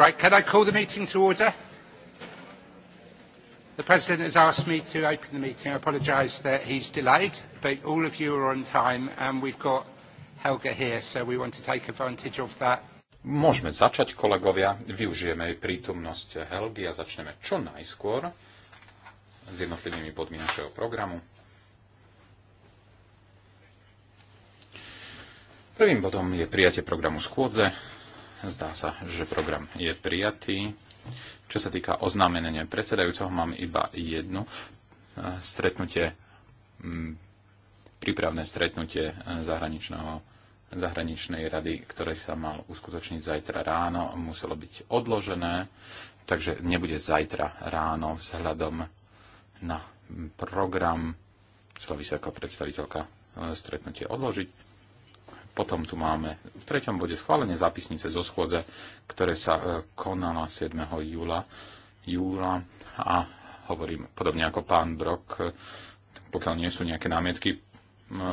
Right, can I call the meeting to order? The President has asked me to open the meeting. I apologise that he's delayed, but all of you are on time and we've got Helga here, so we want to take advantage of that. Môžeme začať, kolegovia. Využijeme aj prítomnosť Helgy a začneme čo najskôr s jednotlivými bodmi našeho programu. Prvým bodom je prijatie programu schôdze. Zdá sa, že program je prijatý. Čo sa týka oznámenia predsedajúceho, mám iba jedno e, stretnutie, prípravné stretnutie e, zahraničného, zahraničnej rady, ktoré sa mal uskutočniť zajtra ráno, muselo byť odložené, takže nebude zajtra ráno vzhľadom na program. Chcela ako predstaviteľka e, stretnutie odložiť. Potom tu máme v treťom bode schválenie zápisnice zo schôdze, ktoré sa e, konala 7. júla, júla a hovorím podobne ako pán Brok, e, pokiaľ nie sú nejaké námietky,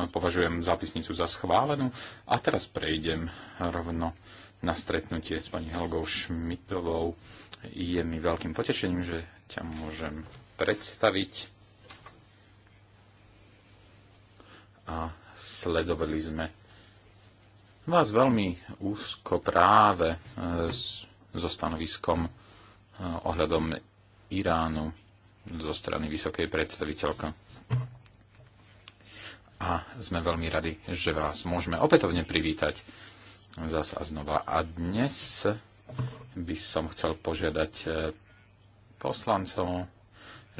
považujem zápisnicu za schválenú. A teraz prejdem rovno na stretnutie s pani Helgou Šmitovou. Je mi veľkým potešením, že ťa môžem predstaviť. A sledovali sme vás veľmi úzko práve e, so stanoviskom e, ohľadom Iránu zo strany vysokej predstaviteľka. A sme veľmi radi, že vás môžeme opätovne privítať zase a znova. A dnes by som chcel požiadať e, poslancov,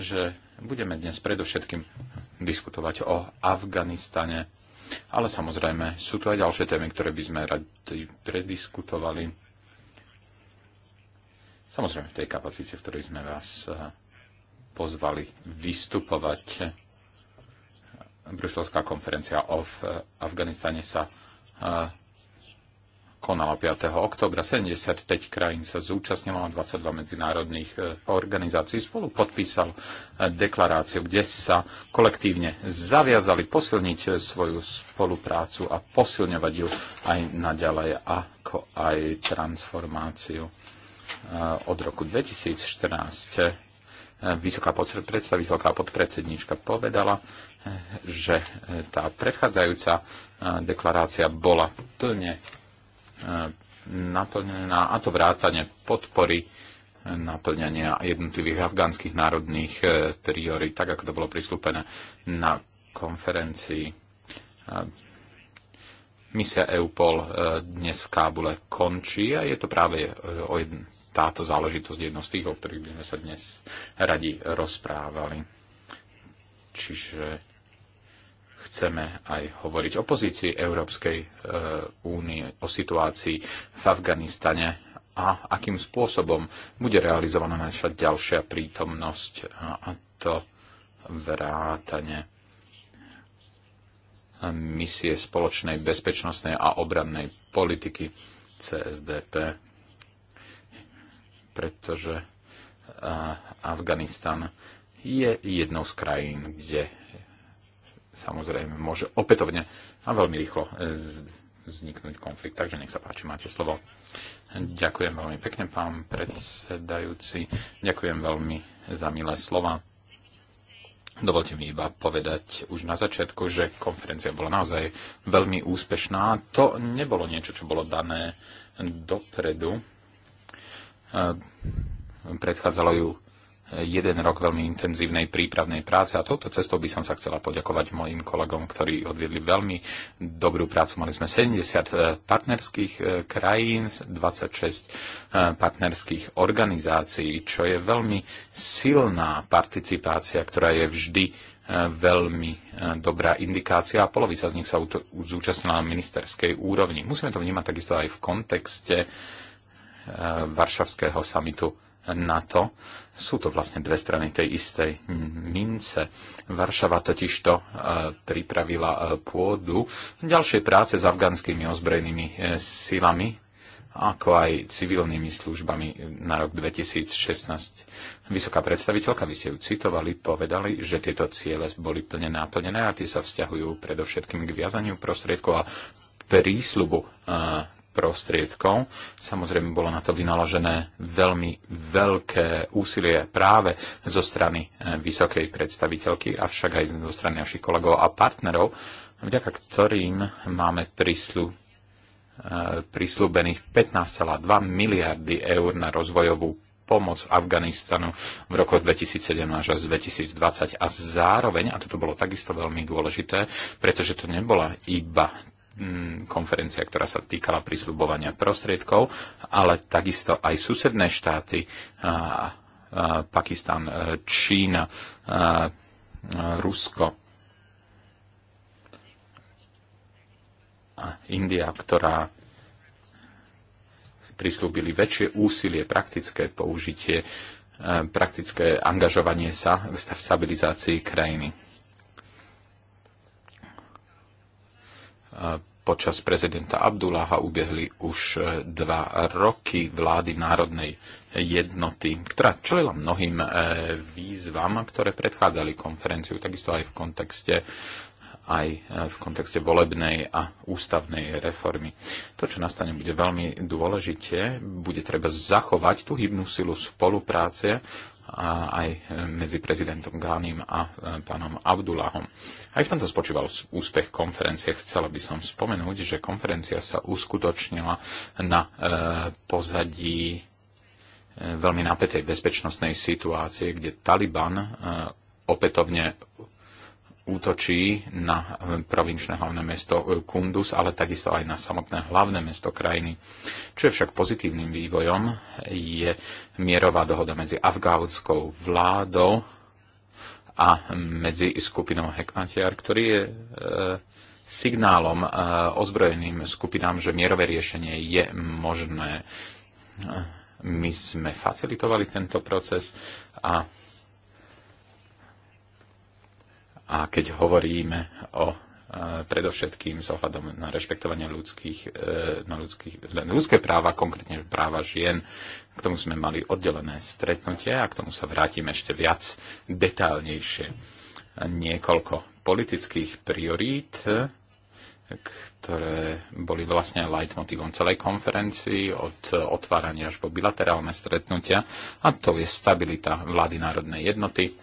že budeme dnes predovšetkým diskutovať o Afganistane ale samozrejme, sú tu aj ďalšie témy, ktoré by sme radi prediskutovali. Samozrejme, v tej kapacite, v ktorej sme vás eh, pozvali vystupovať. Bruselská konferencia o Afganistane sa eh, konala 5. oktobra. 75 krajín sa zúčastnilo a 22 medzinárodných e, organizácií spolu podpísal e, deklaráciu, kde sa kolektívne zaviazali posilniť e, svoju spoluprácu a posilňovať ju aj naďalej, ako aj transformáciu. Od roku 2014 vysoká predstaviteľka a podpredsednička povedala, že tá predchádzajúca deklarácia bola plne naplnená, a to vrátane podpory naplňania jednotlivých afgánskych národných e, priorit, tak ako to bolo prislúpené na konferencii. E, misia EUPOL e, dnes v Kábule končí a je to práve o jedn, táto záležitosť jedno z tých, o ktorých by sme sa dnes radi rozprávali. Čiže chceme aj hovoriť o pozícii Európskej eh, únie, o situácii v Afganistane a akým spôsobom bude realizovaná naša ďalšia prítomnosť eh, a to vrátane misie spoločnej bezpečnostnej a obrannej politiky CSDP, pretože eh, Afganistan je jednou z krajín, kde samozrejme môže opätovne a veľmi rýchlo e, vzniknúť konflikt. Takže nech sa páči, máte slovo. Ďakujem veľmi pekne, pán predsedajúci. Ďakujem veľmi za milé slova. Dovolte mi iba povedať už na začiatku, že konferencia bola naozaj veľmi úspešná. To nebolo niečo, čo bolo dané dopredu. E, predchádzalo ju jeden rok veľmi intenzívnej prípravnej práce a touto cestou by som sa chcela poďakovať mojim kolegom, ktorí odviedli veľmi dobrú prácu. Mali sme 70 e, partnerských e, krajín, 26 e, partnerských organizácií, čo je veľmi silná participácia, ktorá je vždy veľmi dobrá indikácia a polovica z nich sa zúčastnila na ministerskej úrovni. Musíme to vnímať takisto aj v kontexte Varšavského samitu NATO, Sú to vlastne dve strany tej istej mince. Varšava totižto e, pripravila e, pôdu ďalšej práce s afgánskymi ozbrojenými e, silami, ako aj civilnými službami na rok 2016. Vysoká predstaviteľka, vy ste ju citovali, povedali, že tieto ciele boli plne náplnené a tie sa vzťahujú predovšetkým k viazaniu prostriedkov a prísľubu prostriedkov. Samozrejme, bolo na to vynaložené veľmi veľké úsilie práve zo strany eh, vysokej predstaviteľky, avšak aj zo strany našich kolegov a partnerov, vďaka ktorým máme príslu, eh, prislúbených 15,2 miliardy eur na rozvojovú pomoc Afganistanu v roku 2017 až 2020 a zároveň, a toto bolo takisto veľmi dôležité, pretože to nebola iba Mm, konferencia, ktorá sa týkala prisľubovania prostriedkov, ale takisto aj susedné štáty, Pakistan, e, Čína, e, Rusko, India, ktorá prislúbili väčšie úsilie, praktické použitie, e, praktické angažovanie sa v stabilizácii krajiny. počas prezidenta Abdullaha ubehli už e, dva roky vlády národnej jednoty, ktorá čelila mnohým e, výzvam, ktoré predchádzali konferenciu, takisto aj v kontexte aj e, v kontexte volebnej a ústavnej reformy. To, čo nastane, bude veľmi dôležité. Bude treba zachovať tú hybnú silu spolupráce aj e, medzi prezidentom Gánim a e, pánom Abdullahom. Aj v tomto spočíval úspech konferencie. Chcela by som spomenúť, že konferencia sa uskutočnila na e, pozadí veľmi napätej bezpečnostnej situácie, kde Taliban opätovne útočí na eh, provinčné hlavné mesto eh, Kundus, ale takisto aj na samotné hlavné mesto krajiny. Čo je však pozitívnym vývojom, je mierová dohoda medzi afgánskou vládou a medzi skupinou Hekmatiar, ktorý je eh, signálom ozbrojeným skupinám, že mierové riešenie je možné. My sme facilitovali tento proces a A keď hovoríme o e, predovšetkým s ohľadom na rešpektovanie ľudských, e, na ľudských, na ľudské práva, konkrétne práva žien. K tomu sme mali oddelené stretnutie a k tomu sa vrátim ešte viac detálnejšie. Niekoľko politických priorít, ktoré boli vlastne leitmotívom celej konferencii od otvárania až po bilaterálne stretnutia a to je stabilita vlády národnej jednoty,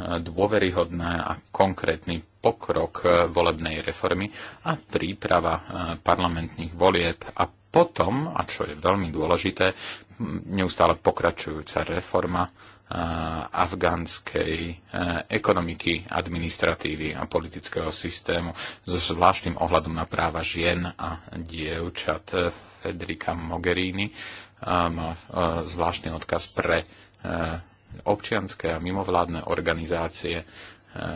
dôveryhodná a konkrétny pokrok e, volebnej reformy a príprava e, parlamentných volieb a potom, a čo je veľmi dôležité, neustále pokračujúca reforma e, afgánskej ekonomiky, administratívy a politického systému so zvláštnym ohľadom na práva žien a dievčat. Federica Mogherini zvláštny odkaz pre občianské a mimovládne organizácie, e,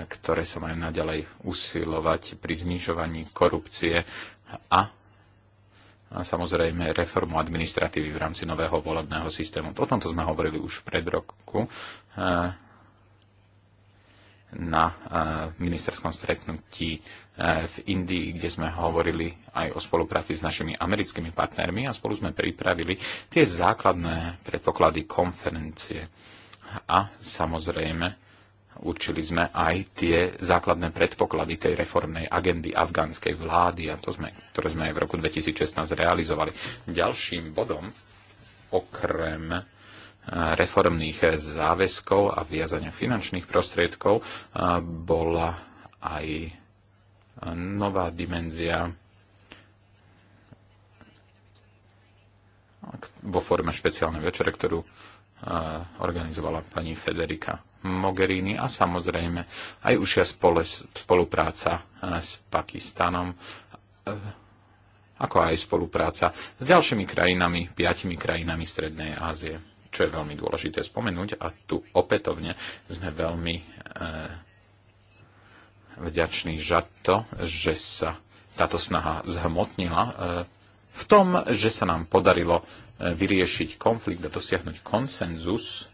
ktoré sa majú naďalej usilovať pri znižovaní korupcie a a samozrejme reformu administratívy v rámci nového volebného systému. O tomto sme hovorili už pred roku e, na e, ministerskom stretnutí v Indii, kde sme hovorili aj o spolupráci s našimi americkými partnermi a spolu sme pripravili tie základné predpoklady konferencie a samozrejme určili sme aj tie základné predpoklady tej reformnej agendy afgánskej vlády, a to sme, ktoré sme aj v roku 2016 realizovali. Ďalším bodom, okrem e, reformných záväzkov a viazania finančných prostriedkov e, bola aj nová dimenzia vo forme špeciálnej večere, ktorú organizovala pani Federika Mogherini a samozrejme aj užšia spolupráca e, s Pakistanom, e, ako aj spolupráca s ďalšími krajinami, piatimi krajinami Strednej Ázie, čo je veľmi dôležité spomenúť a tu opätovne sme veľmi e, vďační za to, že sa táto snaha zhmotnila v tom, že sa nám podarilo vyriešiť konflikt a dosiahnuť konsenzus,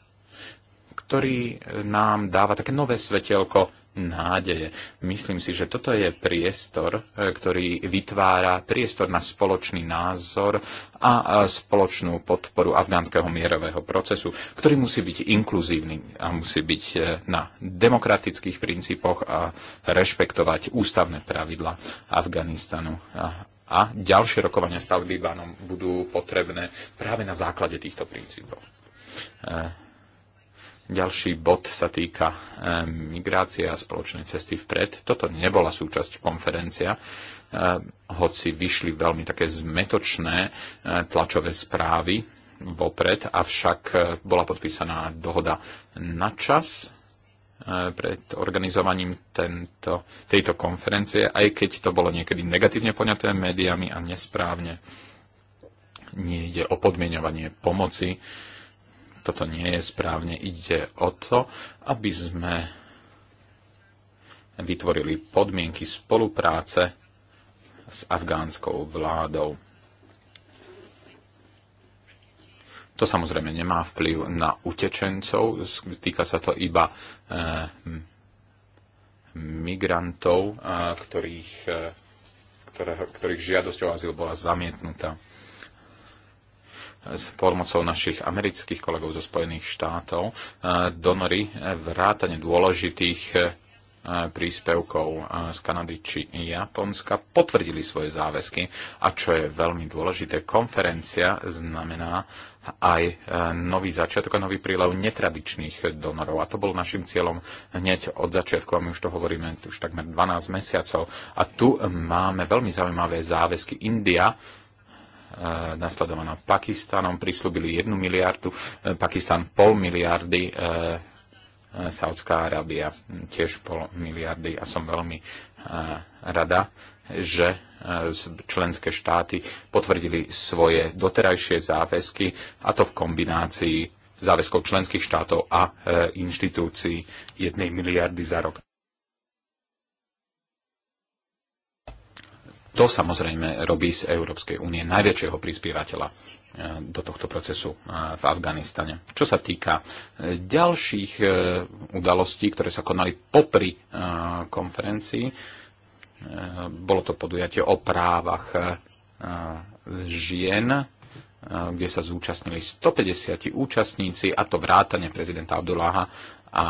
ktorý nám dáva také nové svetelko nádeje. Myslím si, že toto je priestor, e, ktorý vytvára priestor na spoločný názor a spoločnú podporu afgánskeho mierového procesu, ktorý musí byť inkluzívny a musí byť e, na demokratických princípoch a rešpektovať ústavné pravidla Afganistanu a ďalšie rokovania s Talibánom budú potrebné práve na základe týchto princípov. E, ďalší bod sa týka e, migrácie a spoločnej cesty vpred. Toto nebola súčasť konferencia, e, hoci vyšli veľmi také zmetočné tlačové správy vopred, avšak bola podpísaná dohoda na čas E, pred organizovaním tento, tejto konferencie, aj keď to bolo niekedy negatívne poňaté médiami a nesprávne. Nie ide o podmienovanie pomoci, toto nie je správne, ide o to, aby sme vytvorili podmienky spolupráce s afgánskou vládou. To samozrejme nemá vplyv na utečencov, týka sa to iba eh, migrantov, eh, ktorých, eh, ktoré, ktorých žiadosť o azyl bola zamietnutá. S pomocou našich amerických kolegov zo Spojených štátov donory vrátane dôležitých príspevkov z Kanady či Japonska potvrdili svoje záväzky a čo je veľmi dôležité, konferencia znamená aj e, nový začiatok a nový prílev netradičných donorov. A to bol našim cieľom hneď od začiatku a my už to hovoríme už takmer 12 mesiacov. A tu máme veľmi zaujímavé záväzky. India e, nasledovaná Pakistanom, prislúbili jednu miliardu, e, Pakistan pol miliardy Saudská Arábia tiež pol miliardy a som veľmi eh, rada, že eh, členské štáty potvrdili svoje doterajšie záväzky a to v kombinácii záväzkov členských štátov a eh, inštitúcií jednej miliardy za rok. To samozrejme robí z Európskej únie najväčšieho prispievateľa E, do tohto procesu e, v Afganistane. Čo sa týka e, ďalších udalostí, ktoré sa konali popri konferencii, bolo to podujatie o právach žien, kde sa zúčastnili 150 účastníci, a to vrátane prezidenta Abdulláha a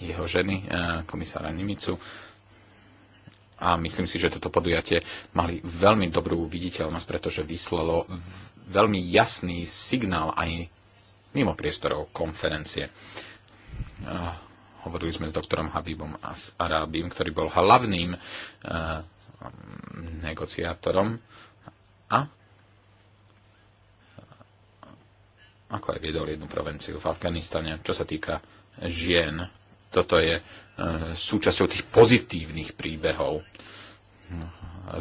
jeho ženy, komisára Nimicu a myslím si, že toto podujatie mali veľmi dobrú viditeľnosť, pretože vyslalo veľmi jasný signál aj mimo priestorov konferencie. Hovorili sme s doktorom Habibom a s Arábim, ktorý bol hlavným e, negociátorom a ako aj viedol jednu provenciu v Afganistane, čo sa týka žien. Toto je e, súčasťou tých pozitívnych príbehov.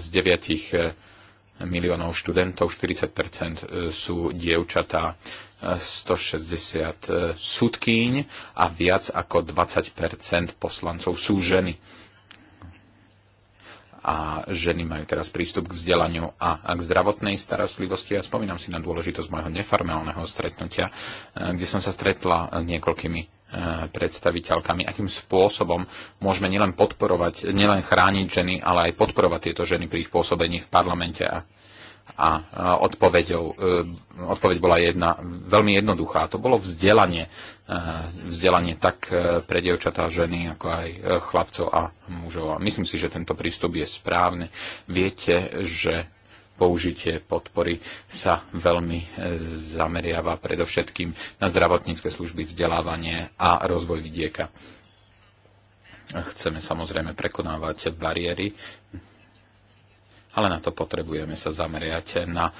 Z deviatich e, miliónov študentov, 40 e, sú dievčatá, 160 e, e, sudkýň a viac ako 20 poslancov sú ženy. A ženy majú teraz prístup k vzdelaniu a k zdravotnej starostlivosti. Ja spomínam si na dôležitosť môjho neformálneho stretnutia, kde som sa stretla niekoľkými E, predstaviteľkami, akým spôsobom môžeme nielen podporovať, nielen chrániť ženy, ale aj podporovať tieto ženy pri ich pôsobení v parlamente. A, a e, odpoveďou, e, odpoveď bola jedna, veľmi jednoduchá. To bolo vzdelanie. Vzdelanie tak pre dievčatá, ženy, ako aj chlapcov a mužov. A myslím si, že tento prístup je správny. Viete, že použitie podpory sa veľmi e, zameriava predovšetkým na zdravotnícke služby, vzdelávanie a rozvoj vidieka. Chceme samozrejme prekonávať bariéry, ale na to potrebujeme sa zameriať na e,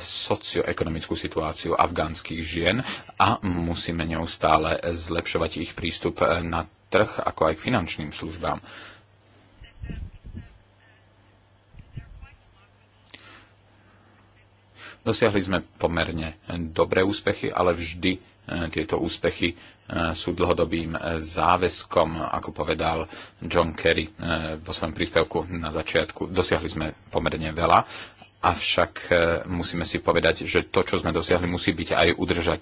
socioekonomickú situáciu afgánskych žien a musíme neustále zlepšovať ich prístup e, na trh, ako aj k finančným službám Dosiahli sme pomerne dobré úspechy, ale vždy e, tieto úspechy e, sú dlhodobým e, záväzkom, ako povedal John Kerry vo svojom príspevku na začiatku. Dosiahli sme pomerne veľa, Avšak e, musíme si povedať, že to, čo sme dosiahli, musí byť aj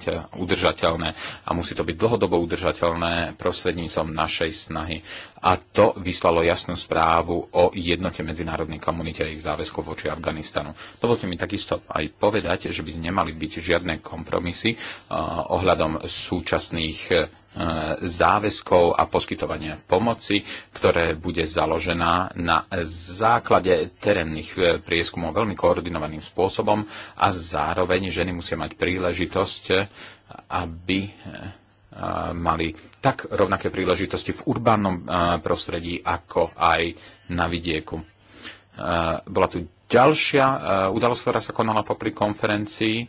e, udržateľné a musí to byť dlhodobo udržateľné prostrednícom našej snahy. A to vyslalo jasnú správu o jednote medzinárodnej komunite a ich záväzkov voči Afganistanu. Dovolte mi takisto aj povedať, že by nemali byť žiadne kompromisy e, ohľadom súčasných E, záväzkov a poskytovania pomoci, ktoré bude založená na základe terénnych e, prieskumov veľmi koordinovaným spôsobom a zároveň ženy musia mať príležitosť, e, aby mali tak rovnaké príležitosti v urbánnom prostredí, ako aj na vidieku. Bola tu ďalšia udalosť, ktorá sa konala popri konferencii,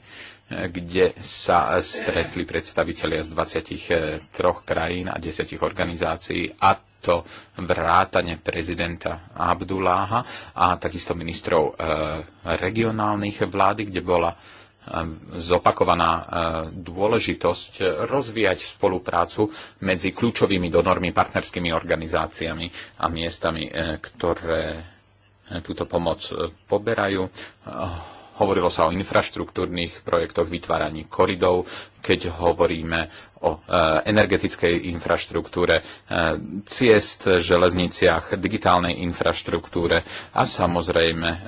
kde sa stretli predstavitelia z 23 krajín a 10 organizácií a to vrátane prezidenta Abduláha a takisto ministrov e, regionálnych vlády, kde bola e, zopakovaná e, dôležitosť rozvíjať spoluprácu medzi kľúčovými donormi, partnerskými organizáciami a miestami, ktoré túto pomoc poberajú Hovorilo sa o infraštruktúrnych projektoch, vytváraní koridov, keď hovoríme o e, energetickej infraštruktúre, e, ciest, železniciach, digitálnej infraštruktúre a samozrejme e,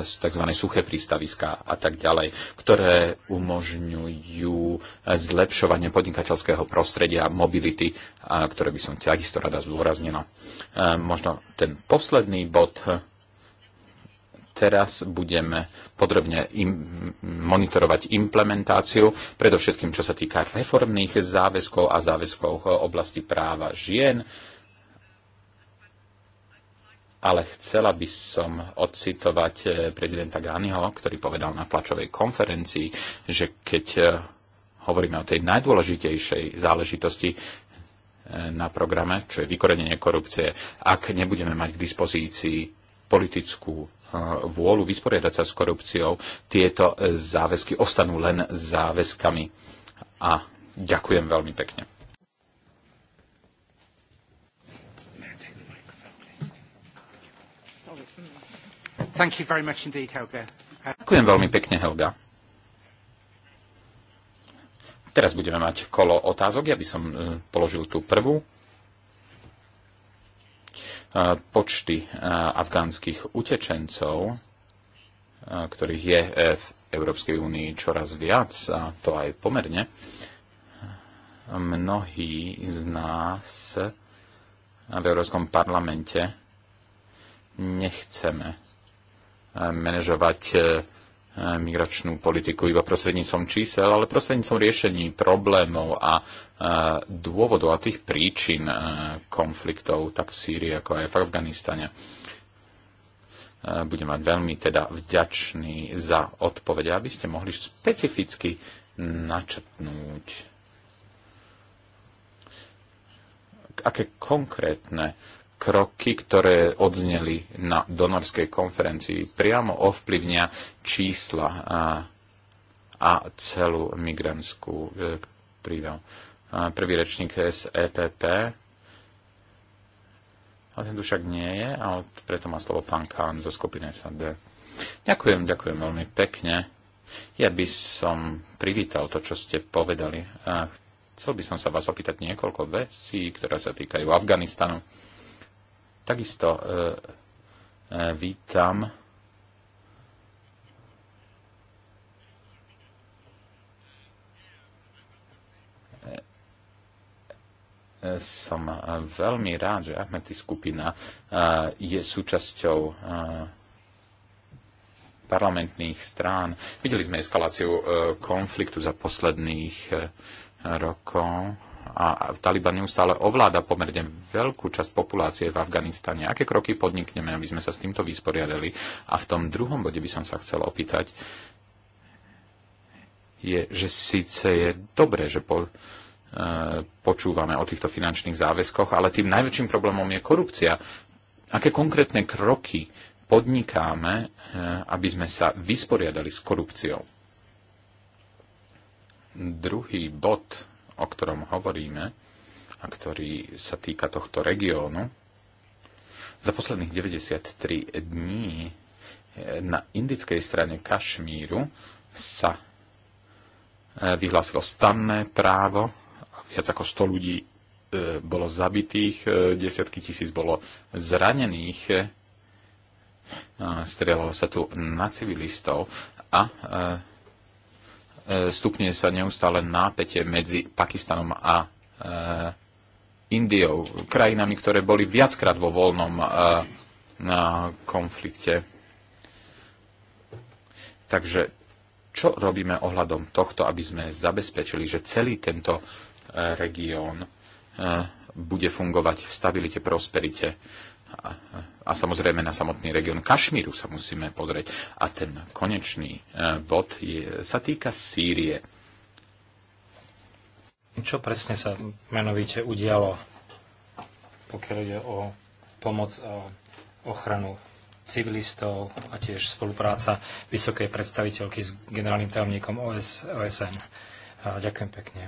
tzv. suché prístaviska a tak ďalej, ktoré umožňujú zlepšovanie podnikateľského prostredia, mobility, ktoré by som takisto rada zdôraznila. Možno ten posledný bod teraz budeme podrobne im, monitorovať implementáciu, predovšetkým čo sa týka reformných záväzkov a záväzkov v oblasti práva žien. Ale chcela by som odcitovať eh, prezidenta Ganiho, ktorý povedal na tlačovej konferencii, že keď eh, hovoríme o tej najdôležitejšej záležitosti, eh, na programe, čo je vykorenenie korupcie, ak nebudeme mať k dispozícii politickú eh, vôľu vysporiadať sa s korupciou, tieto eh, záväzky ostanú len záväzkami. A ďakujem veľmi pekne. Indeed, Ďakujem veľmi pekne, Helga. Teraz budeme mať kolo otázok. Ja by som eh, položil tú prvú počty afgánskych utečencov, ktorých je e, v Európskej únii čoraz viac, a to aj pomerne, mnohí z nás v Európskom parlamente nechceme manažovať e, migračnú politiku iba prostredníctvom čísel, ale prostredníctvom riešení problémov a dôvodov a tých príčin e, konfliktov tak v Sýrii, ako aj v Afganistane. E, budem mať veľmi teda vďačný za odpovede, aby ste mohli špecificky načetnúť aké konkrétne kroky, ktoré odzneli na donorskej konferencii, priamo ovplyvnia čísla a, a celú migrantskú e, prídav. Prvý rečník je z EPP, ale ten tu však nie je, ale preto má slovo pán Kán zo skupiny SAD. Ďakujem, ďakujem veľmi pekne. Ja by som privítal to, čo ste povedali. A chcel by som sa vás opýtať niekoľko vecí, ktoré sa týkajú Afganistanu Takisto e, e, vítam e, som veľmi rád, že Ahmety skupina je súčasťou parlamentných strán. Videli sme eskaláciu konfliktu za posledných rokov a Taliban neustále ovláda pomerne veľkú časť populácie v Afganistane. Aké kroky podnikneme, aby sme sa s týmto vysporiadali? A v tom druhom bode by som sa chcel opýtať, je, že síce je dobré, že po, e, počúvame o týchto finančných záväzkoch, ale tým najväčším problémom je korupcia. Aké konkrétne kroky podnikáme, e, aby sme sa vysporiadali s korupciou? Druhý bod o ktorom hovoríme a ktorý sa týka tohto regiónu, za posledných 93 dní eh, na indickej strane Kašmíru sa eh, vyhlásilo stanné právo, viac ako 100 ľudí eh, bolo zabitých, desiatky tisíc bolo zranených, strieľalo sa tu na civilistov a E, stupňuje sa neustále nápetie medzi Pakistanom a e, Indiou, krajinami, ktoré boli viackrát vo voľnom e, konflikte. Takže čo robíme ohľadom tohto, aby sme zabezpečili, že celý tento región bude fungovať v stabilite, prosperite a samozrejme na samotný región Kašmíru sa musíme pozrieť. A ten konečný e, bod je, sa týka Sýrie. Čo presne sa menovite udialo, pokiaľ ide o pomoc a ochranu civilistov a tiež spolupráca vysokej predstaviteľky s generálnym tajomníkom OS, OSN. Ďakujem pekne.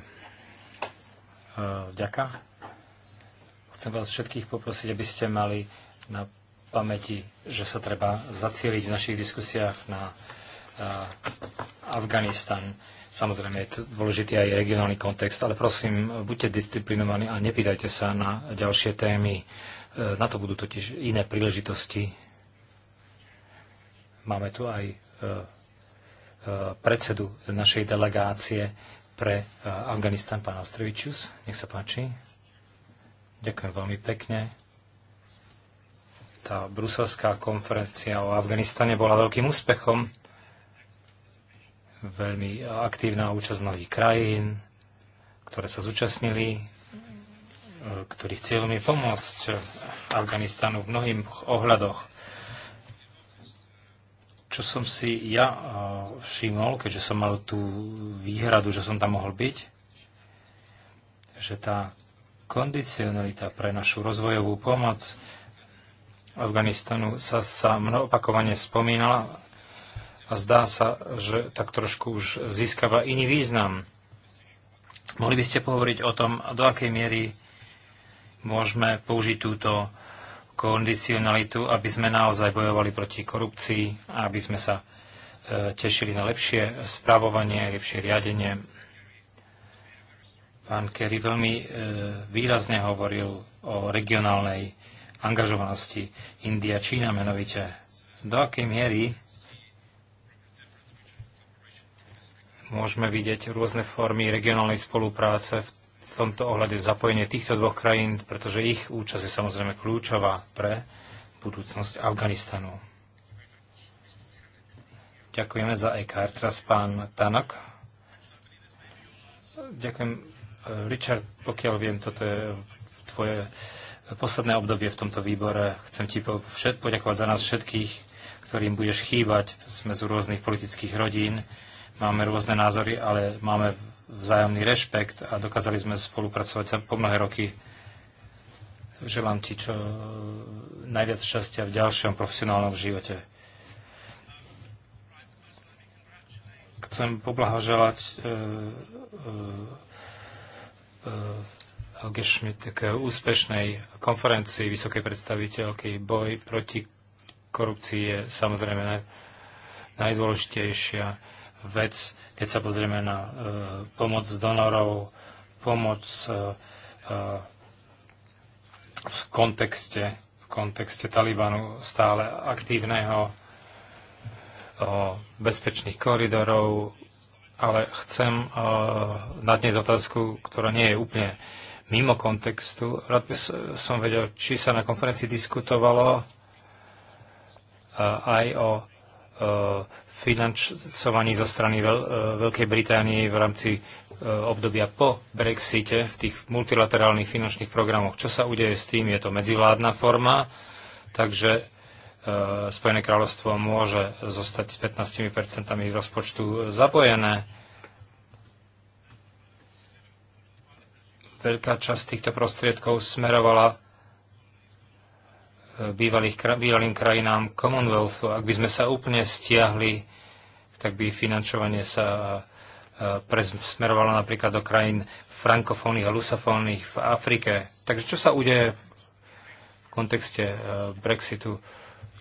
E, ďakujem. Chcem vás všetkých poprosiť, aby ste mali na pamäti, že sa treba zacieliť v našich diskusiách na Afganistan. Samozrejme je to dôležitý aj regionálny kontext, ale prosím, buďte disciplinovaní a nepýtajte sa na ďalšie témy. E, na to budú totiž iné príležitosti. Máme tu aj e, e, predsedu našej delegácie pre Afganistan, pán Ostrovičius. Nech sa páči. Ďakujem veľmi pekne. Tá bruselská konferencia o Afganistane bola veľkým úspechom. Veľmi aktívna účasť mnohých krajín, ktoré sa zúčastnili, e, ktorých cieľom je pomôcť Afganistanu v mnohých ohľadoch čo som si ja e, všimol, keďže som mal tú výhradu, že som tam mohol byť, že tá Kondicionalita pre našu rozvojovú pomoc Afganistanu sa, sa mnoho opakovane spomínala a zdá sa, že tak trošku už získava iný význam. Mohli by ste pohovoriť o tom, do akej miery môžeme použiť túto kondicionalitu, aby sme naozaj bojovali proti korupcii a aby sme sa e, tešili na lepšie spravovanie, lepšie riadenie Pán Kerry veľmi e, výrazne hovoril o regionálnej angažovanosti India, Čína menovite. Do akej miery môžeme vidieť rôzne formy regionálnej spolupráce v tomto ohľade zapojenie týchto dvoch krajín, pretože ich účasť je samozrejme kľúčová pre budúcnosť Afganistanu. Ďakujeme za EKR. Teraz pán Tanak. Ďakujem Richard, pokiaľ viem, toto je tvoje posledné obdobie v tomto výbore. Chcem ti poďakovať za nás všetkých, ktorým budeš chýbať. Sme z rôznych politických rodín, máme rôzne názory, ale máme vzájomný rešpekt a dokázali sme spolupracovať po mnohé roky. Želám ti čo najviac šťastia v ďalšom profesionálnom živote. Chcem poblahoželať e, e, Helge Schmidt k úspešnej konferencii vysokej predstaviteľky. Boj proti korupcii je samozrejme najdôležitejšia vec, keď sa pozrieme na e, pomoc donorov, pomoc e, e v kontexte v kontexte Talibanu stále aktívneho o bezpečných koridorov, ale chcem uh, nadniesť otázku, ktorá nie je úplne mimo kontextu. Rád by som vedel, či sa na konferencii diskutovalo uh, aj o uh, financovaní zo strany Veľ- uh, Veľkej Británie v rámci obdobia po Brexite v tých multilaterálnych finančných programoch. Čo sa udeje s tým? Je to medzivládna forma, takže E, Spojené kráľovstvo môže zostať s 15% rozpočtu zapojené. Veľká časť týchto prostriedkov smerovala e, bývalých, bývalým krajinám Commonwealthu. Ak by sme sa úplne stiahli, tak by financovanie sa e, smerovalo napríklad do krajín frankofónnych a lusofónnych v Afrike. Takže čo sa udeje v kontexte Brexitu?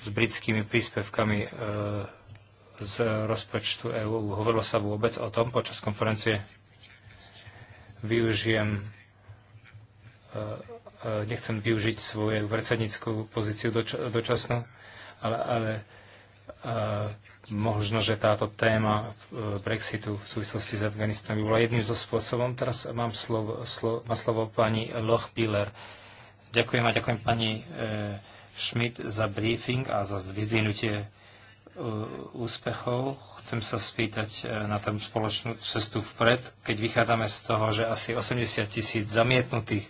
s britskými príspevkami e, z rozpočtu EÚ. Hovorilo sa vôbec o tom počas konferencie. Využijem, e, e, nechcem využiť svoju predsednickú pozíciu doč- dočasnú, ale, ale možno, že táto téma Brexitu v súvislosti s Afganistanom by bola jedným zo spôsobom. Teraz mám slovo, slovo, má slovo pani Biller. Ďakujem a ďakujem pani e, Schmidt za briefing a za vyzdvihnutie e, úspechov. Chcem sa spýtať e, na tú spoločnú cestu vpred, keď vychádzame z toho, že asi 80 tisíc zamietnutých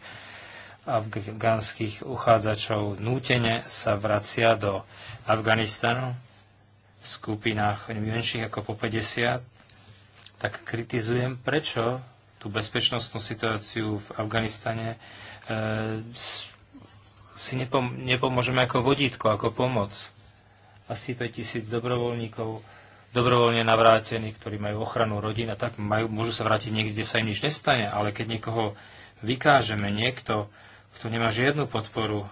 afgánskych uchádzačov nútene sa vracia do Afganistanu v skupinách menších ako po 50, tak kritizujem, prečo tú bezpečnostnú situáciu v Afganistane e, si nepom- nepomôžeme ako vodítko, ako pomoc. Asi 5000 dobrovoľníkov, dobrovoľne navrátení, ktorí majú ochranu rodín a tak majú, môžu sa vrátiť niekde, kde sa im nič nestane, ale keď niekoho vykážeme, niekto, kto nemá žiadnu podporu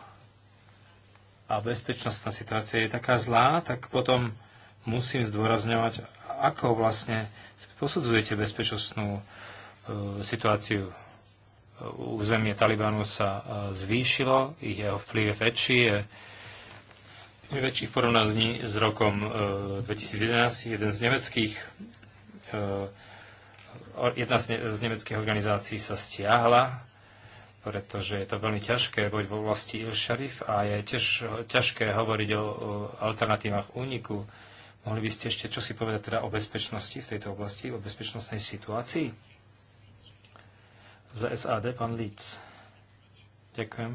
a bezpečnostná situácia je taká zlá, tak potom musím zdôrazňovať, ako vlastne posudzujete bezpečnostnú e, situáciu územie Talibanu sa e, zvýšilo, jeho vplyv je väčší, je väčší v porovnaní s rokom 2011. E, Jeden z nemeckých, e, jedna z, nemeckých organizácií sa stiahla, pretože je to veľmi ťažké boť v oblasti Il-Sharif a je tiež ťažké hovoriť o, alternatívach úniku. Mohli by ste ešte čo si povedať teda o bezpečnosti v tejto oblasti, o bezpečnostnej situácii? Za SAD pán Líc. Ďakujem.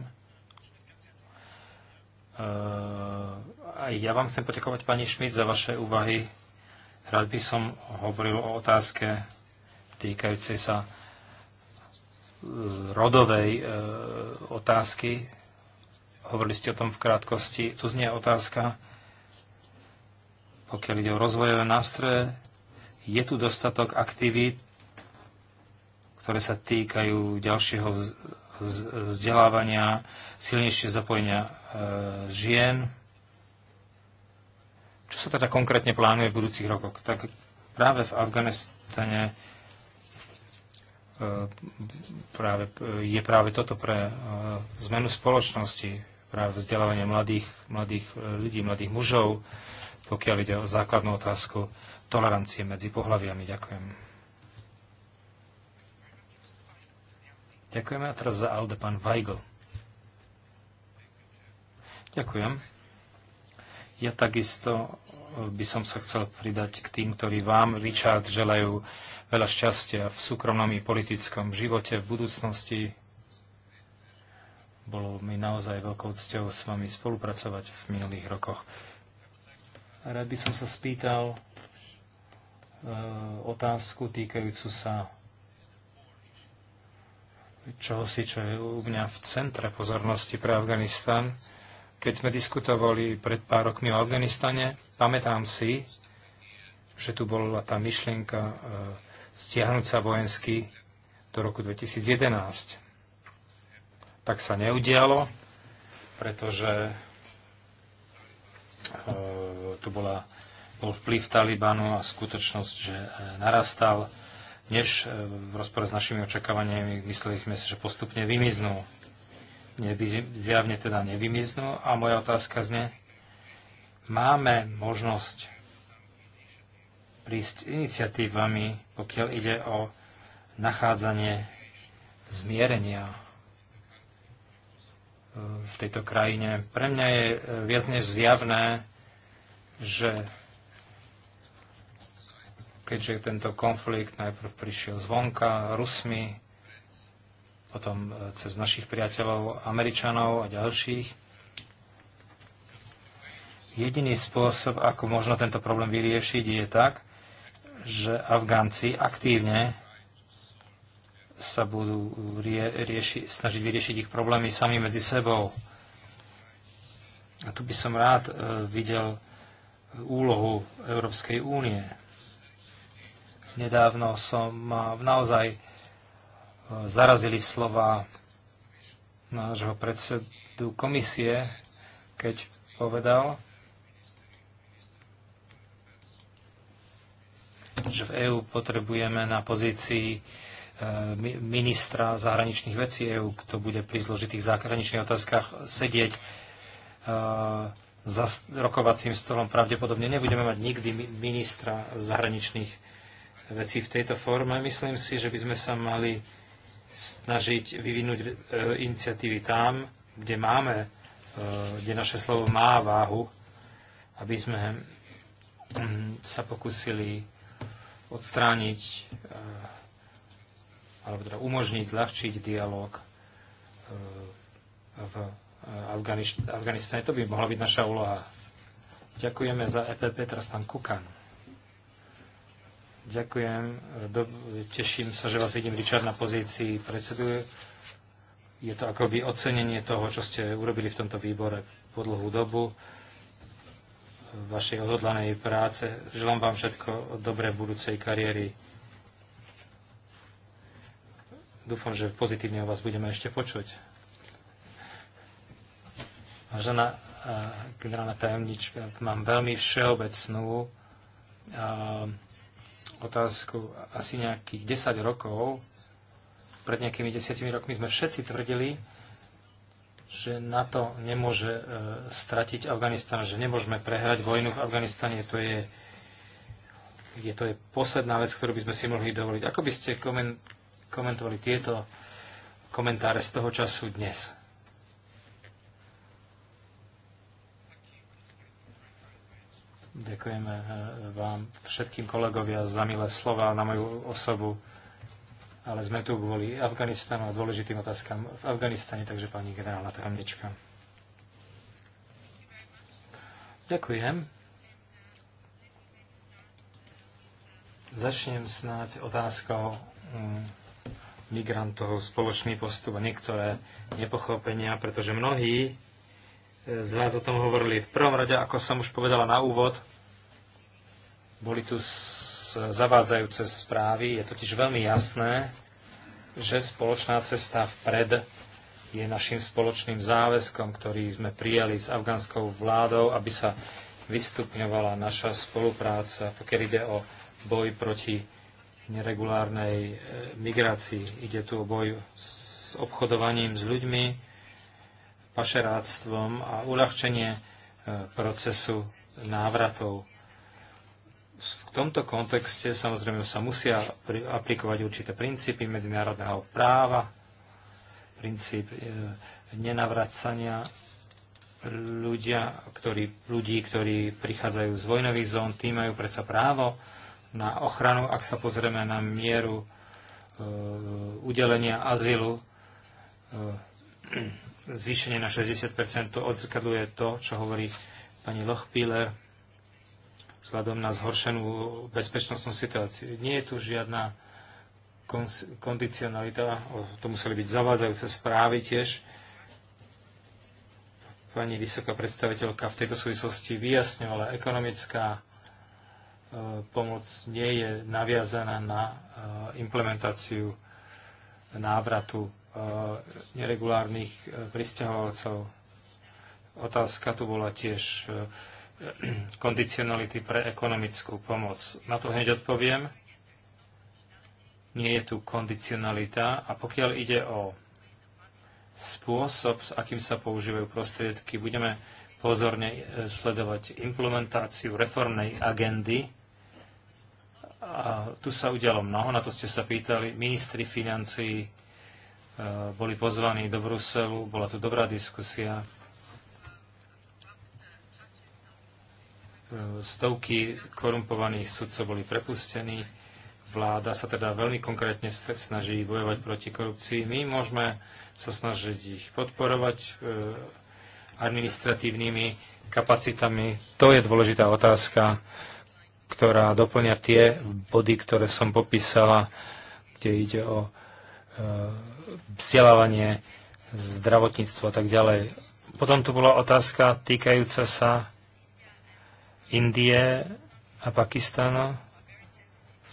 Uh, aj ja vám chcem poďakovať pani Šmit za vaše úvahy. Rád by som hovoril o otázke týkajúcej sa rodovej uh, otázky. Hovorili ste o tom v krátkosti. Tu znie otázka, pokiaľ ide o rozvojové nástroje, je tu dostatok aktivít ktoré sa týkajú ďalšieho vzdelávania, silnejšie zapojenia e, žien. Čo sa teda konkrétne plánuje v budúcich rokoch? Tak práve v Afganistane e, práve, je práve toto pre e, zmenu spoločnosti, práve vzdelávanie mladých, mladých ľudí, mladých mužov, pokiaľ ide o základnú otázku tolerancie medzi pohľaviami. Ďakujem. Ďakujeme a teraz za Alde pán Weigl. Ďakujem. Ja takisto e, by som sa chcel pridať k tým, ktorí vám, Richard, želajú veľa šťastia v súkromnom i politickom živote v budúcnosti. Bolo mi naozaj veľkou cťou s vami spolupracovať v minulých rokoch. Rád by som sa spýtal e, otázku týkajúcu sa čohosi, čo je u mňa v centre pozornosti pre Afganistan. Keď sme diskutovali pred pár rokmi o Afganistane, pamätám si, že tu bola tá myšlienka e, stiahnuť sa vojensky do roku 2011. Tak sa neudialo, pretože e, tu bola, bol vplyv Talibanu a skutočnosť, že e, narastal než e, v rozpore s našimi očakávaniami mysleli sme si, že postupne vymiznú. Neby, zjavne teda nevymiznú a moja otázka zne, máme možnosť prísť iniciatívami, pokiaľ ide o nachádzanie zmierenia e, v tejto krajine. Pre mňa je e, viac než zjavné, že keďže tento konflikt najprv prišiel zvonka Rusmi, potom e, cez našich priateľov Američanov a ďalších. Jediný spôsob, ako možno tento problém vyriešiť, je tak, že Afgánci aktívne sa budú rie- rieši- snažiť vyriešiť ich problémy sami medzi sebou. A tu by som rád e, videl úlohu Európskej únie Nedávno som ma naozaj e, zarazili slova nášho predsedu komisie, keď povedal, že v EÚ potrebujeme na pozícii e, ministra zahraničných vecí EÚ, kto bude pri zložitých zahraničných otázkach sedieť e, za rokovacím stolom. Pravdepodobne nebudeme mať nikdy ministra zahraničných veci v tejto forme. Myslím si, že by sme sa mali snažiť vyvinúť e, iniciatívy tam, kde máme, e, kde naše slovo má váhu, aby sme mm, sa pokúsili odstrániť e, alebo teda umožniť, ľahčiť dialog v Afganistane. To by mohla byť naša úloha. Ďakujeme za EPP, teraz pán Kukan. Ďakujem. Do, teším sa, že vás vidím, Richard, na pozícii predsedu. Je to akoby ocenenie toho, čo ste urobili v tomto výbore po dlhú dobu vašej odhodlanej práce. Želám vám všetko dobré v budúcej kariéry. Dúfam, že pozitívne o vás budeme ešte počuť. Vážená eh, generálna tajomnička, mám veľmi všeobecnú eh, otázku asi nejakých 10 rokov. Pred nejakými 10 rokmi sme všetci tvrdili, že NATO nemôže e, stratiť Afganistan, že nemôžeme prehrať vojnu v Afganistane. To je, je, to je posledná vec, ktorú by sme si mohli dovoliť. Ako by ste komen, komentovali tieto komentáre z toho času dnes? Ďakujeme eh, vám všetkým kolegovia za milé slova na moju osobu, ale sme tu kvôli Afganistanu a dôležitým otázkam v Afganistane, takže pani generálna tajomnička. Ďakujem. Začnem snáď otázkou mm, migrantov, spoločný postup a niektoré nepochopenia, pretože mnohí z vás o tom hovorili. V prvom rade, ako som už povedala na úvod, boli tu zavádzajúce správy. Je totiž veľmi jasné, že spoločná cesta vpred je našim spoločným záväzkom, ktorý sme prijali s afgánskou vládou, aby sa vystupňovala naša spolupráca, pokiaľ ide o boj proti neregulárnej e, migrácii. Ide tu o boj s obchodovaním s ľuďmi, pašeráctvom a uľahčenie e, procesu návratov. V tomto kontexte samozrejme sa musia aplikovať určité princípy medzinárodného práva, princíp e, nenavracania ľudia, ktorí, ľudí, ktorí prichádzajú z vojnových zón, tí majú predsa právo na ochranu, ak sa pozrieme na mieru e, udelenia azylu. E, zvýšenie na 60% to odzrkadluje to, čo hovorí pani Lochpiller vzhľadom na zhoršenú bezpečnostnú situáciu. Nie je tu žiadna kondicionalita, to museli byť zavádzajúce správy tiež. Pani vysoká predstaviteľka v tejto súvislosti vyjasňovala, ekonomická e, pomoc nie je naviazaná na e, implementáciu návratu neregulárnych e, pristahovalcov. Otázka tu bola tiež e, kondicionality pre ekonomickú pomoc. Na to hneď odpoviem. Nie je tu kondicionalita a pokiaľ ide o spôsob, s akým sa používajú prostriedky, budeme pozorne e, sledovať implementáciu reformnej agendy. A tu sa udialo mnoho, na to ste sa pýtali. Ministri financií Eh, boli pozvaní do Bruselu, bola tu dobrá diskusia. Eh, stovky korumpovaných sudcov boli prepustení. Vláda sa teda veľmi konkrétne snaží bojovať proti korupcii. My môžeme sa snažiť ich podporovať eh, administratívnymi kapacitami. To je dôležitá otázka, ktorá doplňa tie body, ktoré som popísala, kde ide o vzdelávanie, zdravotníctvo a tak ďalej. Potom tu bola otázka týkajúca sa Indie a Pakistána.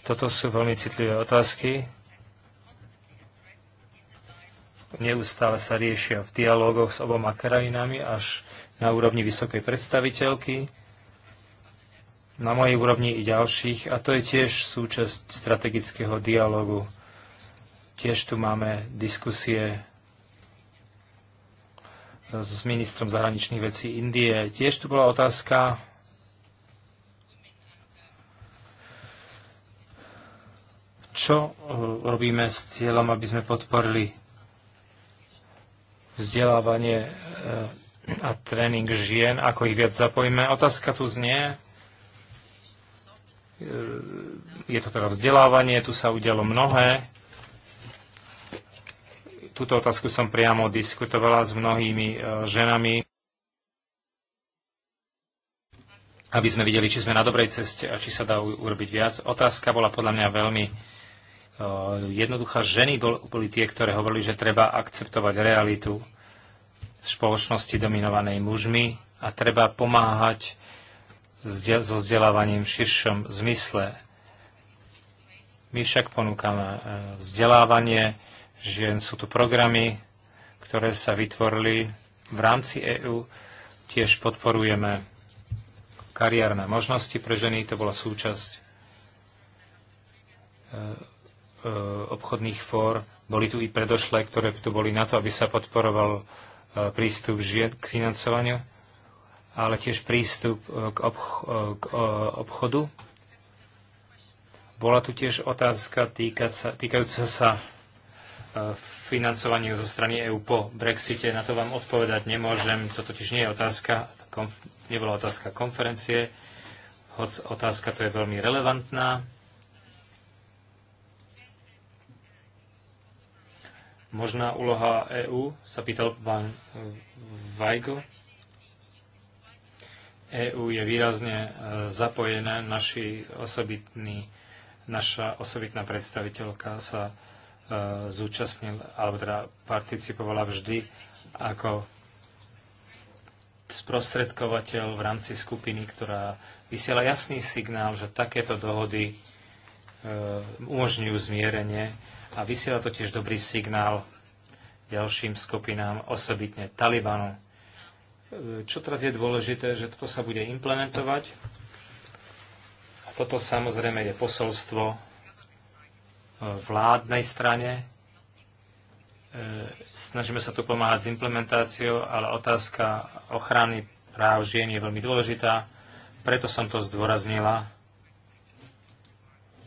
Toto sú veľmi citlivé otázky. Neustále sa riešia v dialógoch s oboma krajinami až na úrovni vysokej predstaviteľky, na mojej úrovni i ďalších a to je tiež súčasť strategického dialógu Tiež tu máme diskusie s ministrom zahraničných vecí Indie. Tiež tu bola otázka čo e, robíme s cieľom, aby sme podporili vzdelávanie e, a tréning žien, ako ich viac zapojíme. Otázka tu znie, e, je to teda vzdelávanie, tu sa udialo mnohé túto otázku som priamo diskutovala s mnohými e, ženami, aby sme videli, či sme na dobrej ceste a či sa dá urobiť viac. Otázka bola podľa mňa veľmi e, jednoduchá. Ženy boli tie, ktoré hovorili, že treba akceptovať realitu spoločnosti dominovanej mužmi a treba pomáhať so vzdelávaním v širšom zmysle. My však ponúkame e, vzdelávanie, žien. Sú tu programy, ktoré sa vytvorili v rámci EÚ. Tiež podporujeme kariérne možnosti pre ženy. To bola súčasť e, e, obchodných fór. Boli tu i predošlé, ktoré tu boli na to, aby sa podporoval e, prístup žien k financovaniu, ale tiež prístup k, obch- k obchodu. Bola tu tiež otázka týkajúca sa, týkajúca sa financovaniu zo strany EÚ po Brexite. Na to vám odpovedať nemôžem, to totiž nie je otázka, konf- nebola otázka konferencie, Hoď otázka to je veľmi relevantná. Možná úloha EÚ, sa pýtal pán Vajgo. EÚ je výrazne e, zapojená, naši osobitný, naša osobitná predstaviteľka sa uh, E, zúčastnil, alebo teda participovala vždy ako sprostredkovateľ v rámci skupiny, ktorá vysiela jasný signál, že takéto dohody e, umožňujú zmierenie a vysiela to tiež dobrý signál ďalším skupinám, osobitne Talibanu. E, čo teraz je dôležité, že toto sa bude implementovať. A toto samozrejme je posolstvo vládnej strane. E, snažíme sa tu pomáhať s implementáciou, ale otázka ochrany práv žien je veľmi dôležitá, preto som to zdôraznila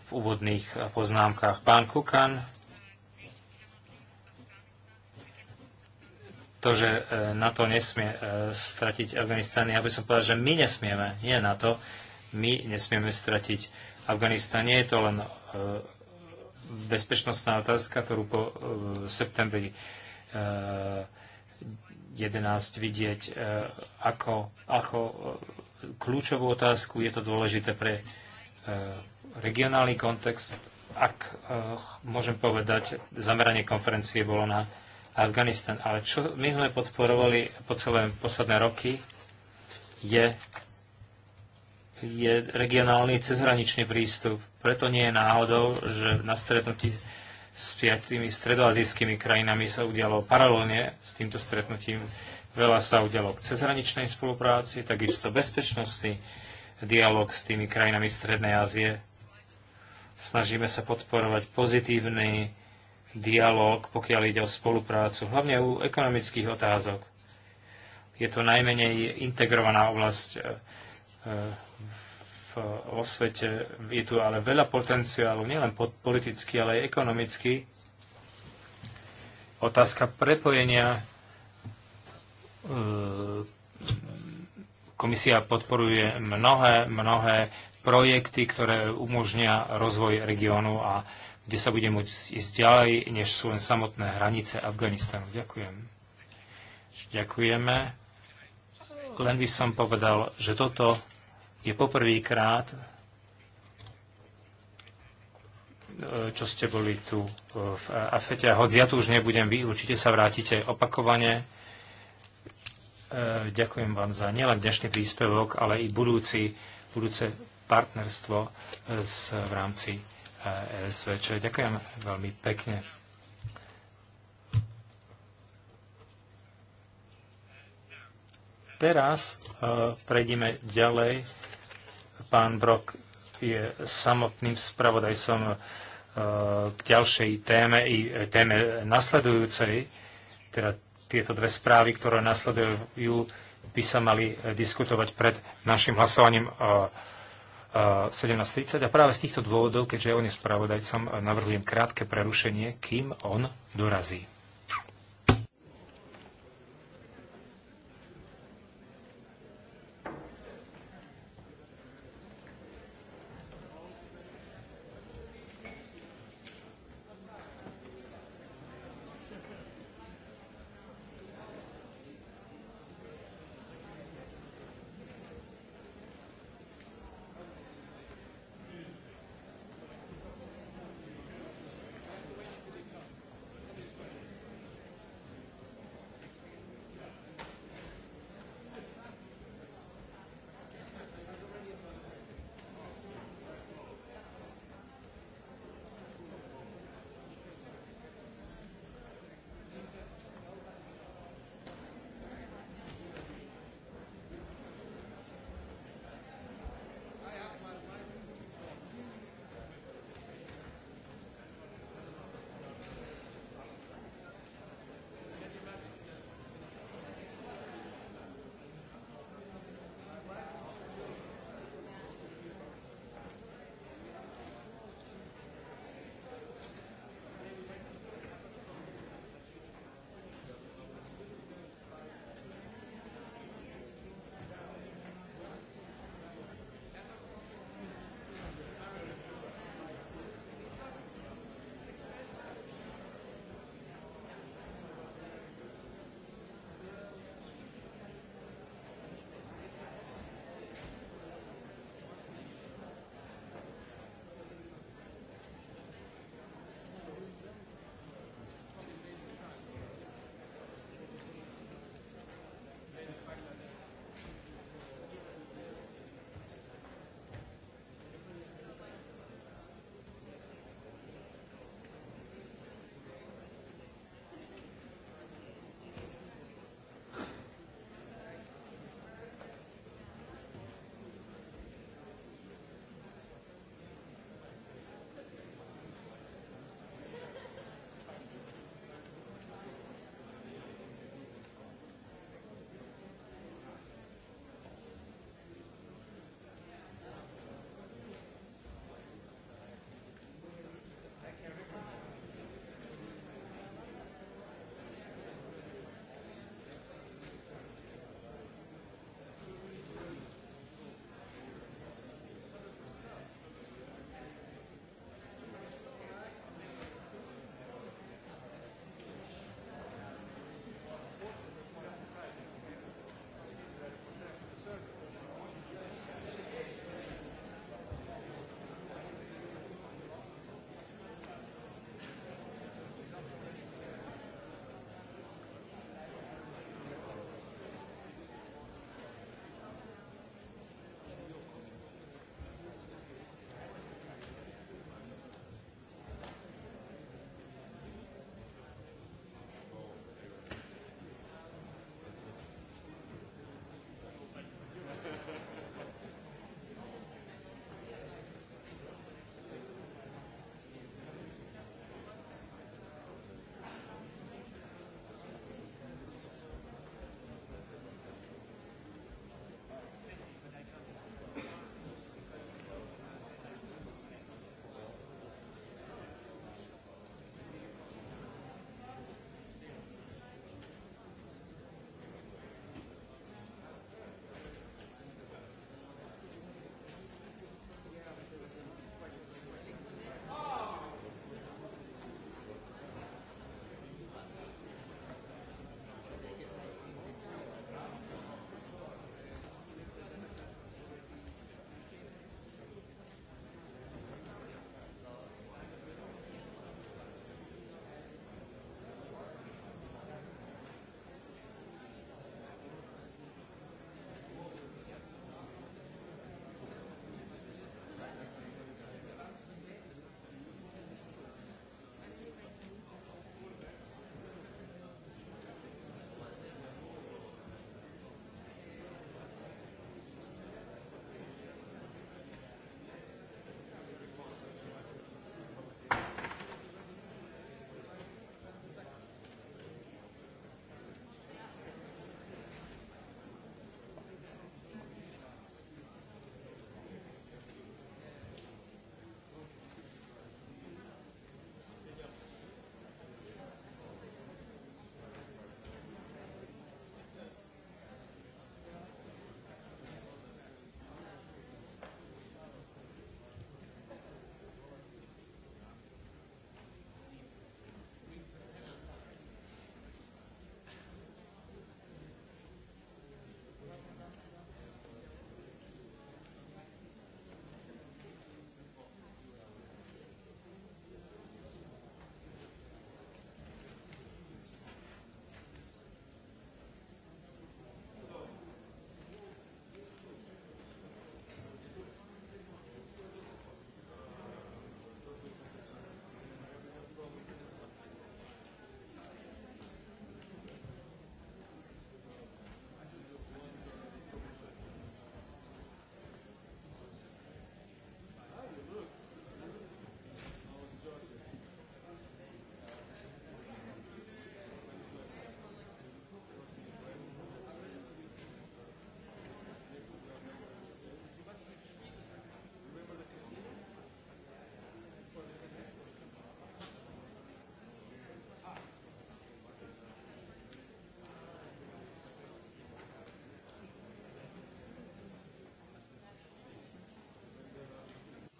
v úvodných poznámkach. Pán Kukan, to, že e, na to nesmie e, stratiť Afganistán, ja by som povedal, že my nesmieme, nie na to, my nesmieme stratiť Afganistán. Nie je to len bezpečnostná otázka, ktorú po e, septembri 11 e, vidieť e, ako, ako kľúčovú otázku. Je to dôležité pre regionálny kontext. Ak môžem povedať, zameranie konferencie bolo na Afganistan. Ale čo my sme podporovali po celé posledné roky, je je regionálny cezhraničný prístup. Preto nie je náhodou, že na stretnutí s piatými stredoazijskými krajinami sa udialo paralelne s týmto stretnutím. Veľa sa udialo k cezhraničnej spolupráci, takisto bezpečnosti, dialog s tými krajinami Strednej Ázie. Snažíme sa podporovať pozitívny dialog, pokiaľ ide o spoluprácu, hlavne u ekonomických otázok. Je to najmenej integrovaná oblasť e, e, vo svete. Je tu ale veľa potenciálu, nielen politicky, ale aj ekonomicky. Otázka prepojenia. E, komisia podporuje mnohé, mnohé projekty, ktoré umožnia rozvoj regiónu a kde sa bude môcť ísť ďalej, než sú len samotné hranice Afganistanu. Ďakujem. Ďakujeme. Len by som povedal, že toto je poprvýkrát, e, čo ste boli tu e, v Afete. A hoď ja tu už nebudem, vy určite sa vrátite opakovane. E, ďakujem vám za nielen dnešný príspevok, ale i budúci, budúce partnerstvo s, v rámci ESVČ. Ďakujem veľmi pekne. Teraz prejdeme ďalej Pán Brok je samotným spravodajcom e, k ďalšej téme i e, téme nasledujúcej, teda tieto dve správy, ktoré nasledujú, by sa mali e, diskutovať pred našim hlasovaním 17.30. A práve z týchto dôvodov, keďže on je spravodajcom, navrhujem krátke prerušenie, kým on dorazí.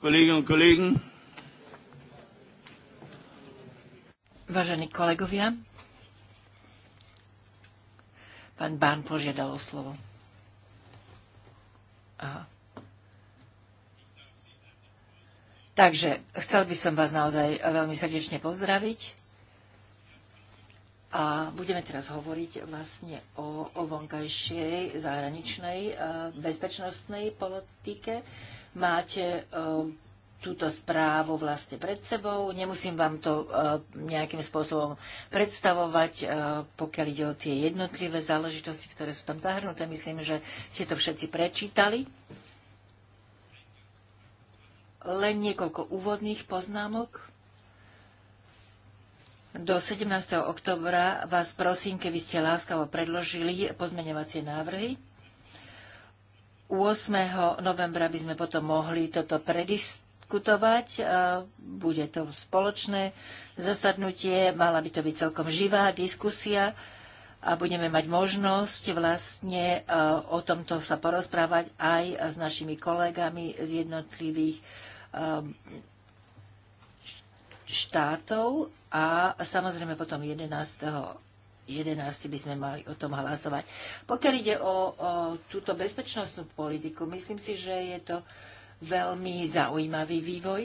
Kolleginnen und Kollegen. Vážení kolegovia, pán Bán požiadal o slovo. Aha. Takže chcel by som vás naozaj veľmi srdečne pozdraviť. A budeme teraz hovoriť vlastne o, o vonkajšej zahraničnej bezpečnostnej politike. Máte eh, túto správu vlastne pred sebou. Nemusím vám to eh, nejakým spôsobom predstavovať, eh, pokiaľ ide o tie jednotlivé záležitosti, ktoré sú tam zahrnuté. Myslím, že ste to všetci prečítali. Len niekoľko úvodných poznámok. Do 17. oktobra vás prosím, keby ste láskavo predložili pozmeňovacie návrhy. 8. novembra by sme potom mohli toto prediskutovať. E, bude to spoločné zasadnutie, mala by to byť celkom živá diskusia a budeme mať možnosť vlastne e, o tomto sa porozprávať aj s našimi kolegami z jednotlivých e, štátov a samozrejme potom 11. 11. by sme mali o tom hlasovať. Pokiaľ ide o, o túto bezpečnostnú politiku, myslím si, že je to veľmi zaujímavý vývoj.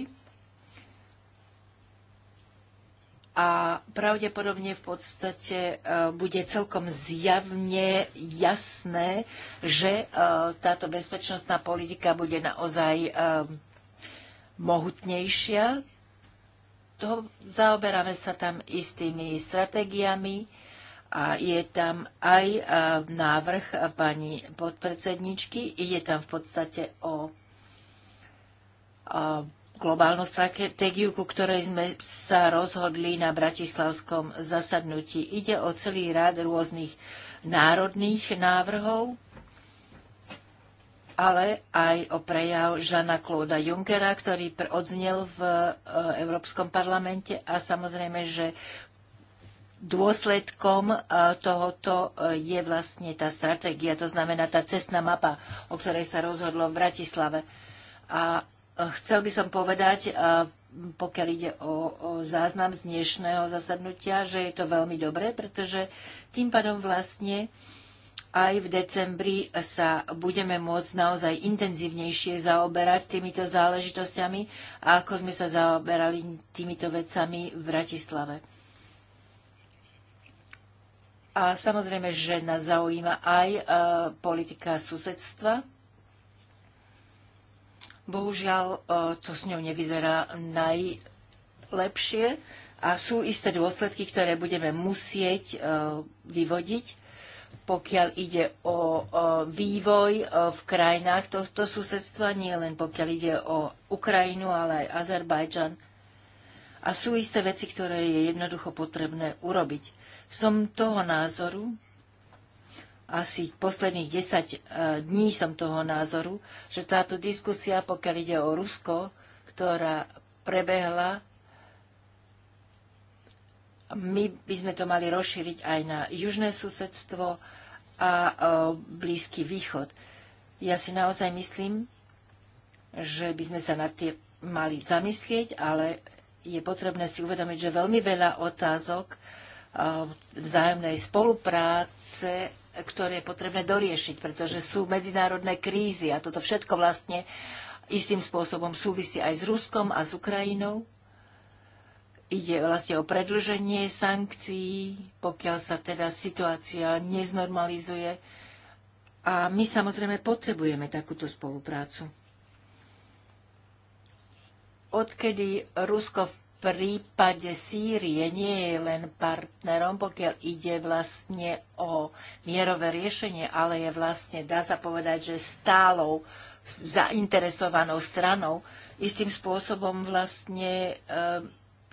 A pravdepodobne v podstate e, bude celkom zjavne jasné, že e, táto bezpečnostná politika bude naozaj e, mohutnejšia. zaoberáme sa tam istými stratégiami, a je tam aj e, návrh pani podpredsedničky. Ide tam v podstate o, e, globálnu stratégiu, ku ktorej sme sa rozhodli na bratislavskom zasadnutí. Ide o celý rád rôznych národných návrhov, ale aj o prejav Žana Klóda Junckera, ktorý odznel v e, Európskom parlamente a samozrejme, že dôsledkom e, tohoto e, je vlastne tá stratégia, to znamená tá cestná mapa, o ktorej sa rozhodlo v Bratislave. A e, chcel by som povedať, pokiaľ ide o, o záznam z dnešného zasadnutia, že je to veľmi dobré, pretože tým pádom vlastne aj v decembri sa budeme môcť naozaj intenzívnejšie zaoberať týmito záležitosťami, ako sme sa zaoberali týmito vecami v Bratislave. A samozrejme, že nás zaujíma aj e, politika susedstva. Bohužiaľ, e, to s ňou nevyzerá najlepšie a sú isté dôsledky, ktoré budeme musieť e, vyvodiť, pokiaľ ide o vývoj v krajinách tohto susedstva, nie len pokiaľ ide o Ukrajinu, ale aj Azerbajdžan. A sú isté veci, ktoré je jednoducho potrebné urobiť. Som toho názoru, asi posledných 10 e, dní som toho názoru, že táto diskusia, pokiaľ ide o Rusko, ktorá prebehla, my by sme to mali rozšíriť aj na južné susedstvo a e, Blízky východ. Ja si naozaj myslím, že by sme sa nad tie mali zamyslieť, ale je potrebné si uvedomiť, že veľmi veľa otázok E, vzájomnej spolupráce, ktoré je potrebné doriešiť, pretože sú medzinárodné krízy a toto všetko vlastne istým spôsobom súvisí aj s Ruskom a s Ukrajinou. Ide vlastne o predlženie sankcií, pokiaľ sa teda situácia neznormalizuje. A my samozrejme potrebujeme takúto spoluprácu. Odkedy Rusko v prípade Sýrie nie je len partnerom, pokiaľ ide vlastne o mierové riešenie, ale je vlastne, dá sa povedať, že stálou zainteresovanou stranou. Istým spôsobom vlastne e,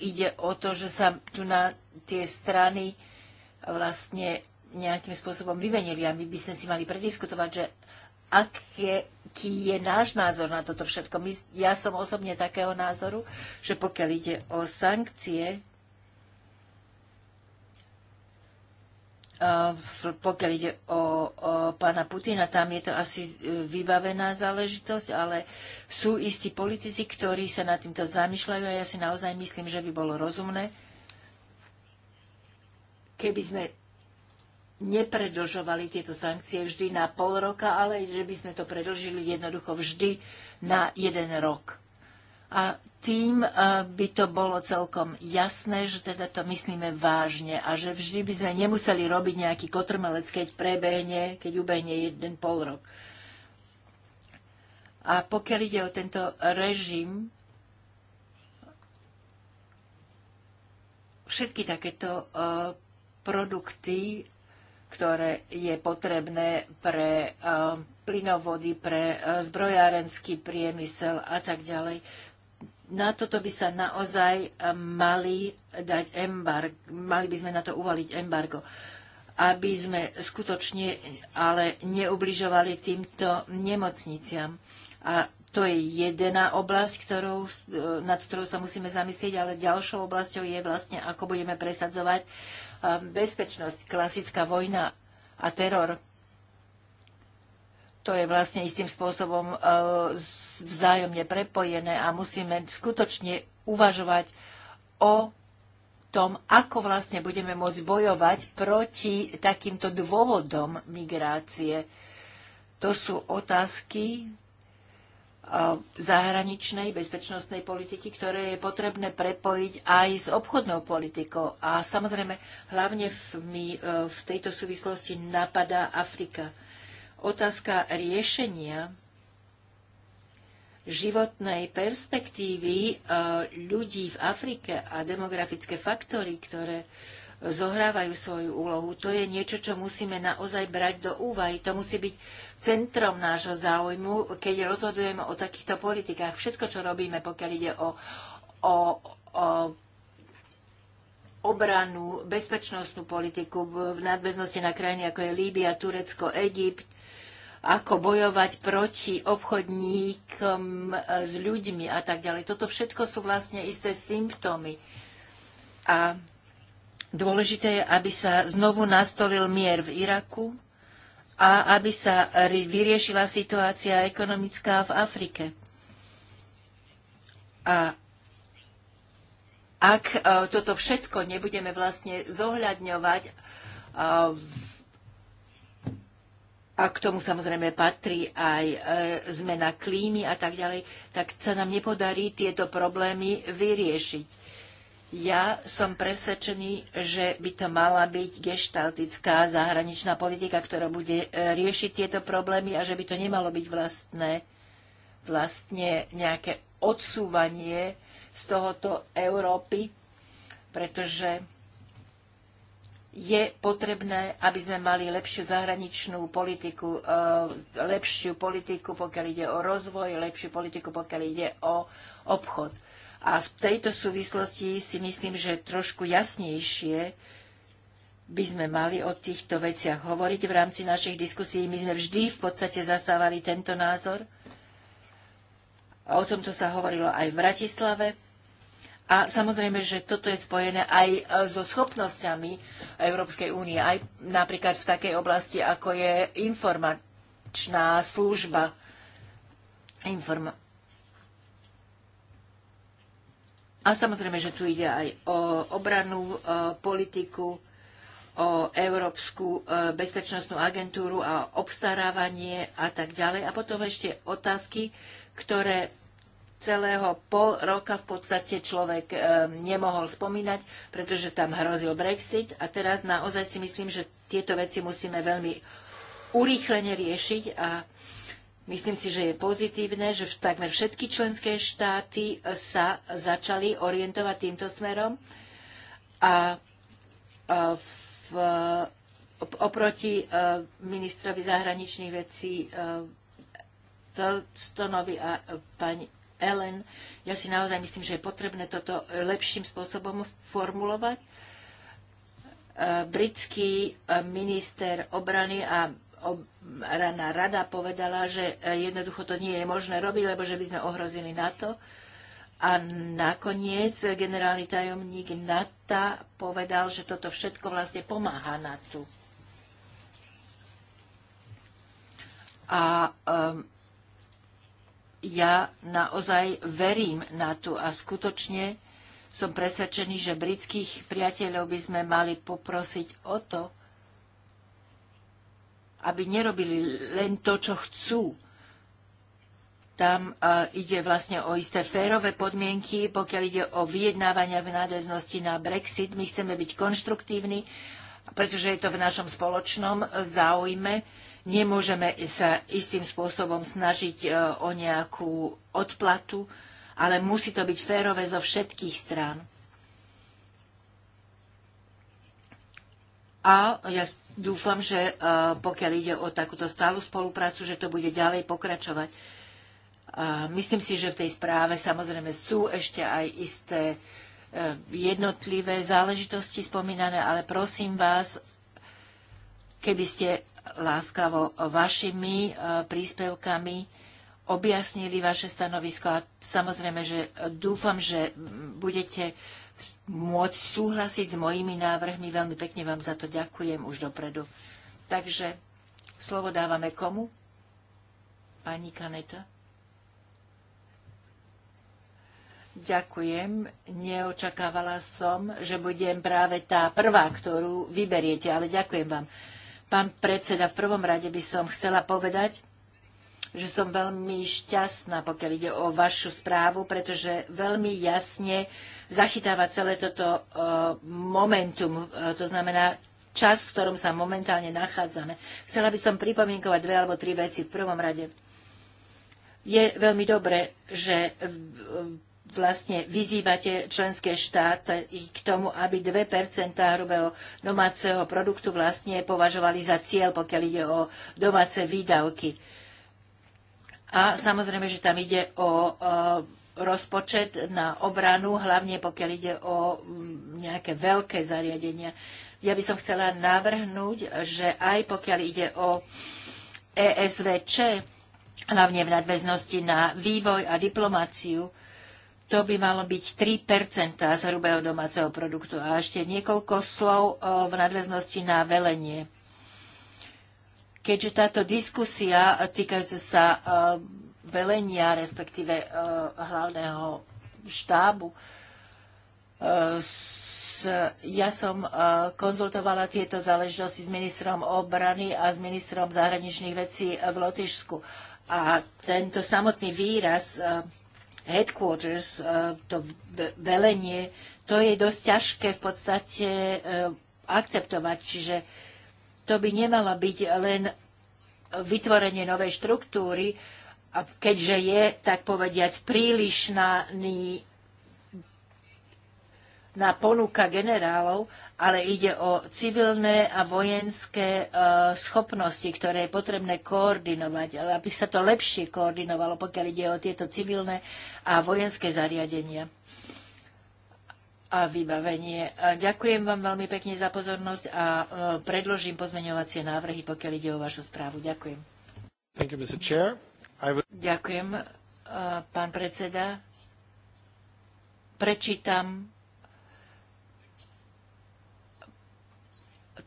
ide o to, že sa tu na tie strany vlastne nejakým spôsobom vymenili a my by sme si mali prediskutovať, že aké, aký je náš názor na toto všetko. My, ja som osobne takého názoru, že pokiaľ ide o sankcie, pokiaľ ide o, o pána Putina, tam je to asi e, vybavená záležitosť, ale sú istí politici, ktorí sa nad týmto zamýšľajú a ja si naozaj myslím, že by bolo rozumné, keby sme nepredlžovali tieto sankcie vždy na pol roka, ale že by sme to predlžili jednoducho vždy na jeden rok. A tým eh, by to bolo celkom jasné, že teda to myslíme vážne a že vždy by sme nemuseli robiť nejaký kotrmelec, keď prebehne, keď ubehne jeden pol rok. A pokiaľ ide o tento režim, všetky takéto eh, produkty ktoré je potrebné pre eh, plynovody, pre eh, zbrojárenský priemysel a tak ďalej. Na toto by sa naozaj eh, mali dať embargo, mali by sme na to uvaliť embargo, aby sme skutočne ale neubližovali týmto nemocniciam. A to je jedna oblasť, ktorou, nad ktorou sa musíme zamyslieť, ale ďalšou oblasťou je vlastne, ako budeme presadzovať um, bezpečnosť, klasická vojna a teror. To je vlastne istým spôsobom uh, vzájomne prepojené a musíme skutočne uvažovať o tom, ako vlastne budeme môcť bojovať proti takýmto dôvodom migrácie. To sú otázky, Eh, zahraničnej bezpečnostnej politiky, ktoré je potrebné prepojiť aj s obchodnou politikou. A samozrejme, hlavne v, mi eh, v tejto súvislosti napadá Afrika. Otázka riešenia životnej perspektívy eh, ľudí v Afrike a demografické faktory, ktoré zohrávajú svoju úlohu. To je niečo, čo musíme naozaj brať do úvahy. To musí byť centrom nášho záujmu, keď rozhodujeme o takýchto politikách. Všetko, čo robíme, pokiaľ ide o, o, o obranu, bezpečnostnú politiku v nadväznosti na krajiny ako je Líbia, Turecko, Egypt, ako bojovať proti obchodníkom eh, s ľuďmi a tak ďalej. Toto všetko sú vlastne isté symptómy. A Dôležité je, aby sa znovu nastolil mier v Iraku a aby sa vyriešila situácia ekonomická v Afrike. A ak e, toto všetko nebudeme vlastne zohľadňovať, e, a k tomu samozrejme patrí aj e, zmena klímy a tak ďalej, tak sa nám nepodarí tieto problémy vyriešiť. Ja som presvedčený, že by to mala byť geštaltická zahraničná politika, ktorá bude e, riešiť tieto problémy a že by to nemalo byť vlastné, vlastne nejaké odsúvanie z tohoto Európy, pretože je potrebné, aby sme mali lepšiu zahraničnú politiku, e, lepšiu politiku, pokiaľ ide o rozvoj, lepšiu politiku, pokiaľ ide o obchod. A v tejto súvislosti si myslím, že trošku jasnejšie by sme mali o týchto veciach hovoriť v rámci našich diskusí. My sme vždy v podstate zastávali tento názor. A o tomto sa hovorilo aj v Bratislave. A samozrejme, že toto je spojené aj e, so schopnosťami Európskej únie, aj napríklad v takej oblasti, ako je informačná služba. Informa- A samozrejme, že tu ide aj o obrannú e, politiku, o Európsku e, bezpečnostnú agentúru a obstarávanie a tak ďalej. A potom ešte otázky, ktoré celého pol roka v podstate človek e, nemohol spomínať, pretože tam hrozil Brexit a teraz naozaj si myslím, že tieto veci musíme veľmi urýchlene riešiť a Myslím si, že je pozitívne, že takmer všetky členské štáty sa začali orientovať týmto smerom a v, oproti e, ministrovi zahraničných vecí Feldstonovi e, a e, pani Ellen, ja si naozaj myslím, že je potrebné toto lepším spôsobom formulovať. Britský minister obrany a obraná rada povedala, že e, jednoducho to nie je možné robiť, lebo že by sme ohrozili NATO. A nakoniec generálny tajomník NATO povedal, že toto všetko vlastne pomáha NATO. A um, ja naozaj verím na tu a skutočne som presvedčený, že britských priateľov by sme mali poprosiť o to, aby nerobili len to, čo chcú. Tam uh, ide vlastne o isté férové podmienky, pokiaľ ide o vyjednávania v nádeznosti na Brexit. My chceme byť konštruktívni, pretože je to v našom spoločnom záujme. Nemôžeme sa istým spôsobom snažiť uh, o nejakú odplatu, ale musí to byť férové zo všetkých strán. A ja dúfam, že e, pokiaľ ide o takúto stálu spoluprácu, že to bude ďalej pokračovať. A myslím si, že v tej správe samozrejme sú ešte aj isté e, jednotlivé záležitosti spomínané, ale prosím vás, keby ste láskavo vašimi e, príspevkami objasnili vaše stanovisko a samozrejme, že dúfam, že budete môcť súhlasiť s mojimi návrhmi. Veľmi pekne vám za to ďakujem už dopredu. Takže slovo dávame komu? Pani Kaneta. Ďakujem. Neočakávala som, že budem práve tá prvá, ktorú vyberiete, ale ďakujem vám. Pán predseda, v prvom rade by som chcela povedať, že som veľmi šťastná, pokiaľ ide o vašu správu, pretože veľmi jasne zachytáva celé toto e, momentum, e, to znamená čas, v ktorom sa momentálne nachádzame. Chcela by som pripomienkovať dve alebo tri veci v prvom rade. Je veľmi dobre, že vlastne vyzývate členské štáty k tomu, aby 2% hrubého domáceho produktu vlastne považovali za cieľ, pokiaľ ide o domáce výdavky. A samozrejme, že tam ide o rozpočet na obranu, hlavne pokiaľ ide o mm, nejaké veľké zariadenia. Ja by som chcela navrhnúť, že aj pokiaľ ide o ESVČ, hlavne v nadväznosti na vývoj a diplomáciu, to by malo byť 3 z hrubého domáceho produktu. A ešte niekoľko slov v nadväznosti na velenie keďže táto diskusia týkajúca sa e, velenia, respektíve e, hlavného štábu, e, ja som konzultovala tieto záležitosti s ministrom obrany a s ministrom zahraničných vecí v Lotyšsku. A tento samotný výraz headquarters, to velenie, to je dosť ťažké v podstate akceptovať. Čiže to by nemala byť len vytvorenie novej štruktúry, keďže je, tak povediac, príliš na ponuka generálov, ale ide o civilné a vojenské e, schopnosti, ktoré je potrebné koordinovať, ale aby sa to lepšie koordinovalo, pokiaľ ide o tieto civilné a vojenské zariadenia a vybavenie. Ďakujem vám veľmi pekne za pozornosť a e, predložím pozmeňovacie návrhy, pokiaľ ide o vašu správu. Ďakujem. Thank you, Mr. Chair. I Ďakujem, e, pán predseda. Prečítam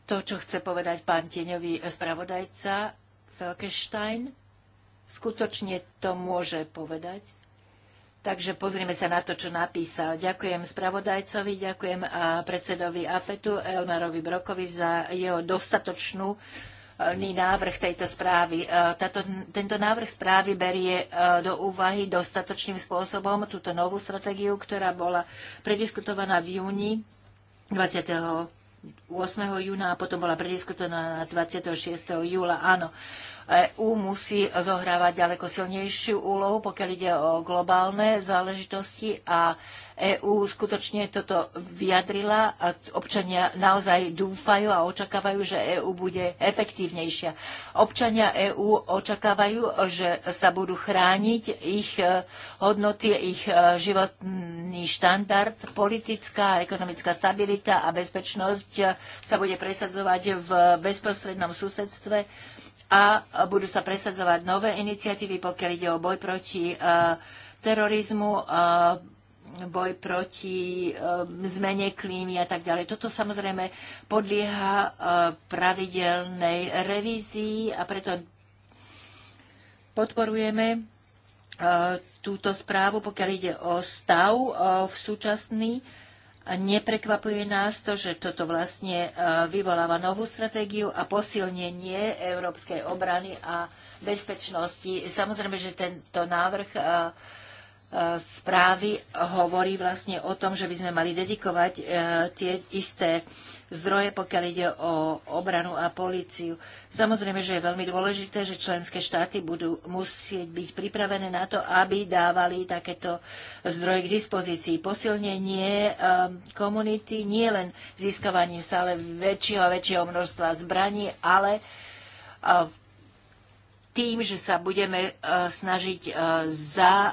to, čo chce povedať pán tieňový spravodajca Felkestein. Skutočne to môže povedať. Takže pozrime sa na to, čo napísal. Ďakujem spravodajcovi, ďakujem a predsedovi AFETu Elmarovi Brokovi za jeho dostatočnú e, návrh tejto správy. E, tato, tento návrh správy berie e, do úvahy dostatočným spôsobom túto novú stratégiu, ktorá bola prediskutovaná v júni 20. 8. júna a potom bola prediskutovaná 26. júla. Áno, EÚ musí zohrávať ďaleko silnejšiu úlohu, pokiaľ ide o globálne záležitosti a EÚ skutočne toto vyjadrila a občania naozaj dúfajú a očakávajú, že EÚ bude efektívnejšia. Občania EÚ očakávajú, že sa budú chrániť ich e, hodnoty, ich e, životný štandard, politická a ekonomická stabilita a bezpečnosť e, sa bude presadzovať v bezprostrednom susedstve a budú sa presadzovať nové iniciatívy, pokiaľ ide o boj proti e, terorizmu, e, boj proti e, zmene klímy a tak ďalej. Toto samozrejme podlieha pravidelnej revízii a preto podporujeme túto správu, pokiaľ ide o stav v súčasný Neprekvapuje nás to, že toto vlastne e, vyvoláva novú stratégiu a posilnenie európskej obrany a bezpečnosti. Samozrejme, že tento návrh e, správy hovorí vlastne o tom, že by sme mali dedikovať e, tie isté zdroje, pokiaľ ide o obranu a políciu. Samozrejme, že je veľmi dôležité, že členské štáty budú musieť byť pripravené na to, aby dávali takéto zdroje k dispozícii. Posilnenie e, komunity nie len získavaním stále väčšieho a väčšieho množstva zbraní, ale e, tým, že sa budeme snažiť za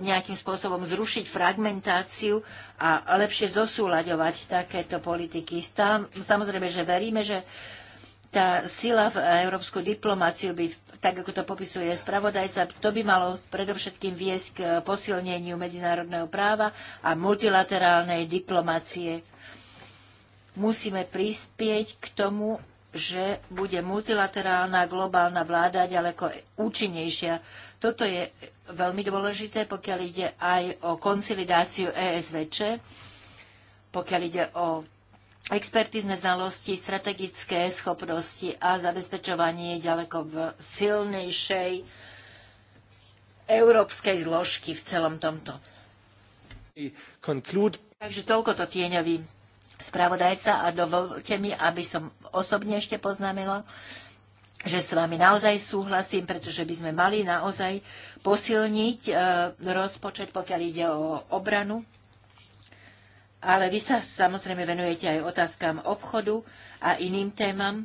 nejakým spôsobom zrušiť fragmentáciu a lepšie zosúľaďovať takéto politiky. Tam, samozrejme, že veríme, že tá sila v európsku diplomáciu by, tak ako to popisuje spravodajca, to by malo predovšetkým viesť k posilneniu medzinárodného práva a multilaterálnej diplomácie. Musíme prispieť k tomu, že bude multilaterálna globálna vláda ďaleko účinnejšia. Toto je veľmi dôležité, pokiaľ ide aj o konsolidáciu ESVČ, pokiaľ ide o expertizne znalosti, strategické schopnosti a zabezpečovanie ďaleko v silnejšej európskej zložky v celom tomto. Conclude. Takže toľko to tieňový spravodajca a dovolte mi, aby som osobne ešte poznámila že s vami naozaj súhlasím, pretože by sme mali naozaj posilniť e, rozpočet, pokiaľ ide o obranu. Ale vy sa samozrejme venujete aj otázkam obchodu a iným témam.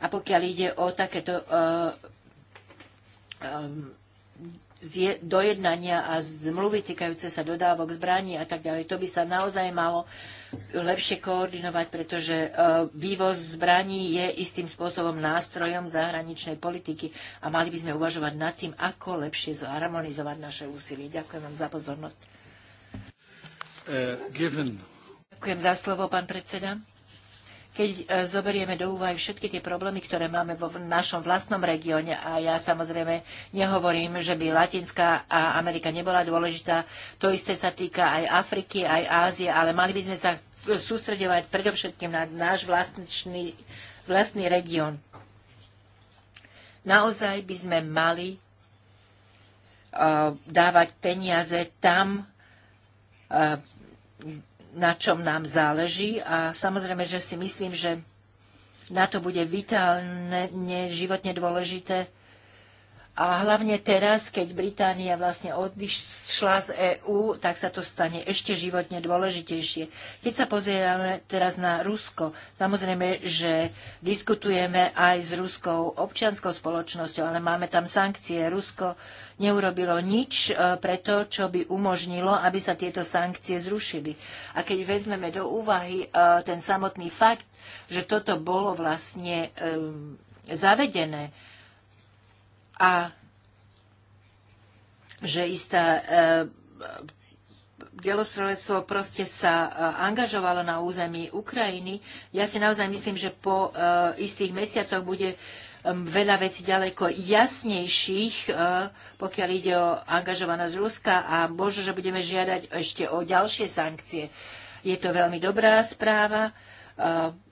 A pokiaľ ide o takéto um, dojednania a zmluvy týkajúce sa dodávok zbraní a tak ďalej. To by sa naozaj malo lepšie koordinovať, pretože e, vývoz zbraní je istým spôsobom nástrojom zahraničnej politiky a mali by sme uvažovať nad tým, ako lepšie zharmonizovať naše úsilie. Ďakujem vám za pozornosť. E, Ďakujem za slovo, pán predseda keď e, zoberieme do úvahy všetky tie problémy, ktoré máme vo našom vlastnom regióne, a ja samozrejme nehovorím, že by Latinská a Amerika nebola dôležitá, to isté sa týka aj Afriky, aj Ázie, ale mali by sme sa sústredovať predovšetkým na náš vlastný, vlastný región. Naozaj by sme mali uh, dávať peniaze tam, uh, na čom nám záleží a samozrejme, že si myslím, že na to bude vitálne, životne dôležité a hlavne teraz, keď Británia vlastne odišla z EÚ, tak sa to stane ešte životne dôležitejšie. Keď sa pozrieme teraz na Rusko, samozrejme, že diskutujeme aj s ruskou občianskou spoločnosťou, ale máme tam sankcie. Rusko neurobilo nič e, preto, čo by umožnilo, aby sa tieto sankcie zrušili. A keď vezmeme do úvahy e, ten samotný fakt, že toto bolo vlastne e, zavedené, a že istá e, delostrelectvo proste sa e, angažovalo na území Ukrajiny. Ja si naozaj myslím, že po e, istých mesiacoch bude veľa vecí ďaleko jasnejších, pokiaľ ide o angažovanosť Ruska a možno, že budeme žiadať ešte o ďalšie sankcie. Je to veľmi dobrá správa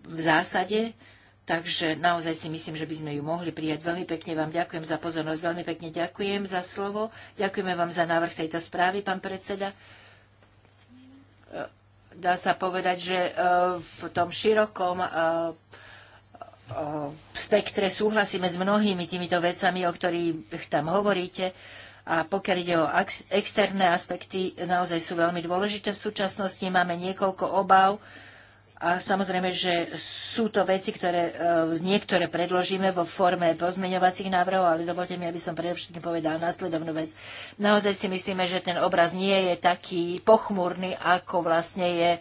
v zásade Takže naozaj si myslím, že by sme ju mohli prijať. Veľmi pekne vám ďakujem za pozornosť, veľmi pekne ďakujem za slovo, ďakujeme vám za návrh tejto správy, pán predseda. E, dá sa povedať, že e, v tom širokom e, spektre súhlasíme s mnohými týmito vecami, o ktorých tam hovoríte. A pokiaľ ide o externé aspekty, naozaj sú veľmi dôležité v súčasnosti. Máme niekoľko obav, a samozrejme, že sú to veci, ktoré e, niektoré predložíme vo forme pozmeňovacích návrhov, ale dovolte mi, aby som predovšetkým povedal následovnú vec. Naozaj si myslíme, že ten obraz nie je taký pochmúrny, ako vlastne je e,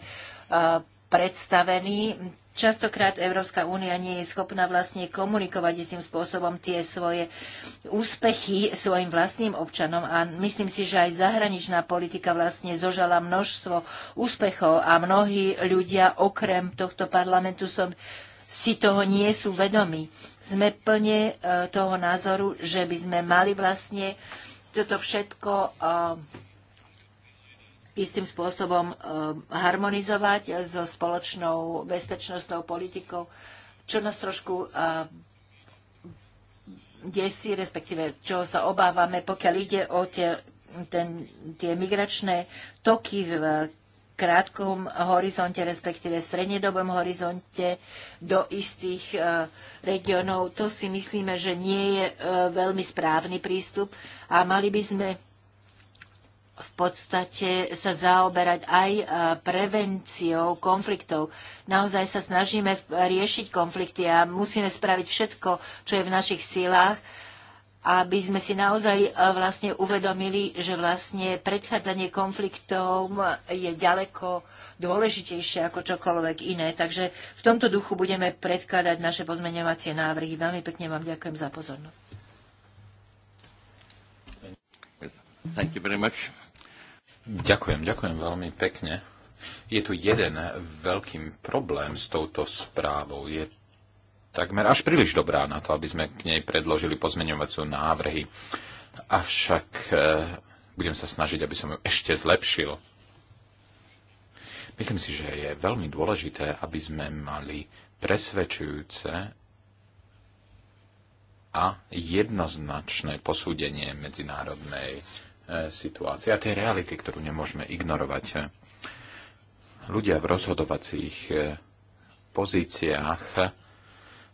predstavený Častokrát Európska únia nie je schopná vlastne komunikovať istým spôsobom tie svoje úspechy svojim vlastným občanom a myslím si, že aj zahraničná politika vlastne zožala množstvo úspechov a mnohí ľudia okrem tohto parlamentu som si toho nie sú vedomí. Sme plne e, toho názoru, že by sme mali vlastne toto všetko e, istým spôsobom eh, harmonizovať so spoločnou bezpečnostnou politikou, čo nás trošku eh, desí, respektíve čo sa obávame, pokiaľ ide o tie, ten, tie migračné toky v krátkom horizonte, respektíve strednedobom horizonte do istých eh, regiónov. To si myslíme, že nie je veľmi správny prístup a mali by sme v podstate sa zaoberať aj e, prevenciou konfliktov. Naozaj sa snažíme e, riešiť konflikty a musíme spraviť všetko, čo je v našich silách, aby sme si naozaj e, vlastne uvedomili, že vlastne predchádzanie konfliktov je ďaleko dôležitejšie ako čokoľvek iné. Takže v tomto duchu budeme predkladať naše pozmeňovacie návrhy. Veľmi pekne vám ďakujem za pozornosť. Thank you very much. Ďakujem, ďakujem veľmi pekne. Je tu jeden veľký problém s touto správou. Je takmer až príliš dobrá na to, aby sme k nej predložili pozmeňovacú návrhy. Avšak e, budem sa snažiť, aby som ju ešte zlepšil. Myslím si, že je veľmi dôležité, aby sme mali presvedčujúce a jednoznačné posúdenie medzinárodnej E, situácie a tej reality, ktorú nemôžeme ignorovať. Ľudia v rozhodovacích e, pozíciách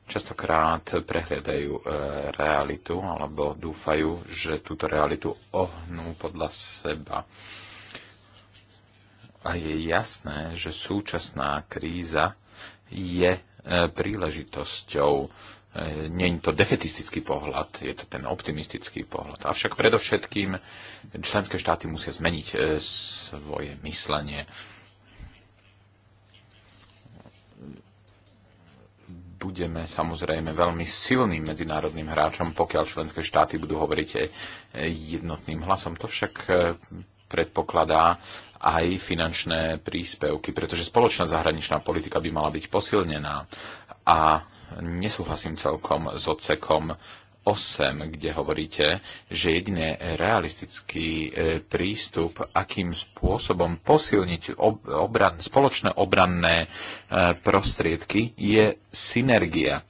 častokrát prehľadajú e, realitu alebo dúfajú, že túto realitu ohnú podľa seba. A je jasné, že súčasná kríza je príležitosťou E, Není to defetistický pohľad, je to ten optimistický pohľad. Avšak predovšetkým členské štáty musia zmeniť e, svoje myslenie. Budeme samozrejme veľmi silným medzinárodným hráčom, pokiaľ členské štáty budú hovoriť e, jednotným hlasom. To však predpokladá aj finančné príspevky, pretože spoločná zahraničná politika by mala byť posilnená a nesúhlasím celkom s odsekom 8, kde hovoríte, že jediný realistický e, prístup, akým spôsobom posilniť obran, spoločné obranné e, prostriedky, je synergia.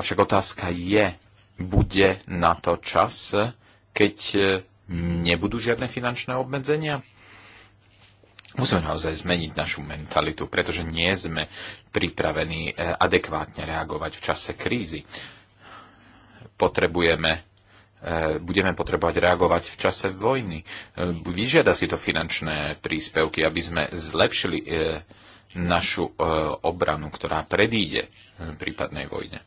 Avšak otázka je, bude na to čas, keď e, nebudú žiadne finančné obmedzenia? Musíme naozaj zmeniť našu mentalitu, pretože nie sme pripravení eh, adekvátne reagovať v čase krízy. Potrebujeme, eh, budeme potrebovať reagovať v čase vojny. Eh, vyžiada si to finančné príspevky, aby sme zlepšili našu obranu, ktorá predíde prípadnej vojne.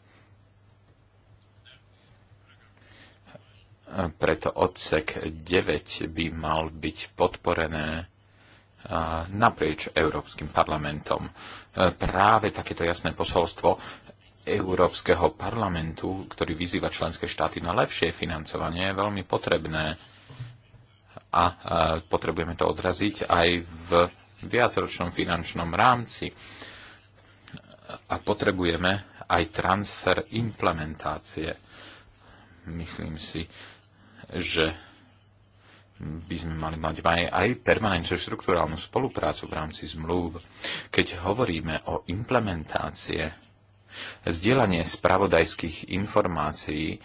Preto odsek 9 by mal byť podporené naprieč Európskym parlamentom. E, práve takéto jasné posolstvo Európskeho parlamentu, ktorý vyzýva členské štáty na lepšie financovanie, je veľmi potrebné a e, potrebujeme to odraziť aj v viacročnom finančnom rámci. A potrebujeme aj transfer implementácie. Myslím si, že by sme mali mať aj, aj permanentnú štruktúrálnu spoluprácu v rámci zmluv. Keď hovoríme o implementácie, zdieľanie spravodajských informácií e,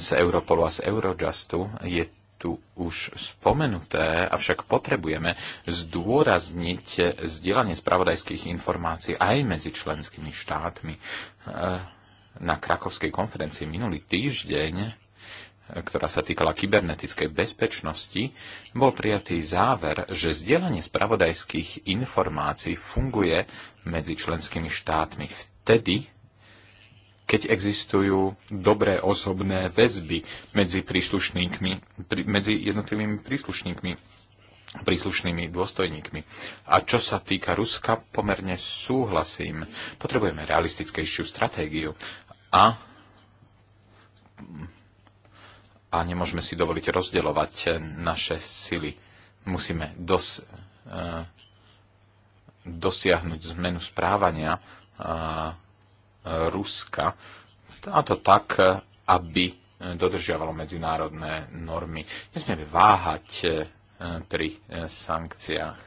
z Europolu a z Eurojustu je tu už spomenuté, avšak potrebujeme zdôrazniť zdieľanie spravodajských informácií aj medzi členskými štátmi. E, na krakovskej konferencii minulý týždeň ktorá sa týkala kybernetickej bezpečnosti, bol prijatý záver, že zdieľanie spravodajských informácií funguje medzi členskými štátmi vtedy, keď existujú dobré osobné väzby medzi, príslušníkmi, pri, medzi jednotlivými príslušníkmi príslušnými dôstojníkmi. A čo sa týka Ruska, pomerne súhlasím. Potrebujeme realistickejšiu stratégiu a a nemôžeme si dovoliť rozdeľovať eh, naše sily. Musíme dos, eh, dosiahnuť zmenu správania eh, Ruska, a to tak, aby dodržiavalo medzinárodné normy. Nesmieme váhať pri sankciách.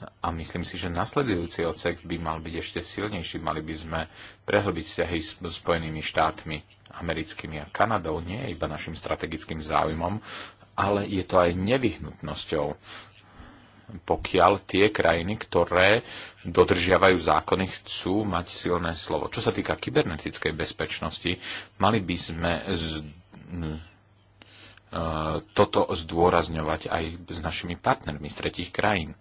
A myslím si, že nasledujúci ocek by mal byť ešte silnejší. Mali by sme prehlbiť vzťahy s Spojenými štátmi americkými a Kanadou nie je iba našim strategickým záujmom, ale je to aj nevyhnutnosťou, pokiaľ tie krajiny, ktoré dodržiavajú zákony, chcú mať silné slovo. Čo sa týka kybernetickej bezpečnosti, mali by sme z, e, toto zdôrazňovať aj s našimi partnermi z tretich krajín.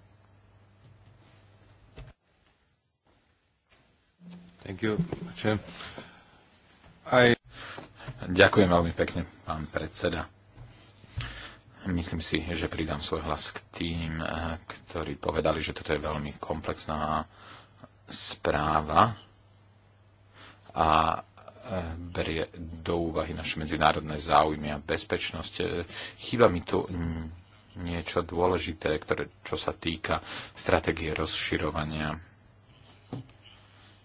Thank you. Ďakujem veľmi pekne, pán predseda. Myslím si, že pridám svoj hlas k tým, eh, ktorí povedali, že toto je veľmi komplexná správa a eh, berie do úvahy naše medzinárodné záujmy a bezpečnosť. Eh, chýba mi tu niečo dôležité, ktoré, čo sa týka stratégie rozširovania.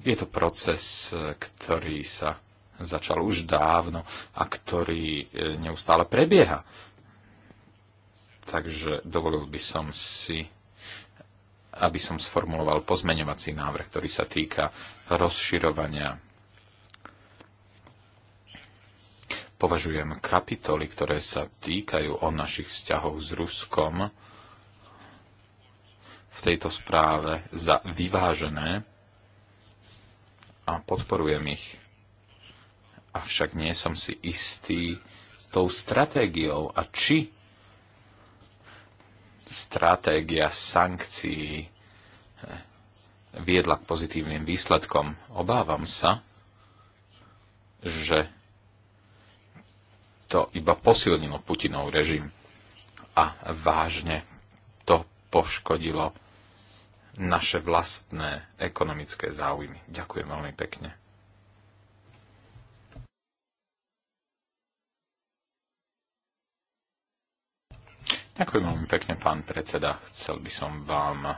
Je to proces, ktorý sa začal už dávno a ktorý e, neustále prebieha. Takže dovolil by som si, aby som sformuloval pozmeňovací návrh, ktorý sa týka rozširovania. Považujem kapitoly, ktoré sa týkajú o našich vzťahov s Ruskom v tejto správe za vyvážené a podporujem ich avšak nie som si istý tou stratégiou a či stratégia sankcií eh, viedla k pozitívnym výsledkom. Obávam sa, že to iba posilnilo Putinov režim a vážne to poškodilo naše vlastné ekonomické záujmy. Ďakujem veľmi pekne. Ďakujem veľmi pekne, pán predseda. Chcel by som vám e,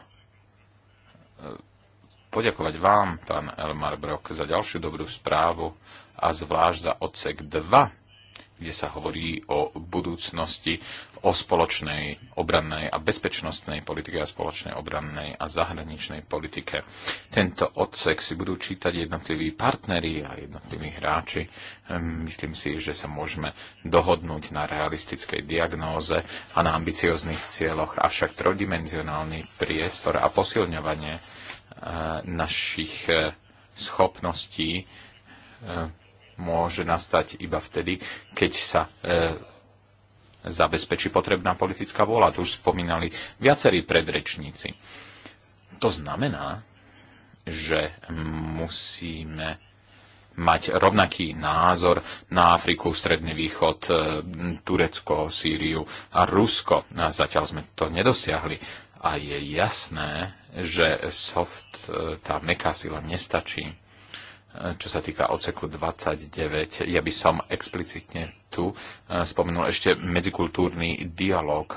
poďakovať vám, pán Elmar Brok, za ďalšiu dobrú správu a zvlášť za odsek 2 kde sa hovorí o budúcnosti, o spoločnej obrannej a bezpečnostnej politike a spoločnej obrannej a zahraničnej politike. Tento odsek si budú čítať jednotliví partneri a jednotliví hráči. Ehm, myslím si, že sa môžeme dohodnúť na realistickej diagnóze a na ambicioznych cieľoch, avšak trojdimenzionálny priestor a posilňovanie eh, našich eh, schopností eh, môže nastať iba vtedy, keď sa e, zabezpečí potrebná politická vôľa. Tu už spomínali viacerí predrečníci. To znamená, že musíme mať rovnaký názor na Afriku, Stredný východ, e, Turecko, Sýriu a Rusko. A zatiaľ sme to nedosiahli. A je jasné, že soft, e, tá meká sila nestačí čo sa týka odseku 29, ja by som explicitne tu e, spomenul ešte medzikultúrny dialog.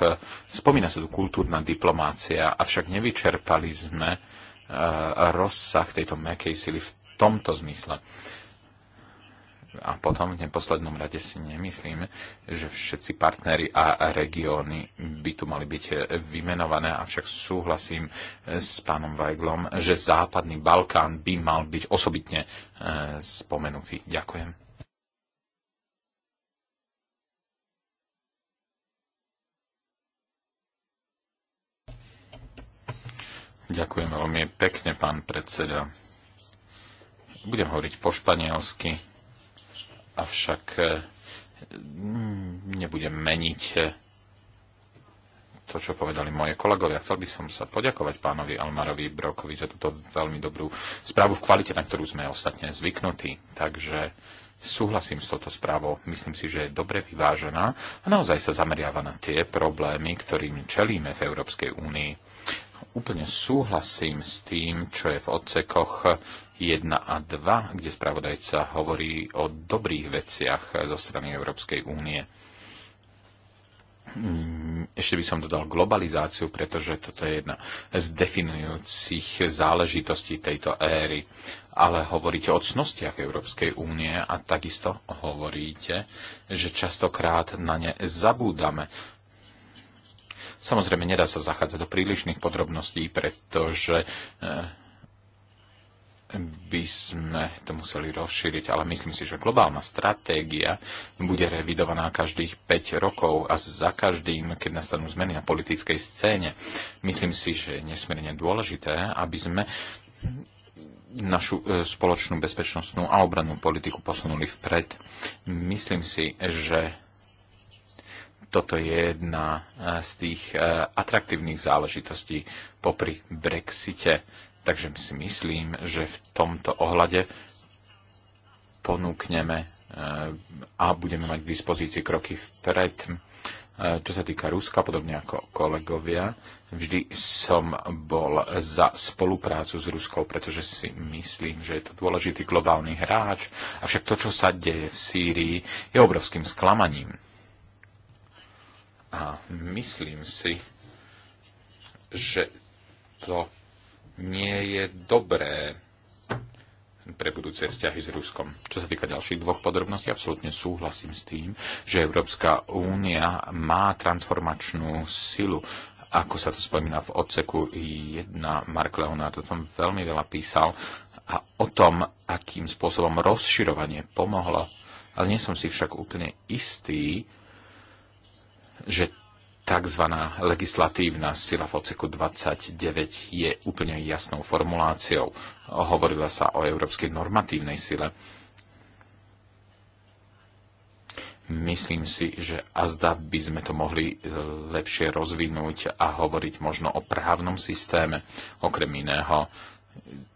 Spomína sa tu kultúrna diplomácia, avšak nevyčerpali sme e, rozsah tejto mekej sily v tomto zmysle. A potom v neposlednom rade si nemyslím, že všetci partnery a regióny by tu mali byť vymenované, avšak súhlasím s pánom Weiglom, že Západný Balkán by mal byť osobitne e, spomenutý. Ďakujem. Ďakujem veľmi pekne, pán predseda. Budem hovoriť po španielsky avšak eh, nebudem meniť eh, to, čo povedali moje kolegovia. Chcel by som sa poďakovať pánovi Almarovi Brokovi za túto veľmi dobrú správu v kvalite, na ktorú sme ostatne zvyknutí. Takže súhlasím s touto správou. Myslím si, že je dobre vyvážená a naozaj sa zameriava na tie problémy, ktorým čelíme v Európskej únii. Úplne súhlasím s tým, čo je v odsekoch 1 a 2, kde spravodajca hovorí o dobrých veciach zo strany Európskej únie. Mm, ešte by som dodal globalizáciu, pretože toto je jedna z definujúcich záležitostí tejto éry. Ale hovoríte o cnostiach Európskej únie a takisto hovoríte, že častokrát na ne zabúdame. Samozrejme, nedá sa zachádzať do prílišných podrobností, pretože eh, by sme to museli rozšíriť, ale myslím si, že globálna stratégia bude revidovaná každých 5 rokov a za každým, keď nastanú zmeny na politickej scéne. Myslím si, že je nesmierne dôležité, aby sme našu e, spoločnú bezpečnostnú a obrannú politiku posunuli vpred. Myslím si, že toto je jedna e, z tých e, atraktívnych záležitostí popri Brexite Takže si myslím, že v tomto ohľade ponúkneme e, a budeme mať k dispozícii kroky vpred. E, čo sa týka Ruska, podobne ako kolegovia, vždy som bol za spoluprácu s Ruskou, pretože si myslím, že je to dôležitý globálny hráč. Avšak to, čo sa deje v Sýrii, je obrovským sklamaním. A myslím si, že to nie je dobré pre budúce vzťahy s Ruskom. Čo sa týka ďalších dvoch podrobností, absolútne súhlasím s tým, že Európska únia má transformačnú silu. Ako sa to spomína v odseku 1, Mark Leonard o tom veľmi veľa písal a o tom, akým spôsobom rozširovanie pomohlo. Ale nie som si však úplne istý, že tzv. legislatívna sila v oceku 29 je úplne jasnou formuláciou. Hovorila sa o európskej normatívnej sile. Myslím si, že azda by sme to mohli e, lepšie rozvinúť a hovoriť možno o právnom systéme, okrem iného,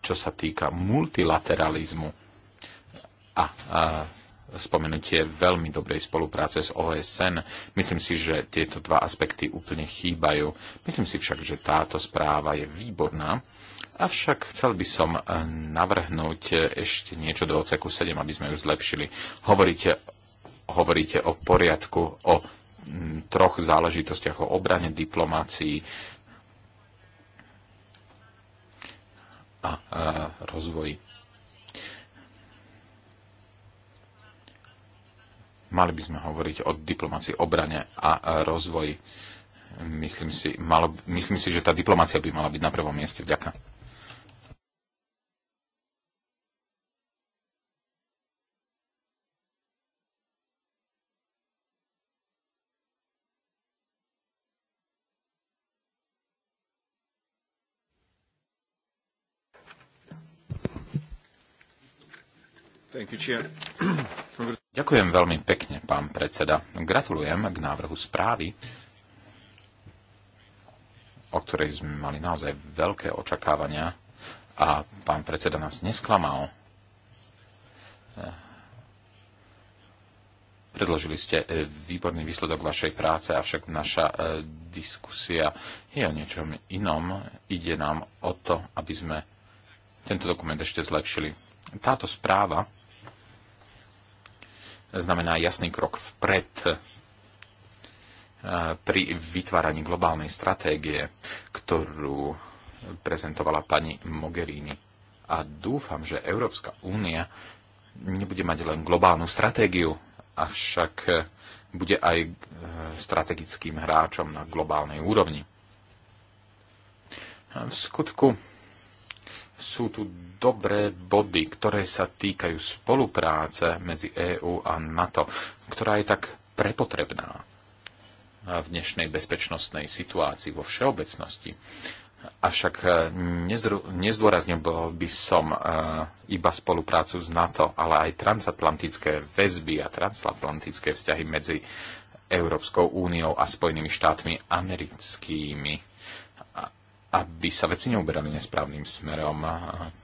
čo sa týka multilateralizmu a, a spomenutie veľmi dobrej spolupráce s OSN. Myslím si, že tieto dva aspekty úplne chýbajú. Myslím si však, že táto správa je výborná. Avšak chcel by som eh, navrhnúť eh, ešte niečo do oceku 7, aby sme ju zlepšili. Hovoríte, hovoríte o poriadku, o mm, troch záležitostiach, o obrane diplomácii a, a eh, rozvoji Mali by sme hovoriť o diplomácii, obrane a rozvoji. Myslím si, malo, myslím si, že tá diplomácia by mala byť na prvom mieste. Vďaka. You, Ďakujem veľmi pekne, pán predseda. Gratulujem k návrhu správy, o ktorej sme mali naozaj veľké očakávania a pán predseda nás nesklamal. Predložili ste e, výborný výsledok vašej práce, avšak naša e, diskusia je o niečom inom. Ide nám o to, aby sme tento dokument ešte zlepšili. Táto správa znamená jasný krok vpred eh, pri vytváraní globálnej stratégie, ktorú prezentovala pani Mogherini. A dúfam, že Európska únia nebude mať len globálnu stratégiu, avšak eh, bude aj eh, strategickým hráčom na globálnej úrovni. V skutku sú tu dobré body, ktoré sa týkajú spolupráce medzi EÚ a NATO, ktorá je tak prepotrebná v dnešnej bezpečnostnej situácii vo všeobecnosti. Avšak eh, nezdôraznil by som eh, iba spoluprácu s NATO, ale aj transatlantické väzby a transatlantické vzťahy medzi Európskou úniou a Spojenými štátmi americkými aby sa veci neuberali nesprávnym smerom,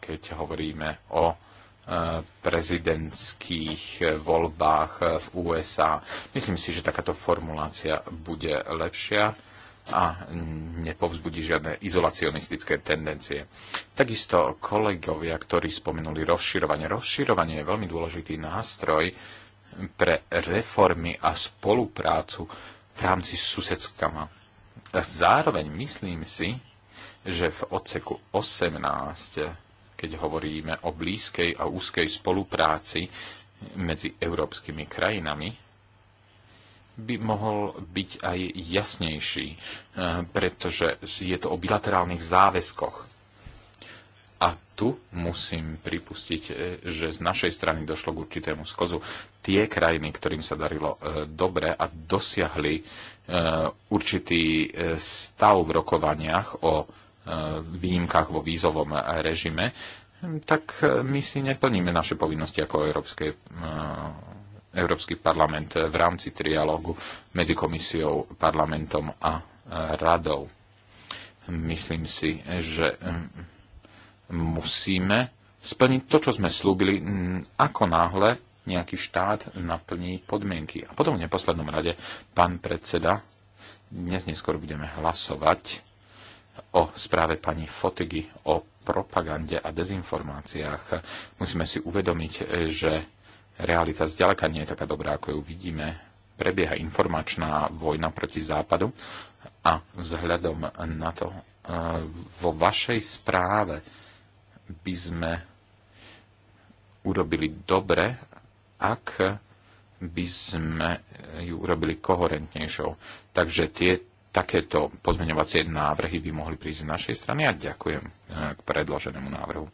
keď hovoríme o e, prezidentských voľbách v USA. Myslím si, že takáto formulácia bude lepšia a nepovzbudí žiadne izolacionistické tendencie. Takisto kolegovia, ktorí spomenuli rozširovanie. Rozširovanie je veľmi dôležitý nástroj pre reformy a spoluprácu v rámci susedskama. Zároveň myslím si, že v odseku 18, keď hovoríme o blízkej a úzkej spolupráci medzi európskymi krajinami, by mohol byť aj jasnejší, eh, pretože je to o bilaterálnych záväzkoch. A tu musím pripustiť, eh, že z našej strany došlo k určitému skozu. Tie krajiny, ktorým sa darilo eh, dobre a dosiahli určitý stav v rokovaniach o E, výnimkách vo vízovom režime, tak e, my si neplníme naše povinnosti ako Európske, e, Európsky parlament v rámci trialógu medzi komisiou, parlamentom a radou. Myslím si, že musíme splniť to, čo sme slúbili, ako náhle nejaký štát naplní podmienky. A potom v neposlednom rade, pán predseda, dnes neskôr budeme hlasovať o správe pani Fotigy o propagande a dezinformáciách. Musíme si uvedomiť, že realita zďaleka nie je taká dobrá, ako ju vidíme. Prebieha informačná vojna proti západu a vzhľadom na to e, vo vašej správe by sme urobili dobre, ak by sme ju urobili koherentnejšou. Takže tie takéto pozmeňovacie návrhy by mohli prísť z našej strany a ďakujem e, k predloženému návrhu.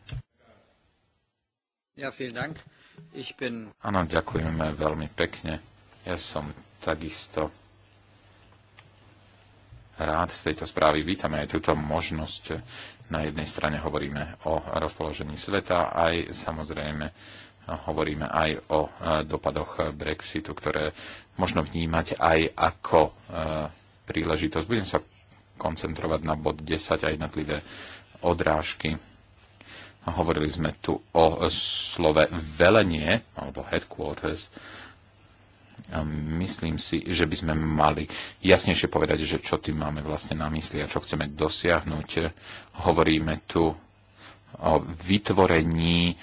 Ja, Dank. Ich bin... Áno, ďakujeme veľmi pekne. Ja som takisto rád z tejto správy. Vítame aj túto možnosť. Na jednej strane hovoríme o rozpoložení sveta, aj samozrejme hovoríme aj o e, dopadoch Brexitu, ktoré možno vnímať aj ako e, príležitosť. Budem sa koncentrovať na bod 10 a jednotlivé odrážky. Hovorili sme tu o slove velenie, alebo headquarters. Myslím si, že by sme mali jasnejšie povedať, že čo tým máme vlastne na mysli a čo chceme dosiahnuť. Hovoríme tu o vytvorení e,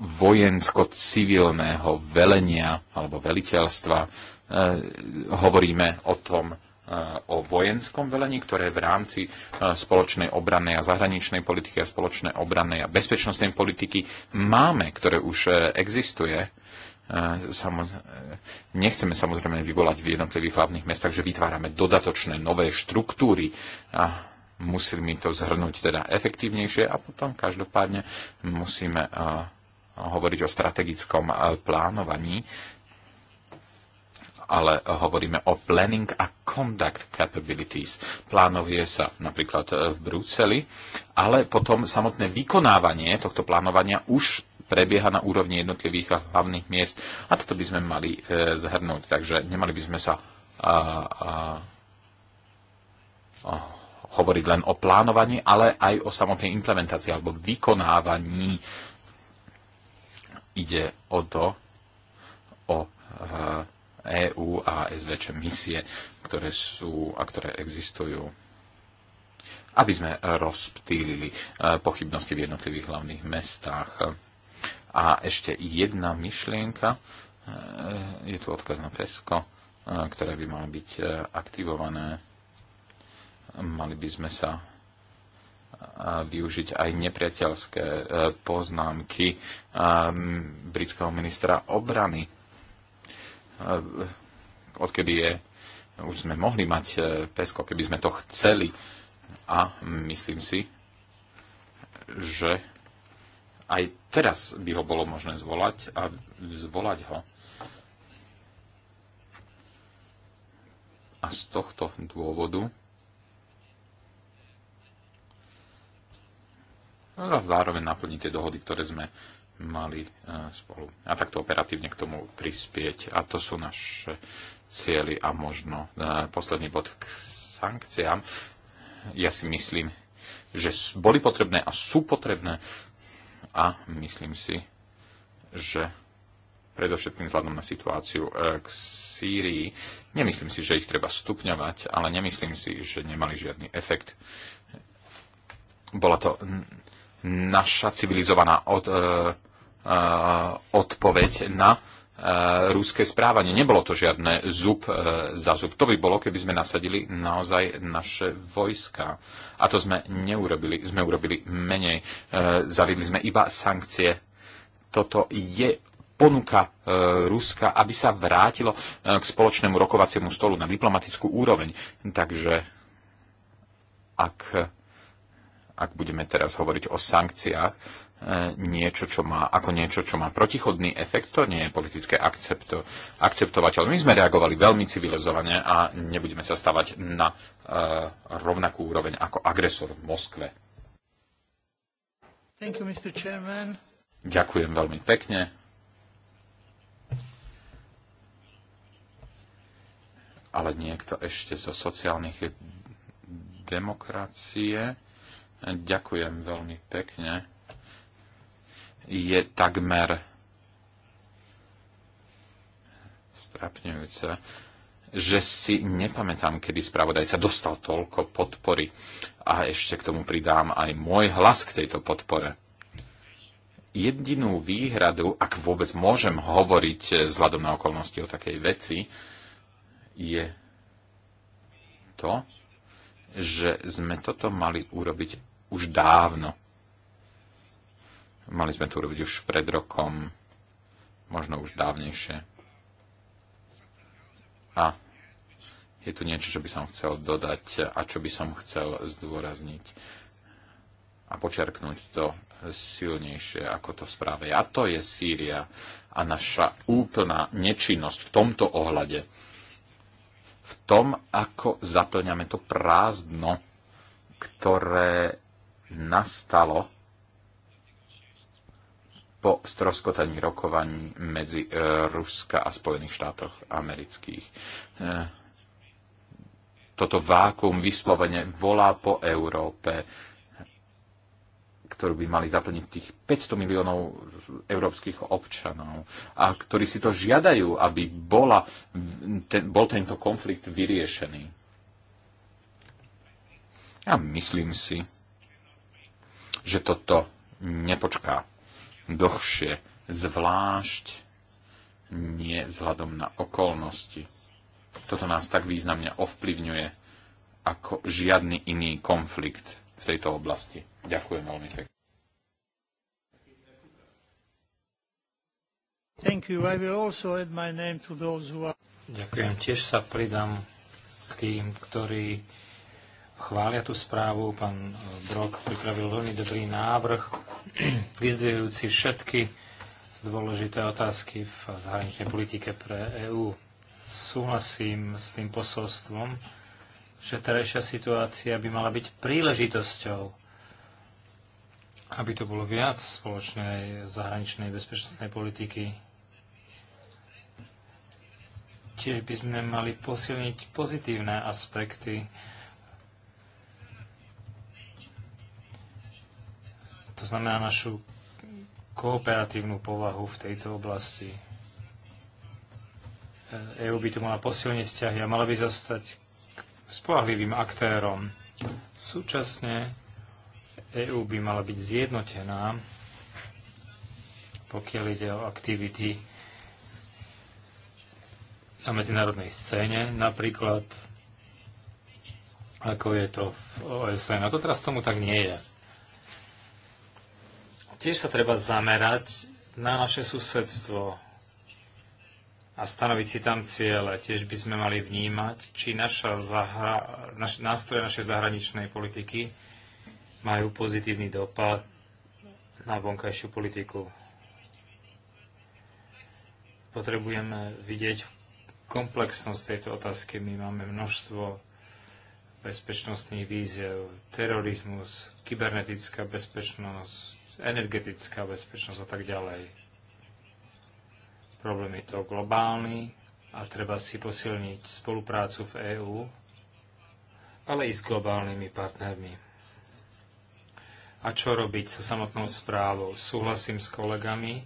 vojensko-civilného velenia alebo veliteľstva Eh, hovoríme o tom, eh, o vojenskom velení, ktoré v rámci eh, spoločnej obrannej a zahraničnej politiky a spoločnej obrannej a bezpečnostnej politiky máme, ktoré už existuje. Nechceme samozrejme vyvolať v jednotlivých hlavných mestách, že vytvárame dodatočné nové štruktúry a musíme to zhrnúť teda efektívnejšie a potom každopádne musíme hovoriť o strategickom plánovaní ale hovoríme o planning a conduct capabilities. Plánuje sa napríklad eh, v Bruseli, ale potom samotné vykonávanie tohto plánovania už prebieha na úrovni jednotlivých a hlavných miest a toto by sme mali e, zhrnúť. Takže nemali by sme sa a, a, a, hovoriť len o plánovaní, ale aj o samotnej implementácii alebo vykonávaní. Ide o to, o eh, EÚ a SVČ misie, ktoré sú a ktoré existujú aby sme rozptýlili e, pochybnosti v jednotlivých hlavných mestách. A ešte jedna myšlienka, e, je tu odkaz na PESCO, e, ktoré by malo byť aktivované. Mali by sme sa využiť aj nepriateľské poznámky britského ministra obrany E, odkedy je, už sme mohli mať e, pesko, keby sme to chceli. A myslím si, že aj teraz by ho bolo možné zvolať a zvolať ho. A z tohto dôvodu a zároveň naplní tie dohody, ktoré sme mali e, spolu a takto operatívne k tomu prispieť. A to sú naše cieľy a možno e, posledný bod k sankciám. Ja si myslím, že boli potrebné a sú potrebné a myslím si, že predovšetkým vzhľadom na situáciu e, k Sýrii, nemyslím si, že ich treba stupňovať, ale nemyslím si, že nemali žiadny efekt. Bola to naša civilizovaná od, e, odpoveď na rúské správanie. Nebolo to žiadne zub e, za zub. To by bolo, keby sme nasadili naozaj naše vojska. A to sme neurobili. Sme urobili menej. E, zaviedli sme iba sankcie. Toto je ponuka e, Ruska, aby sa vrátilo k spoločnému rokovaciemu stolu na diplomatickú úroveň. Takže ak, ak budeme teraz hovoriť o sankciách, niečo, čo má, ako niečo, čo má protichodný efekt, to nie je politické akcepto, akceptovateľné. My sme reagovali veľmi civilizovane a nebudeme sa stavať na uh, rovnakú úroveň ako agresor v Moskve. Thank you, Mr. Chairman. Ďakujem veľmi pekne. Ale niekto ešte zo sociálnych demokracie. Ďakujem veľmi pekne je takmer strapňujúce, že si nepamätám, kedy spravodajca dostal toľko podpory. A ešte k tomu pridám aj môj hlas k tejto podpore. Jedinú výhradu, ak vôbec môžem hovoriť e, vzhľadom na okolnosti o takej veci, je to, že sme toto mali urobiť už dávno Mali sme to urobiť už pred rokom, možno už dávnejšie. A je tu niečo, čo by som chcel dodať a čo by som chcel zdôrazniť a počerknúť to silnejšie, ako to v správe. A to je Sýria a naša úplná nečinnosť v tomto ohľade. V tom, ako zaplňame to prázdno, ktoré nastalo po stroskotaní rokovaní medzi e, Ruska a Spojených štátoch amerických. E, toto vákum vyslovene volá po Európe, ktorú by mali zaplniť tých 500 miliónov európskych občanov a ktorí si to žiadajú, aby bola, ten, bol tento konflikt vyriešený. Ja myslím si, že toto nepočká dlhšie, zvlášť nie vzhľadom na okolnosti. Toto nás tak významne ovplyvňuje ako žiadny iný konflikt v tejto oblasti. Ďakujem veľmi pekne. Are... Ďakujem. Tiež sa pridám k tým, ktorí chvália tú správu. Pán Brok eh, pripravil veľmi dobrý návrh, vyzdvihujúci všetky dôležité otázky v zahraničnej politike pre EÚ. Súhlasím s tým posolstvom, že terajšia situácia by mala byť príležitosťou, aby to bolo viac spoločnej zahraničnej bezpečnostnej politiky. Tiež by sme mali posilniť pozitívne aspekty to znamená našu kooperatívnu povahu v tejto oblasti. EU e by tu mala posilniť vzťahy a mala by zostať spolahlivým aktérom. Súčasne EU by mala byť zjednotená, pokiaľ ide o aktivity na medzinárodnej scéne, napríklad ako je to v OSN. A to teraz tomu tak nie je. Tiež sa treba zamerať na naše susedstvo a stanoviť si tam ciele. Tiež by sme mali vnímať, či naša zahra, naš, nástroje našej zahraničnej politiky majú pozitívny dopad na vonkajšiu politiku. Potrebujeme vidieť komplexnosť tejto otázky. My máme množstvo bezpečnostných víziev, terorizmus, kybernetická bezpečnosť, energetická bezpečnosť a tak ďalej. Problém je to globálny a treba si posilniť spoluprácu v EÚ, ale i s globálnymi partnermi. A čo robiť so samotnou správou? Súhlasím s kolegami,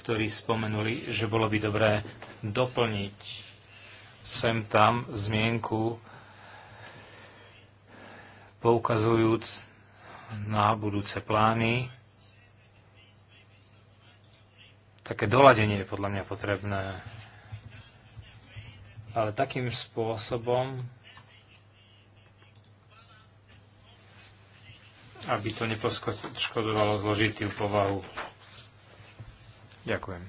ktorí spomenuli, že bolo by dobré doplniť sem tam zmienku poukazujúc na budúce plány Také doladenie je podľa mňa potrebné. Ale takým spôsobom, aby to neposkodovalo zložitú povahu. Ďakujem.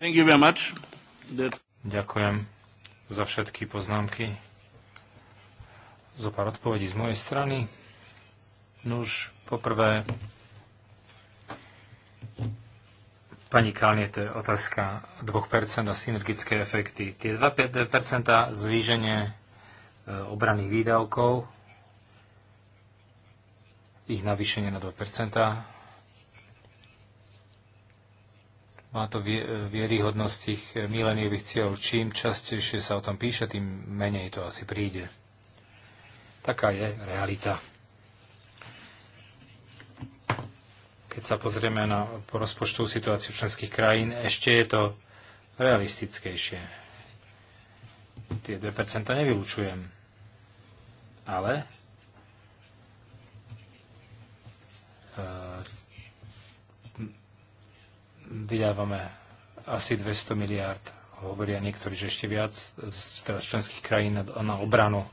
Thank you very much. That... Ďakujem za všetky poznámky. Zopár odpovedí z mojej strany. Nuž, poprvé, Pani Kalnie, to je otázka 2% a synergické efekty. Tie 2% zvýženie e, obranných výdavkov, ich navýšenie na 2%, má to e, vieryhodnosť tých e, mileniových cieľov. Čím častejšie sa o tom píše, tým menej to asi príde. Taká je realita. Keď sa pozrieme na rozpočtovú situáciu členských krajín, ešte je to realistickejšie. Tie 2% nevylučujem. Ale e, vydávame asi 200 miliárd, hovoria niektorí, že ešte viac z členských krajín na obranu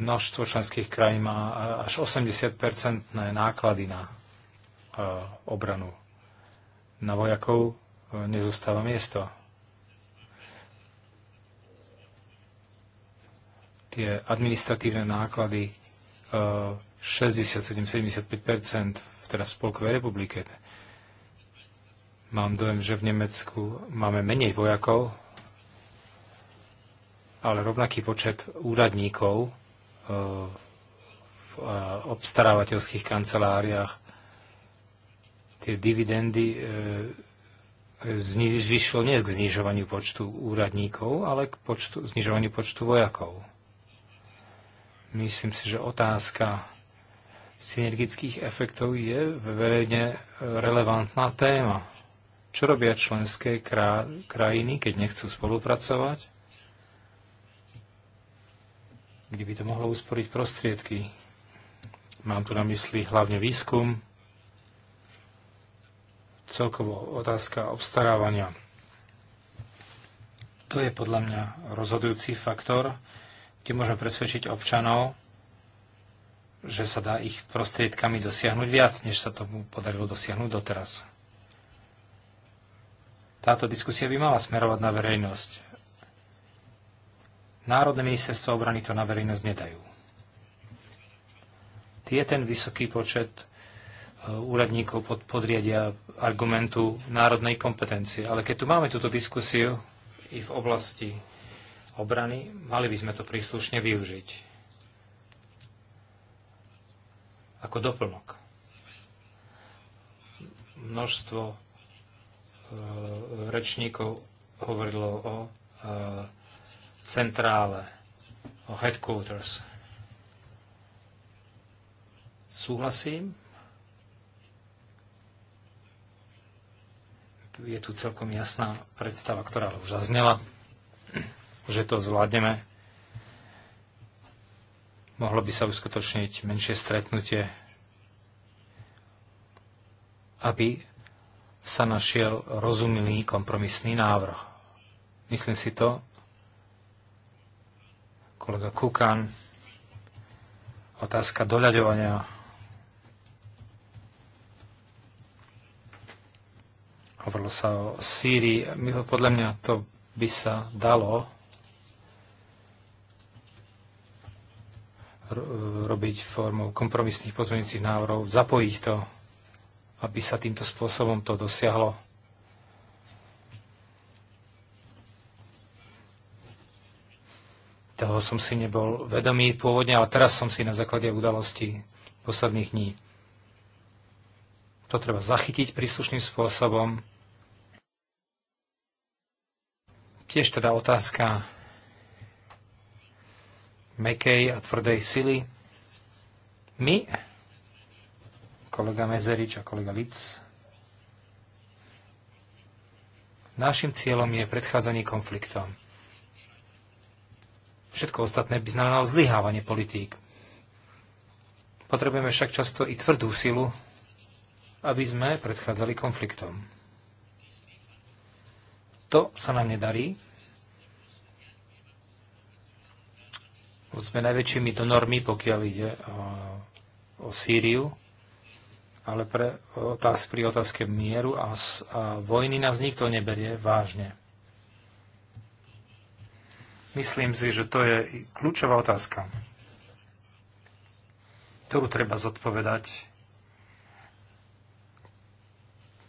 Množstvo členských krajín má e, až 80-percentné náklady na e, obranu. Na vojakov e, nezostáva miesto. Tie administratívne náklady 67-75%, teda v Spolkovej republike. Mám dojem, že v Nemecku máme menej vojakov, ale rovnaký počet úradníkov v obstarávateľských kanceláriách. Tie dividendy e, zvyšlo nie k znižovaniu počtu úradníkov, ale k počtu, znižovaniu počtu vojakov. Myslím si, že otázka synergických efektov je verejne relevantná téma. Čo robia členské krajiny, keď nechcú spolupracovať? kde by to mohlo usporiť prostriedky. Mám tu na mysli hlavne výskum, celkovo otázka obstarávania. To je podľa mňa rozhodujúci faktor, kde môžeme presvedčiť občanov, že sa dá ich prostriedkami dosiahnuť viac, než sa tomu podarilo dosiahnuť doteraz. Táto diskusia by mala smerovať na verejnosť. Národné ministerstvo obrany to na verejnosť nedajú. Je ten vysoký počet e, úradníkov pod, podriadia argumentu národnej kompetencie. Ale keď tu máme túto diskusiu i v oblasti obrany, mali by sme to príslušne využiť. Ako doplnok. Množstvo e, rečníkov hovorilo o e, centrále, o headquarters. Súhlasím. Je tu celkom jasná predstava, ktorá už zaznela, že to zvládneme. Mohlo by sa uskutočniť menšie stretnutie, aby sa našiel rozumný kompromisný návrh. Myslím si to, kolega Kukan, otázka doľaďovania. Hovorilo sa o Sýrii. Podľa mňa to by sa dalo robiť formou kompromisných pozmeňujúcich návrhov, zapojiť to, aby sa týmto spôsobom to dosiahlo. Toho som si nebol vedomý pôvodne, ale teraz som si na základe udalostí posledných dní. To treba zachytiť príslušným spôsobom. Tiež teda otázka mekej a tvrdej sily. My, kolega Mezerič a kolega Lic, našim cieľom je predchádzanie konfliktom. Všetko ostatné by znamenalo zlyhávanie politík. Potrebujeme však často i tvrdú silu, aby sme predchádzali konfliktom. To sa nám nedarí. Sme najväčšími donormi, pokiaľ ide o, o Sýriu, ale pre pri otázke mieru a, a vojny nás nikto neberie vážne. Myslím si, že to je kľúčová otázka, ktorú treba zodpovedať.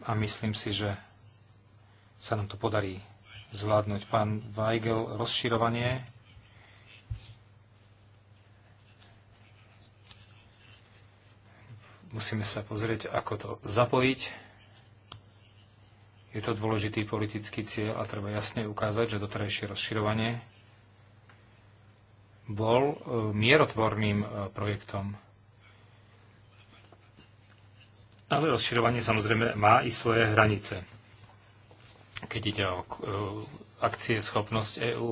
A myslím si, že sa nám to podarí zvládnuť. Pán Weigel, rozširovanie. Musíme sa pozrieť, ako to zapojiť. Je to dôležitý politický cieľ a treba jasne ukázať, že doterajšie rozširovanie bol e, mierotvorným e, projektom. Ale rozširovanie samozrejme má i svoje hranice. Keď ide o e, akcie schopnosť EÚ,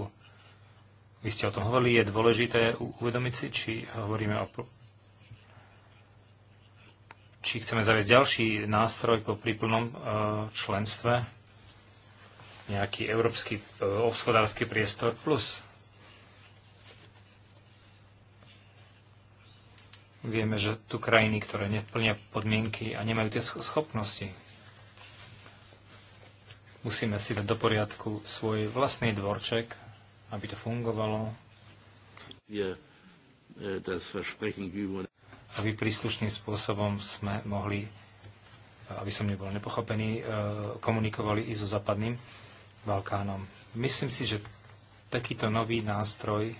vy ste o tom hovorili, je dôležité uvedomiť si, či hovoríme o či chceme zaviesť ďalší nástroj po príplnom členstve, nejaký európsky obschodársky priestor plus Vieme, že tu krajiny, ktoré neplnia podmienky a nemajú tie schopnosti. Musíme si dať do poriadku svoj vlastný dvorček, aby to fungovalo. Aby eh, príslušným spôsobom sme mohli, aby som nebol nepochopený, eh, komunikovali i so západným Balkánom. Myslím si, že takýto nový nástroj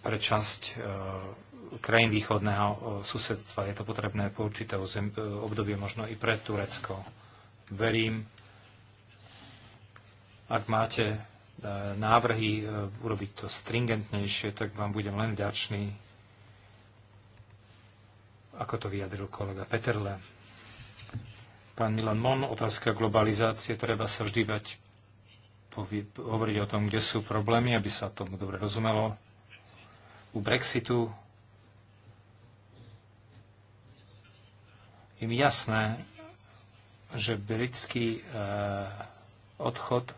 pre časť e, krajín východného e, susedstva. Je to potrebné po určité e, obdobie, možno i pre Turecko. Verím, ak máte návrhy urobiť to stringentnejšie, tak vám budem len vďačný, ako to vyjadril kolega Peterle. Pán Milan Mon, otázka globalizácie, treba sa vždy bať hovoriť o tom, kde sú problémy, aby sa tomu dobre rozumelo u Brexitu im jasné, že britský e, odchod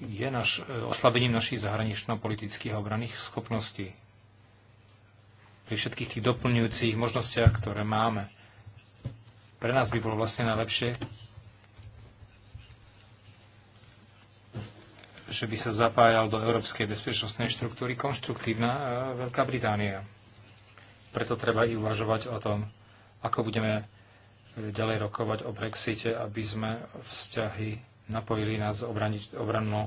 je naš, e, oslabením našich zahranično-politických a schopností pri všetkých tých doplňujúcich možnostiach, ktoré máme. Pre nás by bolo vlastne najlepšie, že by sa zapájal do európskej bezpečnostnej štruktúry konštruktívna e, Veľká Británia. Preto treba i uvažovať o tom, ako budeme e, ďalej rokovať o Brexite, aby sme vzťahy napojili na obranno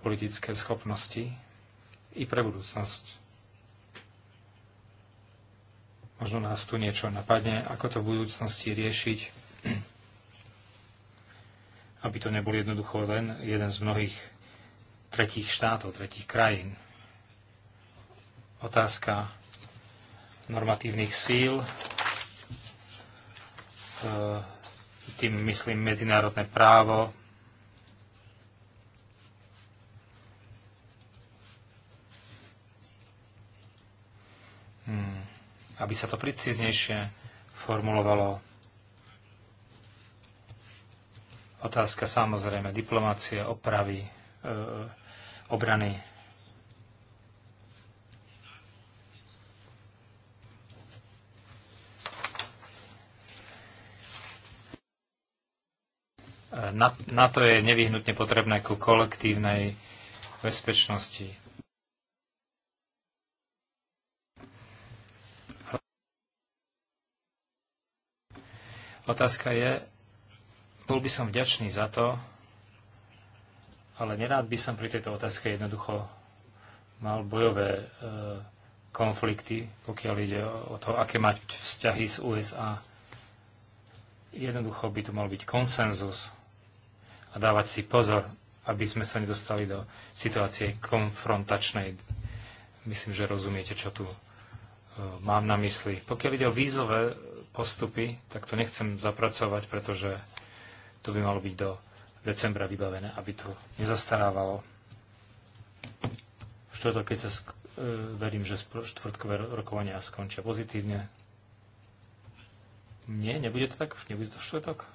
politické schopnosti i pre budúcnosť. Možno nás tu niečo napadne, ako to v budúcnosti riešiť, aby to nebol jednoducho len jeden z mnohých tretích štátov, tretích krajín. Otázka normatívnych síl, e, tým myslím medzinárodné právo, hmm. aby sa to preciznejšie formulovalo. Otázka samozrejme diplomácie, opravy, e, obrany. Na to je nevyhnutne potrebné ku kolektívnej bezpečnosti. Otázka je, bol by som vďačný za to, ale nerád by som pri tejto otázke jednoducho mal bojové e, konflikty, pokiaľ ide o, to, aké mať vzťahy s USA. Jednoducho by tu mal byť konsenzus a dávať si pozor, aby sme sa nedostali do situácie konfrontačnej. Myslím, že rozumiete, čo tu e, mám na mysli. Pokiaľ ide o vízové postupy, tak to nechcem zapracovať, pretože to by malo byť do decembra vybavené, aby to nezastarávalo. Štvrto, keď sa sk- e, verím, že štvrtkové rokovania skončia pozitívne. Nie, nebude to tak? Nebude to štvrtok?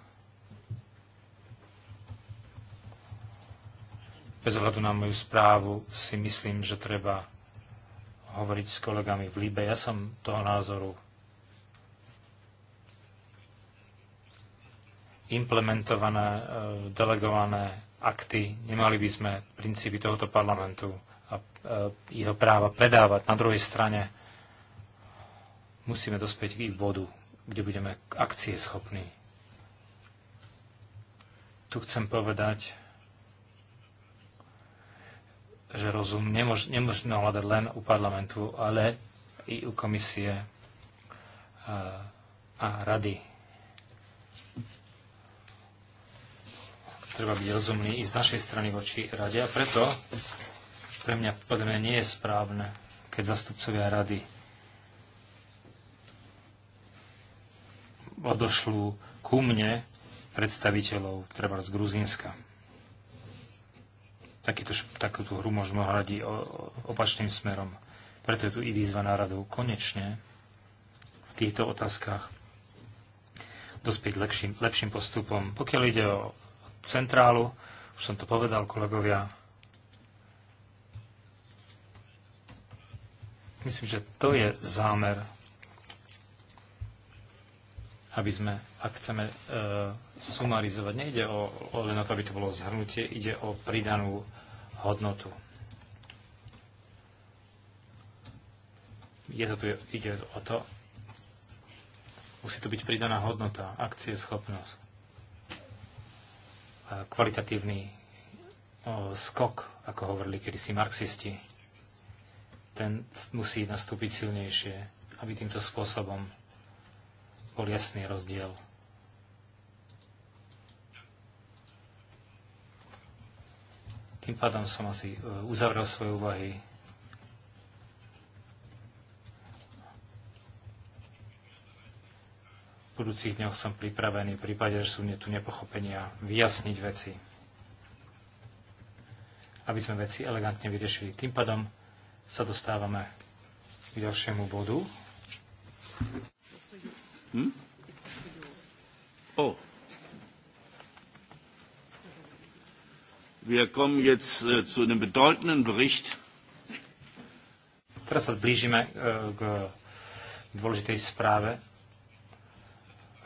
Bez ohľadu na moju správu si myslím, že treba hovoriť s kolegami v Líbe. Ja som toho názoru, implementované e, delegované akty, nemali by sme princípy tohoto parlamentu a e, jeho práva predávať. Na druhej strane musíme dospieť k ich bodu, kde budeme akcie schopní. Tu chcem povedať, že rozum nemož, nemožno hľadať len u parlamentu, ale i u komisie a, e, a rady treba byť rozumný i z našej strany voči rade a preto pre mňa podľa mňa nie je správne, keď zastupcovia rady odošľú ku mne predstaviteľov, treba z Gruzínska. Takýto, takúto hru možno hrať opačným smerom. Preto je tu i výzva náradov konečne v týchto otázkach dospieť lepším, lepším postupom. Pokiaľ ide o centrálu. Už som to povedal, kolegovia. Myslím, že to je zámer, aby sme, ak chceme e, sumarizovať, nejde o, o len o to, aby to bolo zhrnutie, ide o pridanú hodnotu. Je to tu, ide o to, musí tu byť pridaná hodnota, akcie, schopnosť kvalitatívny skok, ako hovorili kedysi marxisti. Ten musí nastúpiť silnejšie, aby týmto spôsobom bol jasný rozdiel. Tým pádom som asi e, uzavrel svoje úvahy. budúcich dňoch som pripravený v prípade, že sú tu nepochopenia, vyjasniť veci, aby sme veci elegantne vyriešili. Tým pádom sa dostávame k ďalšiemu bodu. Hm? Oh. Wir kommen jetzt äh, zu einem bedeutenden Bericht. Teraz sa blížime äh, k dôležitej správe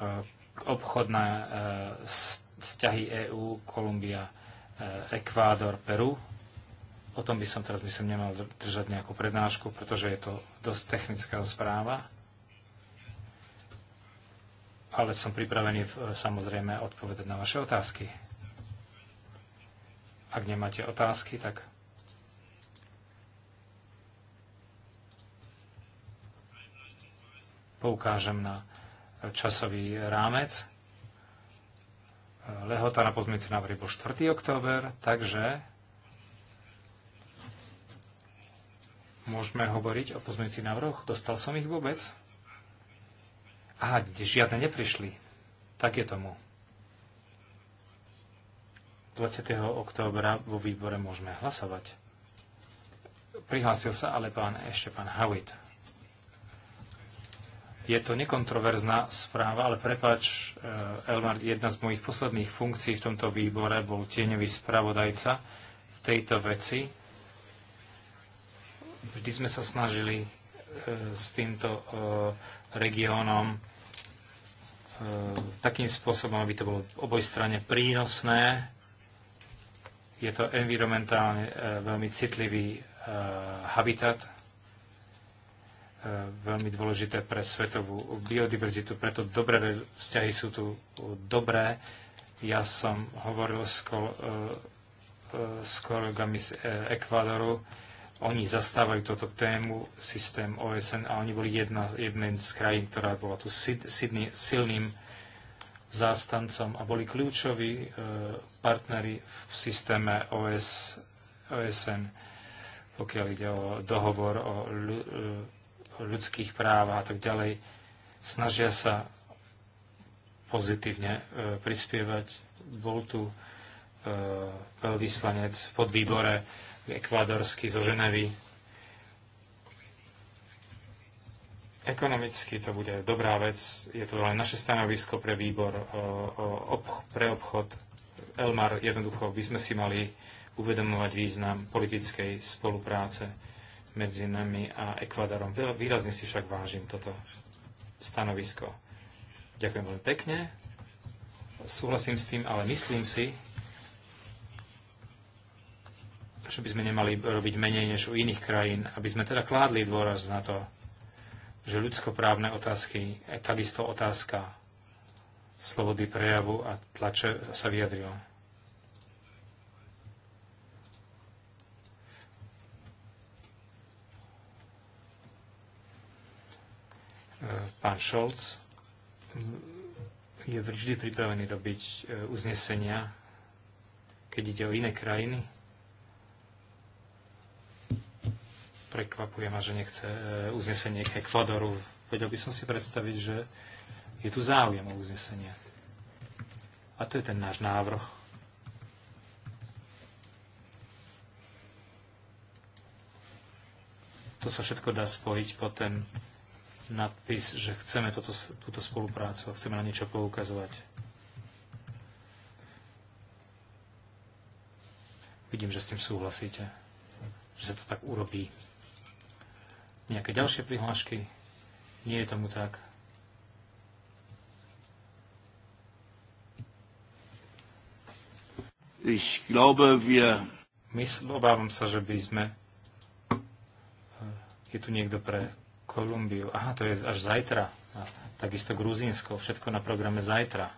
E, obchodné e, vzťahy EÚ, Kolumbia, e, Ekvádor, Peru. O tom by som teraz, myslím, nemal držať nejakú prednášku, pretože je to dosť technická správa. Ale som pripravený samozrejme odpovedať na vaše otázky. Ak nemáte otázky, tak poukážem na časový rámec. Lehota na pozmiece návrhy bol 4. október, takže môžeme hovoriť o pozmieci návrhoch. Dostal som ich vôbec? Aha, žiadne neprišli. Tak je tomu. 20. októbra vo výbore môžeme hlasovať. Prihlásil sa ale pán, ešte pán Howitt. Je to nekontroverzná správa, ale prepáč, eh, Elmar, jedna z mojich posledných funkcií v tomto výbore bol tieňový spravodajca v tejto veci. Vždy sme sa snažili eh, s týmto eh, regiónom takým spôsobom, aby to bolo oboj strane prínosné. Je to environmentálne veľmi citlivý habitat veľmi dôležité pre svetovú biodiverzitu, preto dobré vzťahy sú tu dobré. Ja som hovoril s, kol, eh, s kolegami z eh, Ekvádoru, oni zastávajú toto tému, systém OSN, a oni boli jedna, jedna z krajín, ktorá bola tu sidný, silným zástancom a boli kľúčoví eh, partneri v systéme OS, OSN, pokiaľ ide o dohovor o ľudských práv a tak ďalej, snažia sa pozitívne e, prispievať. Bol tu e, veľvyslanec v podvýbore ekvádorsky zo Ženevy. Ekonomicky to bude dobrá vec. Je to len naše stanovisko pre výbor e, pre obchod. Elmar, jednoducho by sme si mali uvedomovať význam politickej spolupráce medzi nami a Ekvádorom. Výrazne si však vážim toto stanovisko. Ďakujem veľmi pekne. Súhlasím s tým, ale myslím si, že by sme nemali robiť menej než u iných krajín, aby sme teda kládli dôraz na to, že ľudskoprávne otázky takisto otázka slobody prejavu a tlače sa vyjadrila. Pán Šolc je vždy pripravený robiť e, uznesenia, keď ide o iné krajiny. Prekvapuje ma, že nechce e, uznesenie k Ekvadoru. Vedel by som si predstaviť, že je tu záujem o uznesenie. A to je ten náš návrh. To sa všetko dá spojiť potom nadpis, že chceme toto, túto spoluprácu a chceme na niečo poukazovať. Vidím, že s tým súhlasíte, že sa to tak urobí. Nejaké ďalšie prihlášky? Nie je tomu tak. Ich glaube, wir... Mysl, obávam sa, že by sme... Je tu niekto pre Kolumbiu. Aha, to je až zajtra. A takisto Gruzínsko. Všetko na programe zajtra.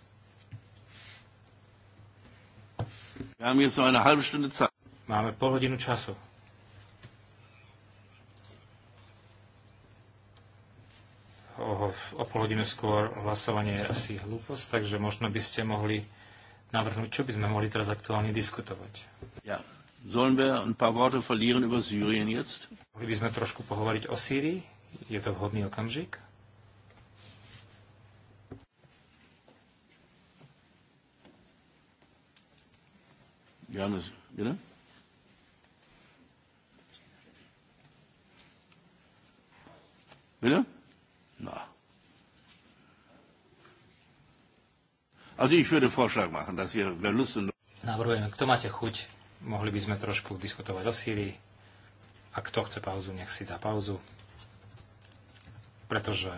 Máme pol hodinu času. O, o pol hodinu skôr hlasovanie je asi hlúposť, takže možno by ste mohli navrhnúť, čo by sme mohli teraz aktuálne diskutovať. Ja. Sollen wir ein paar Worte verlieren über Syrien jetzt? Mohli by sme trošku pohovoriť o Sýrii? Je to vhodný okamžik? Johannes, Also ich würde Vorschlag machen, dass wir, wer Lust und... Navrhujem, kto máte chuť, mohli by sme trošku diskutovať o Syrii. A kto chce pauzu, nech si dá pauzu pretože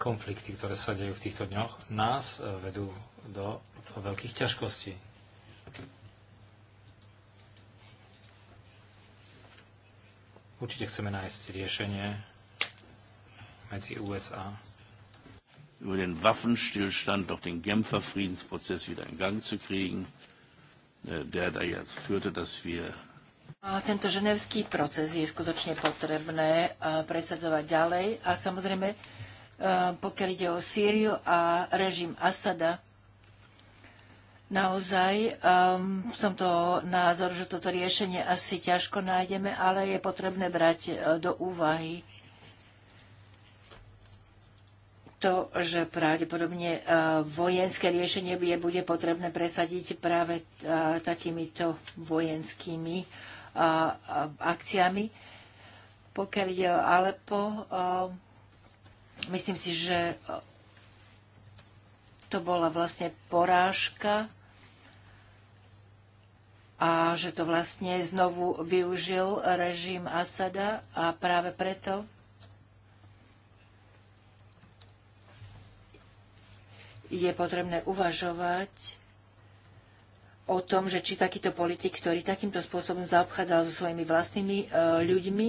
konflikty, ktoré sa dejú v týchto dňoch, nás e, vedú do veľkých ťažkostí. Určite chceme nájsť riešenie medzi USA über den Waffenstillstand doch den Genfer Friedensprozess wieder in Gang zu kriegen, äh, der da jetzt führte, dass wir a tento ženevský proces je skutočne potrebné e, presadzovať ďalej a samozrejme, e, pokiaľ ide o Sýriu a režim Asada, Naozaj e, som toho názor, že toto riešenie asi ťažko nájdeme, ale je potrebné brať do úvahy to, že pravdepodobne vojenské riešenie bude potrebné presadiť práve takýmito vojenskými akciami. Pokiaľ ide o Alepo, myslím si, že to bola vlastne porážka a že to vlastne znovu využil režim Asada a práve preto je potrebné uvažovať o tom, že či takýto politik, ktorý takýmto spôsobom zaobchádzal so svojimi vlastnými e, ľuďmi,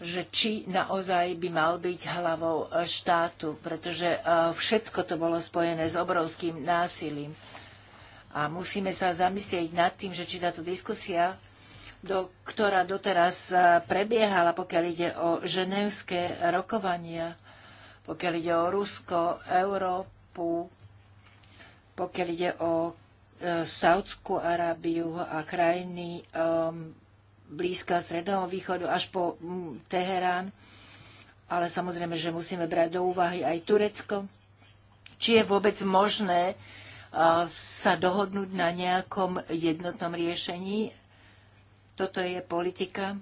že či naozaj by mal byť hlavou e, štátu, pretože e, všetko to bolo spojené s obrovským násilím. A musíme sa zamyslieť nad tým, že či táto diskusia, do, ktorá doteraz prebiehala, pokiaľ ide o ženevské rokovania, pokiaľ ide o Rusko, Európu, pokiaľ ide o Saudskú Arábiu a krajiny um, blízka Stredného východu až po mm, Teherán. Ale samozrejme, že musíme brať do úvahy aj Turecko. Či je vôbec možné uh, sa dohodnúť na nejakom jednotnom riešení? Toto je politika,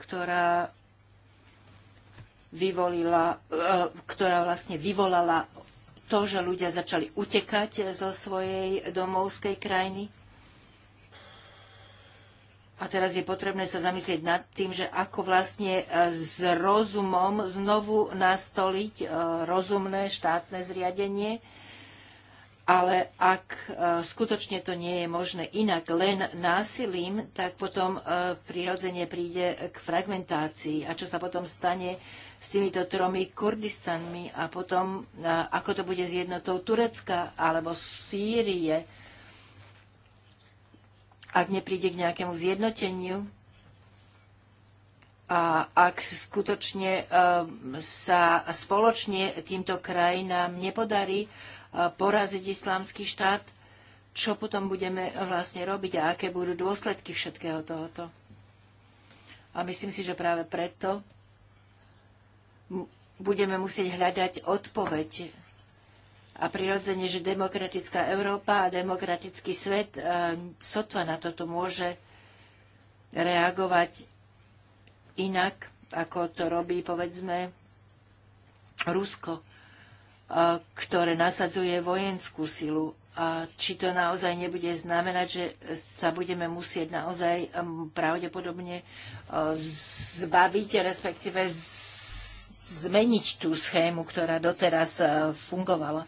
ktorá vyvolila, uh, ktorá vlastne vyvolala to, že ľudia začali utekať zo svojej domovskej krajiny. A teraz je potrebné sa zamyslieť nad tým, že ako vlastne e, s rozumom znovu nastoliť e, rozumné štátne zriadenie, ale ak e, skutočne to nie je možné inak len násilím, tak potom e, prirodzene príde k fragmentácii. A čo sa potom stane s týmito tromi Kurdistanmi a potom e, ako to bude s jednotou Turecka alebo Sýrie, ak nepríde k nejakému zjednoteniu a ak skutočne sa spoločne týmto krajinám nepodarí, poraziť islamský štát, čo potom budeme vlastne robiť a aké budú dôsledky všetkého tohoto. A myslím si, že práve preto budeme musieť hľadať odpoveď. A prirodzene, že demokratická Európa a demokratický svet e, sotva na toto môže reagovať inak, ako to robí, povedzme, Rusko ktoré nasadzuje vojenskú silu. A či to naozaj nebude znamenať, že sa budeme musieť naozaj pravdepodobne e, zbaviť, respektíve zmeniť tú schému, ktorá doteraz e, fungovala.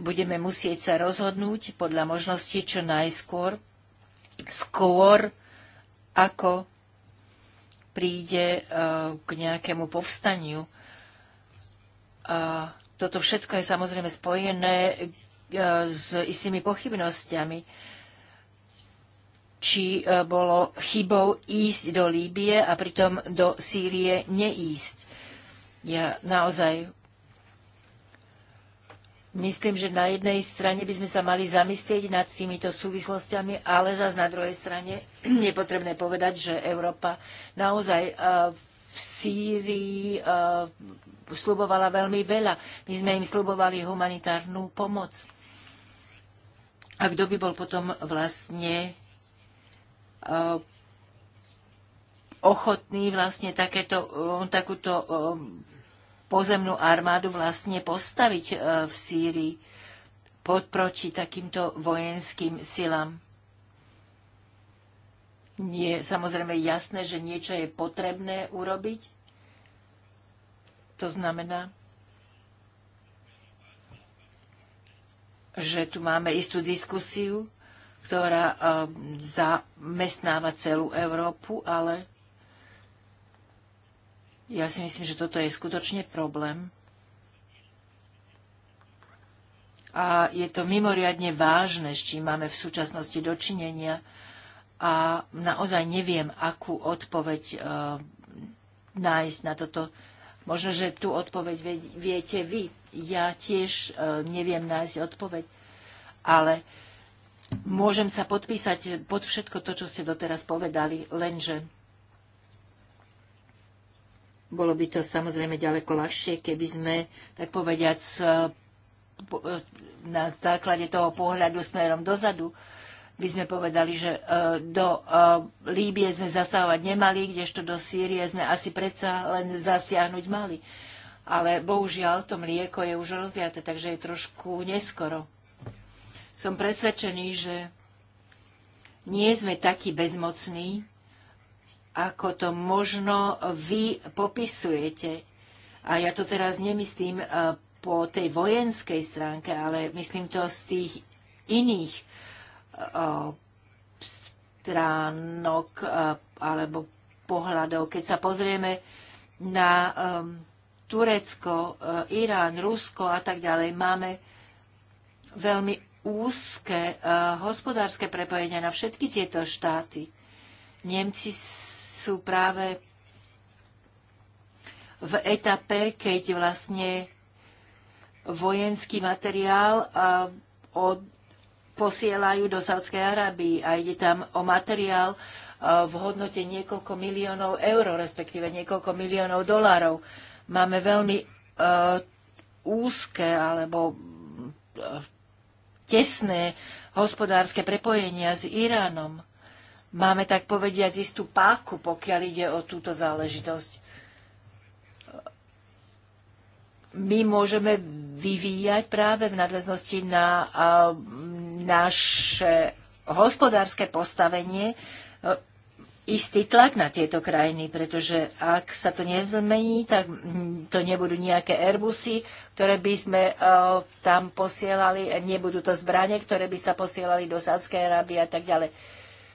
Budeme musieť sa rozhodnúť podľa možnosti čo najskôr, skôr ako príde e, k nejakému povstaniu. A toto všetko je samozrejme spojené e, s istými pochybnostiami či e, bolo chybou ísť do Líbie a pritom do Sýrie neísť. Ja naozaj myslím, že na jednej strane by sme sa mali zamyslieť nad týmito súvislostiami, ale zase na druhej strane je potrebné povedať, že Európa naozaj v e, v Sýrii eh, slubovala veľmi veľa. My sme im slubovali humanitárnu pomoc. A kto by bol potom vlastne eh, ochotný vlastne takéto, eh, takúto pozemnú armádu vlastne postaviť v Sýrii podproti proti takýmto vojenským silám. Nie, samozrejme jasné, že niečo je potrebné urobiť. To znamená, že tu máme istú diskusiu, ktorá eh, zamestnáva celú Európu, ale ja si myslím, že toto je skutočne problém. A je to mimoriadne vážne, s čím máme v súčasnosti dočinenia a naozaj neviem, akú odpoveď eh, nájsť na toto. Možno, že tú odpoveď viete vy. Ja tiež eh, neviem nájsť odpoveď, ale môžem sa podpísať pod všetko to, čo ste doteraz povedali, lenže bolo by to samozrejme ďaleko ľahšie, keby sme, tak povediať, eh, na základe toho pohľadu smerom dozadu by sme povedali, že e, do e, Líbie sme zasahovať nemali, kdežto do Sýrie sme asi predsa len zasiahnuť mali. Ale bohužiaľ to mlieko je už rozviate, takže je trošku neskoro. Som presvedčený, že nie sme takí bezmocní, ako to možno vy popisujete. A ja to teraz nemyslím e, po tej vojenskej stránke, ale myslím to z tých iných stránok alebo pohľadov. Keď sa pozrieme na um, Turecko, e, Irán, Rusko a tak ďalej, máme veľmi úzke e, hospodárske prepojenia na všetky tieto štáty. Nemci sú práve v etape, keď vlastne vojenský materiál e, od posielajú do Sádskej Arábii a ide tam o materiál e, v hodnote niekoľko miliónov eur, respektíve niekoľko miliónov dolárov. Máme veľmi e, úzke alebo e, tesné hospodárske prepojenia s Iránom. Máme tak povediať istú páku, pokiaľ ide o túto záležitosť. my môžeme vyvíjať práve v nadväznosti na naše hospodárske postavenie e, istý tlak na tieto krajiny, pretože ak sa to nezmení, tak to nebudú nejaké Airbusy, ktoré by sme e, tam posielali, nebudú to zbranie, ktoré by sa posielali do Sádskej Arábie a tak ďalej.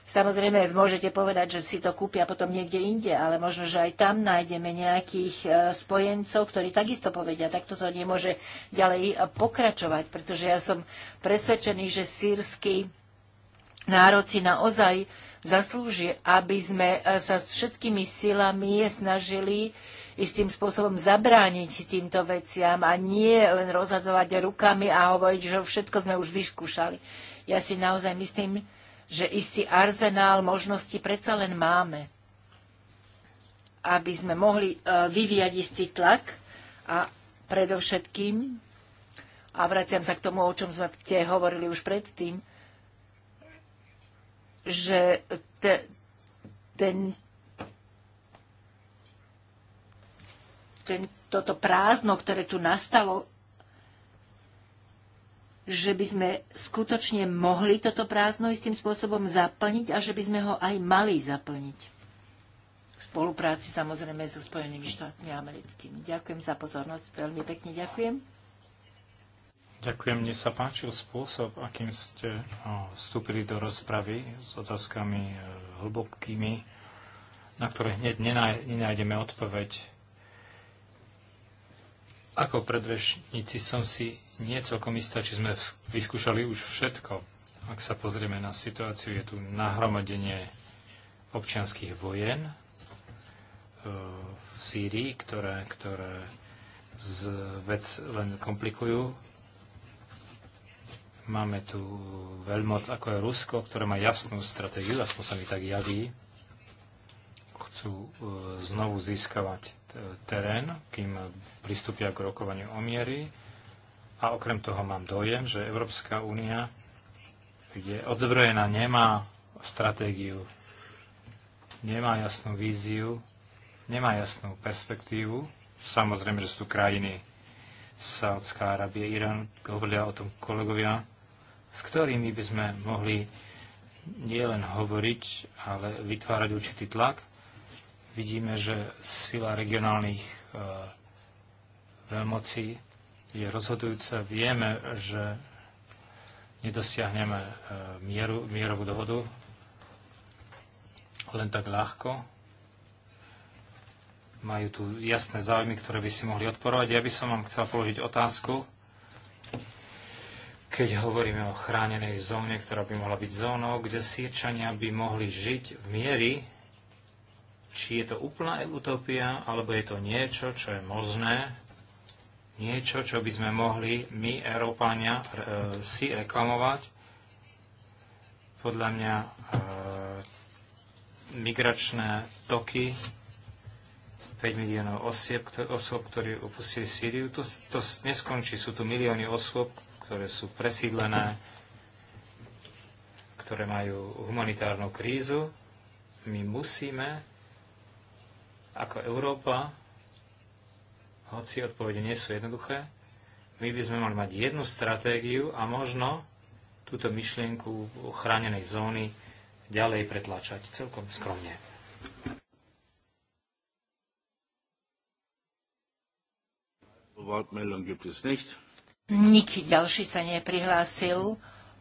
Samozrejme, môžete povedať, že si to kúpia potom niekde inde, ale možno, že aj tam nájdeme nejakých e, spojencov, ktorí takisto povedia, tak toto nemôže ďalej e, pokračovať, pretože ja som presvedčený, že sírsky národ si naozaj zaslúži, aby sme e, sa s všetkými silami snažili istým spôsobom zabrániť týmto veciam a nie len rozhadzovať rukami a hovoriť, že všetko sme už vyskúšali. Ja si naozaj myslím, že istý arzenál možností predsa len máme, aby sme mohli e, vyvíjať istý tlak a predovšetkým, a vraciam sa k tomu, o čom sme tie hovorili už predtým, že te, ten, ten, toto prázdno, ktoré tu nastalo, že by sme skutočne mohli toto prázdno istým spôsobom zaplniť a že by sme ho aj mali zaplniť. V spolupráci samozrejme so Spojenými štátmi americkými. Ďakujem za pozornosť. Veľmi pekne ďakujem. Ďakujem. Mne sa páčil spôsob, akým ste no, vstúpili do rozpravy s otázkami e, hlbokými, na ktoré hneď nenájdeme odpoveď. Ako predvešníci som si nie je celkom istá, či sme vyskúšali už všetko. Ak sa pozrieme na situáciu, je tu nahromadenie občianských vojen e, v Sýrii, ktoré, ktoré z vec len komplikujú. Máme tu veľmoc ako je Rusko, ktoré má jasnú stratégiu, aspoň sa mi tak javí. Chcú e, znovu získavať e, terén, kým pristúpia k rokovaniu o miery a okrem toho mám dojem, že Európska únia je odzbrojená, nemá stratégiu, nemá jasnú víziu, nemá jasnú perspektívu. Samozrejme, že sú krajiny Sáudská Arábie, Irán, hovoria o tom kolegovia, s ktorými by sme mohli nielen hovoriť, ale vytvárať určitý tlak. Vidíme, že sila regionálnych e, veľmocí je rozhodujúca. Vieme, že nedosiahneme e, mieru, mierovú dohodu len tak ľahko. Majú tu jasné záujmy, ktoré by si mohli odporovať. Ja by som vám chcel položiť otázku, keď hovoríme o chránenej zóne, ktorá by mohla byť zónou, kde Sýrčania by mohli žiť v miery, či je to úplná utopia, alebo je to niečo, čo je možné, niečo, čo by sme mohli my, Európania, e, si reklamovať. Podľa mňa e, migračné toky 5 miliónov osieb, osôb, ktorí opustili Sýriu. To, to neskončí. Sú tu milióny osôb, ktoré sú presídlené, ktoré majú humanitárnu krízu. My musíme ako Európa hoci odpovede nie sú jednoduché, my by sme mali mať jednu stratégiu a možno túto myšlienku ochránenej zóny ďalej pretlačať. celkom skromne. Nik ďalší sa neprihlásil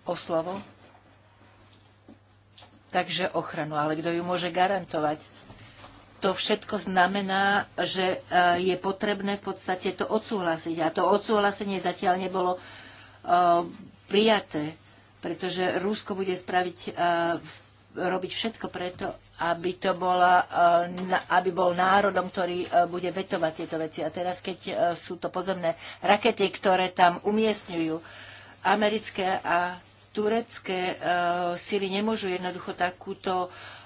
o slovo. Takže ochranu, ale kto ju môže garantovať? to všetko znamená, že e, je potrebné v podstate to odsúhlasiť. A to odsúhlasenie zatiaľ nebolo e, prijaté, pretože Rusko bude spraviť, e, robiť všetko preto, aby, to bola, aby bol národom, ktorý bude vetovať tieto veci. A teraz, keď sú to pozemné rakety, ktoré tam umiestňujú, americké a turecké sily nemôžu jednoducho takúto uh,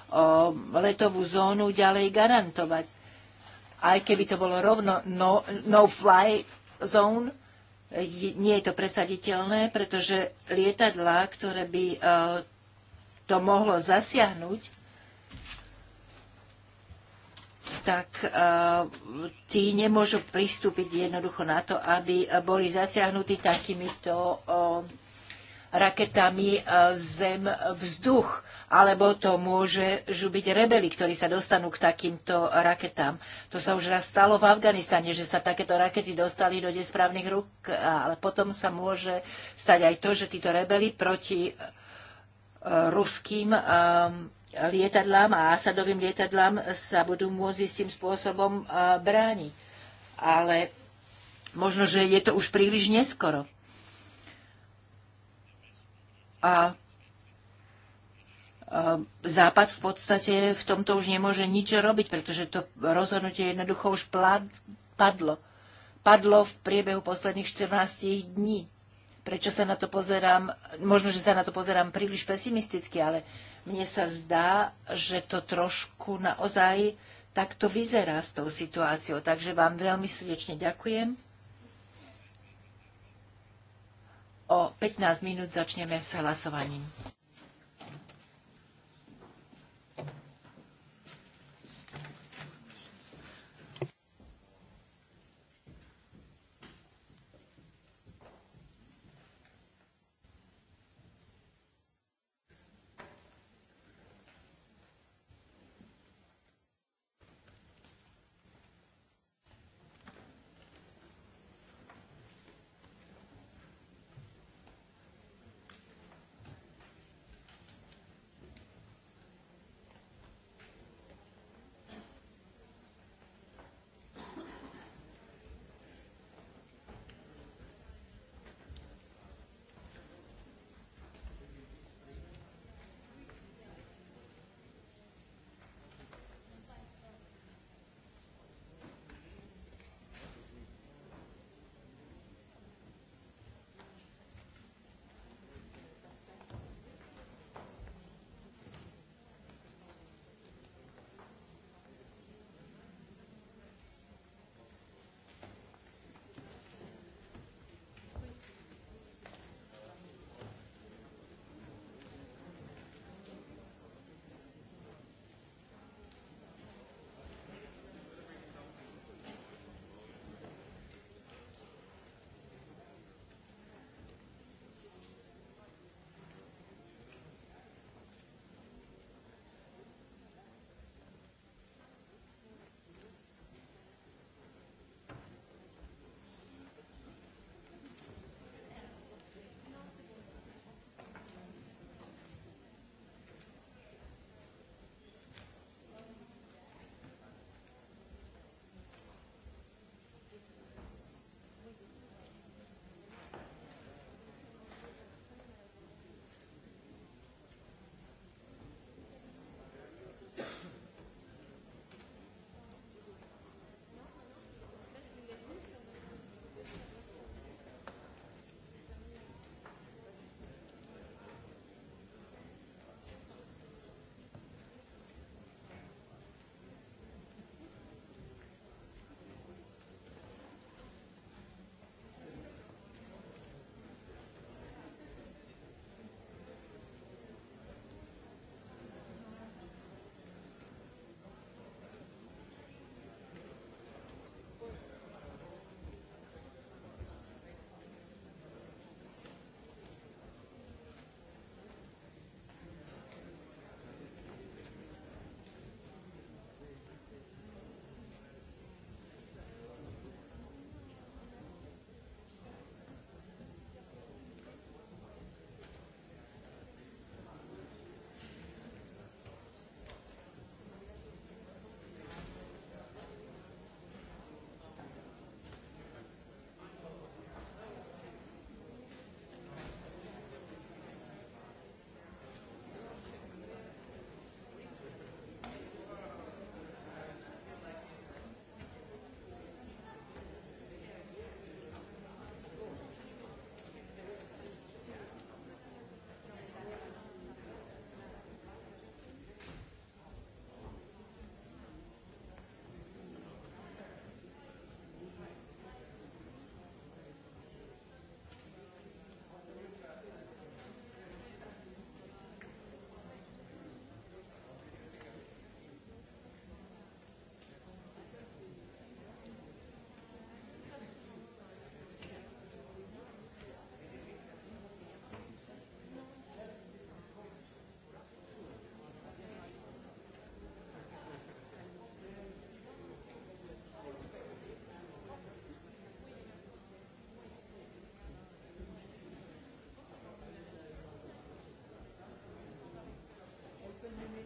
letovú zónu ďalej garantovať. Aj keby to bolo rovno no, no fly zone, nie je to presaditeľné, pretože lietadlá, ktoré by e, to mohlo zasiahnuť, tak e, tí nemôžu pristúpiť jednoducho na to, aby boli zasiahnutí takýmito e, raketami zem-vzduch alebo to môže byť rebeli, ktorí sa dostanú k takýmto raketám. To sa už raz stalo v Afganistane, že sa takéto rakety dostali do nesprávnych rúk, ale potom sa môže stať aj to, že títo rebeli proti e, ruským e, lietadlám a Asadovým lietadlám sa budú môcť istým spôsobom e, brániť. Ale možno, že je to už príliš neskoro. A Ehm, Západ v podstate v tomto už nemôže nič robiť, pretože to rozhodnutie jednoducho už padlo. Padlo v priebehu posledných 14 dní. Prečo sa na to pozerám? Možno, že sa na to pozerám príliš pesimisticky, ale mne sa zdá, že to trošku naozaj takto vyzerá s tou situáciou. Takže vám veľmi srdečne ďakujem. O 15 minút začneme s hlasovaním.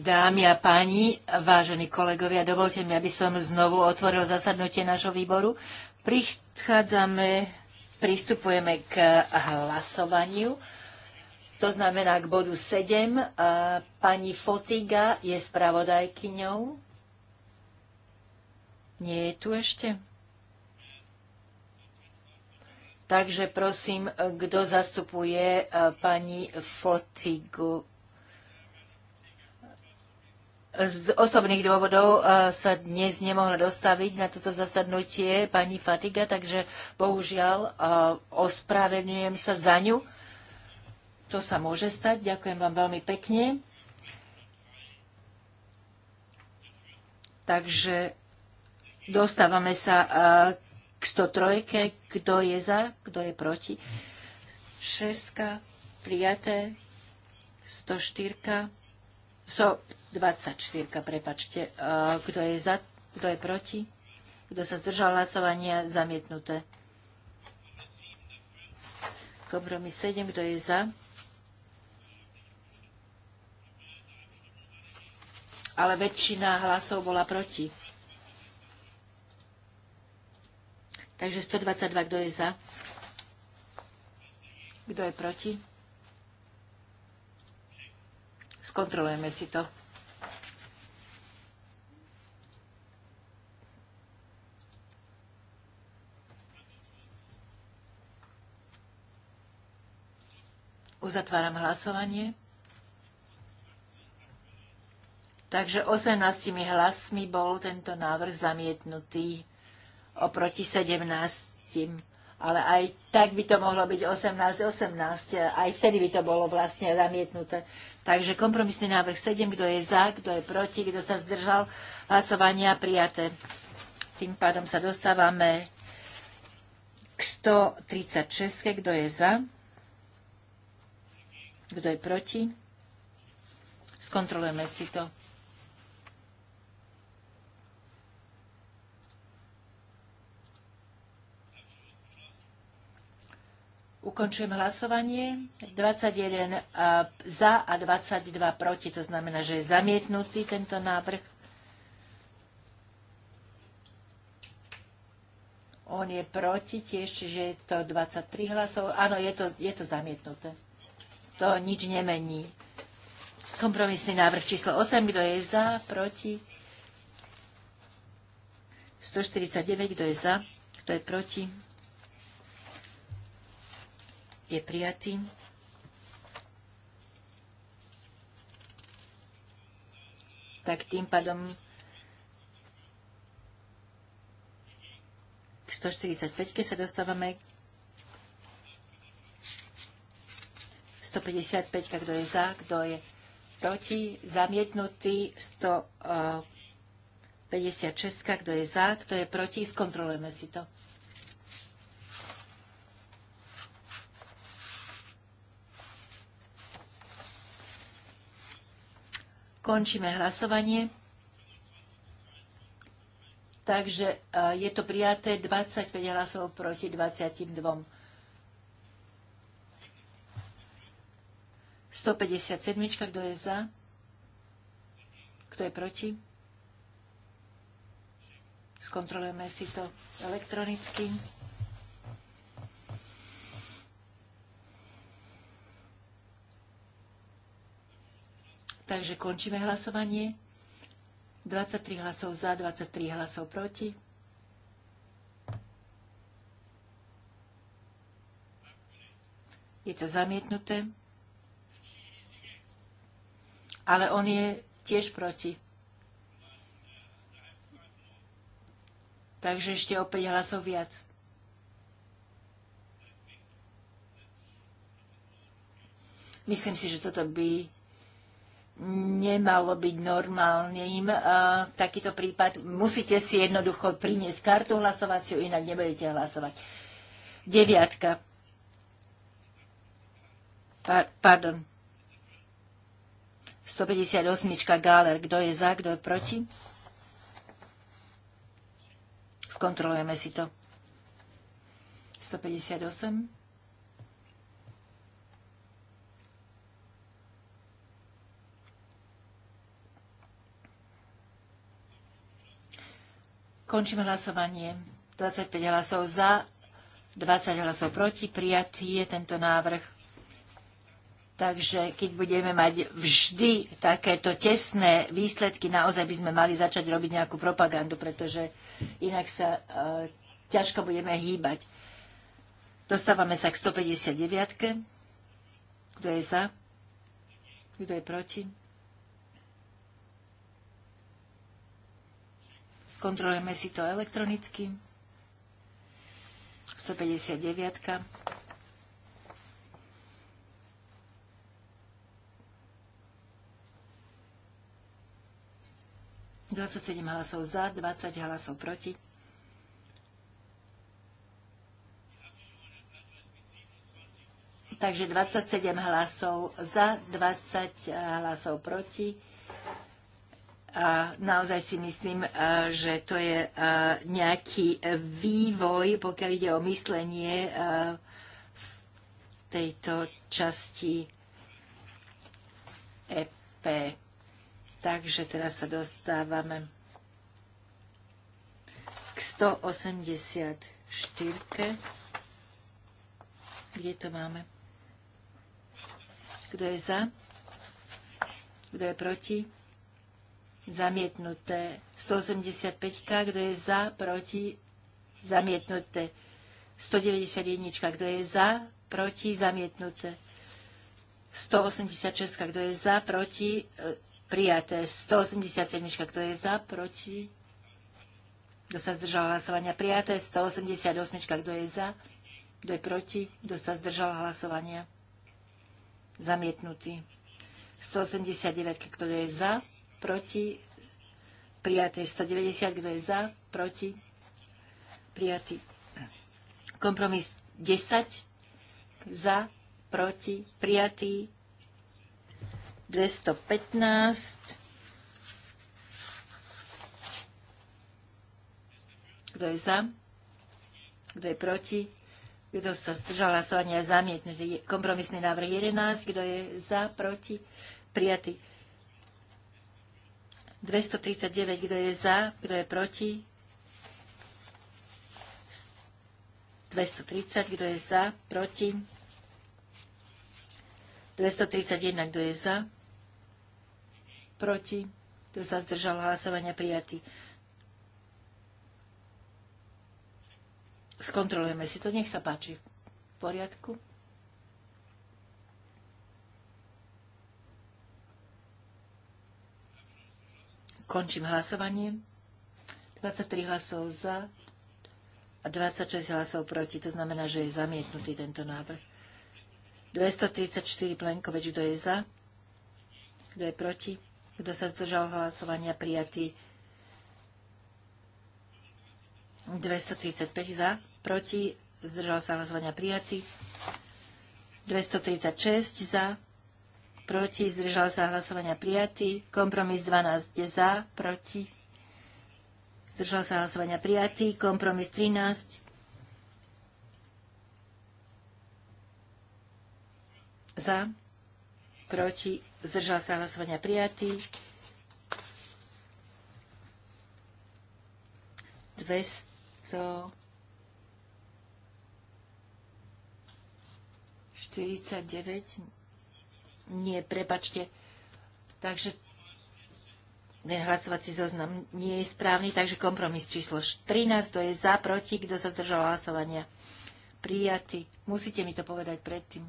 Dámy a páni, vážení kolegovia, dovolte mi, aby som znovu otvoril zasadnutie nášho výboru. Prichádzame, pristupujeme k hlasovaniu. To znamená k bodu 7. pani Fotiga je spravodajkyňou. Nie je tu ešte? Takže prosím, kto zastupuje e, pani Fotigu? Z osobných dôvodov e, sa dnes nemohla dostaviť na toto zasadnutie pani Fatiga, takže bohužiaľ e, ospravedňujem sa za ňu. To sa môže stať. Ďakujem vám veľmi pekne. Takže dostávame sa k 103, kto je za, kto je proti. 6 prijaté, 104, 124, prepačte, kto je za, kto je proti, kto sa zdržal hlasovania, zamietnuté. Kompromis 7, kto je za, ale väčšina hlasov bola proti. Takže 122, kto je za? Kto je proti? Skontrolujeme si to. Uzatváram hlasovanie. Takže 18 hlasmi bol tento návrh zamietnutý oproti 17 ale aj tak by to mohlo byť 18-18, aj vtedy by to bolo vlastne zamietnuté. Takže kompromisný návrh 7, kto je za, kto je proti, kto sa zdržal hlasovania prijaté. Tým pádom sa dostávame k 136, kto je za, kto je proti. Skontrolujeme si to. Ukončujem hlasovanie. 21 e, za a 22 proti. To znamená, že je zamietnutý tento návrh. On je proti tiež, čiže je to 23 hlasov. Áno, je to, je to zamietnuté. To nič nemení. Kompromisný návrh číslo 8. Kto je za? Proti? 149. Kto je za? Kto je proti? je prijatý. Tak tým pádom 145 sa dostávame 155, kto je za, kto je proti, zamietnutý 156, eh, kto je za, kto je proti, skontrolujeme si to. Končíme hlasovanie. Takže e, je to prijaté 25 hlasov proti 22. 157, kto je za? Kto je proti? Skontrolujeme si to elektronicky. Takže končíme hlasovanie. 23 hlasov za, 23 hlasov proti. Je to zamietnuté. Ale on je tiež proti. Takže ešte opäť hlasov viac. Myslím si, že toto by nemalo byť normálnym. Uh, takýto prípad musíte si jednoducho priniesť kartu hlasovaciu, inak nebudete hlasovať. Deviatka. Pa- pardon. 158. Gáler. Kto je za, kto je proti? Skontrolujeme si to. 158. Končím hlasovanie. 25 hlasov za, 20 hlasov proti. Prijatý je tento návrh. Takže keď budeme mať vždy takéto tesné výsledky, naozaj by sme mali začať robiť nejakú propagandu, pretože inak sa e, ťažko budeme hýbať. Dostávame sa k 159. Kto je za? Kto je proti? Skontrolujeme si to elektronicky. 159. -ka. Dvadsaťsedem hlasov za, 20 hlasov proti. Takže 27 hlasov za, 20 hlasov proti a naozaj si myslím, e, že to je e, nejaký vývoj, pokiaľ ide o myslenie e, v tejto časti EP. Takže teraz sa dostávame k 184. Kde to máme? Kto je za? Kto je proti? zamietnuté. 185, kto je za, proti, zamietnuté. 191, kto je za, proti, zamietnuté. 186, kto je za, proti, e, prijaté. 187, kto je za, proti, kto sa zdržal hlasovania, prijaté. 188, kto je za, kto je proti, kto sa zdržal hlasovania, zamietnutý. 189, kto je za, proti, prijaté 190, kto je za, proti, prijatý. Kompromis 10, za, proti, prijatý. 215, kto je za, kto je proti, kto sa zdržal hlasovania, zamietnutý. Kompromisný návrh 11, kto je za, proti, prijatý. 239, kto je za, kto je proti. 230, kto je za, proti. 231, kto je za, proti. Kto sa zdržal hlasovania prijatý. Skontrolujeme si to, nech sa páči. V poriadku. Končím hlasovanie. 23 hlasov za a 26 hlasov proti. To znamená, že je zamietnutý tento návrh. 234 Plenkovič, kto je za? Kto je proti? Kto sa zdržal hlasovania? Prijatý. 235 za, proti, zdržal sa hlasovania prijatý. 236 za, proti, zdržal sa hlasovania prijatý. Kompromis 12 je za, proti, zdržal sa hlasovania prijatý. Kompromis 13 za, proti, zdržal sa hlasovania prijatý. 200 49 nie, prepačte. Takže ten hlasovací zoznam nie je správny, takže kompromis číslo 13, to je za, proti, kto sa zdržal hlasovania. Prijatý. Musíte mi to povedať predtým.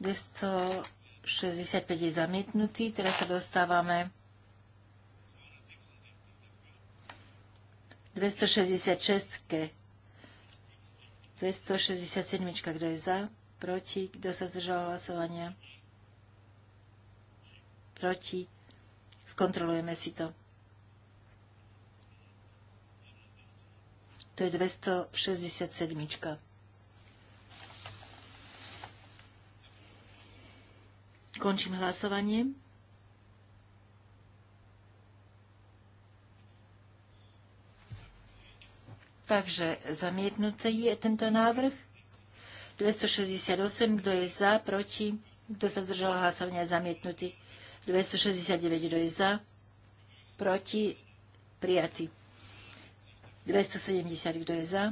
Desto 65 je zamietnutý. Teraz sa dostávame 266. 267. Kto je za? Proti. Kto sa zdržal hlasovania? Proti. Skontrolujeme si to. To je 267. Končím hlasovanie. Takže zamietnutý je tento návrh. 268, kto je za, proti, kto sa zdržal hlasovania, zamietnutý. 269, kto je za, proti, prijatý. 270, kto je za,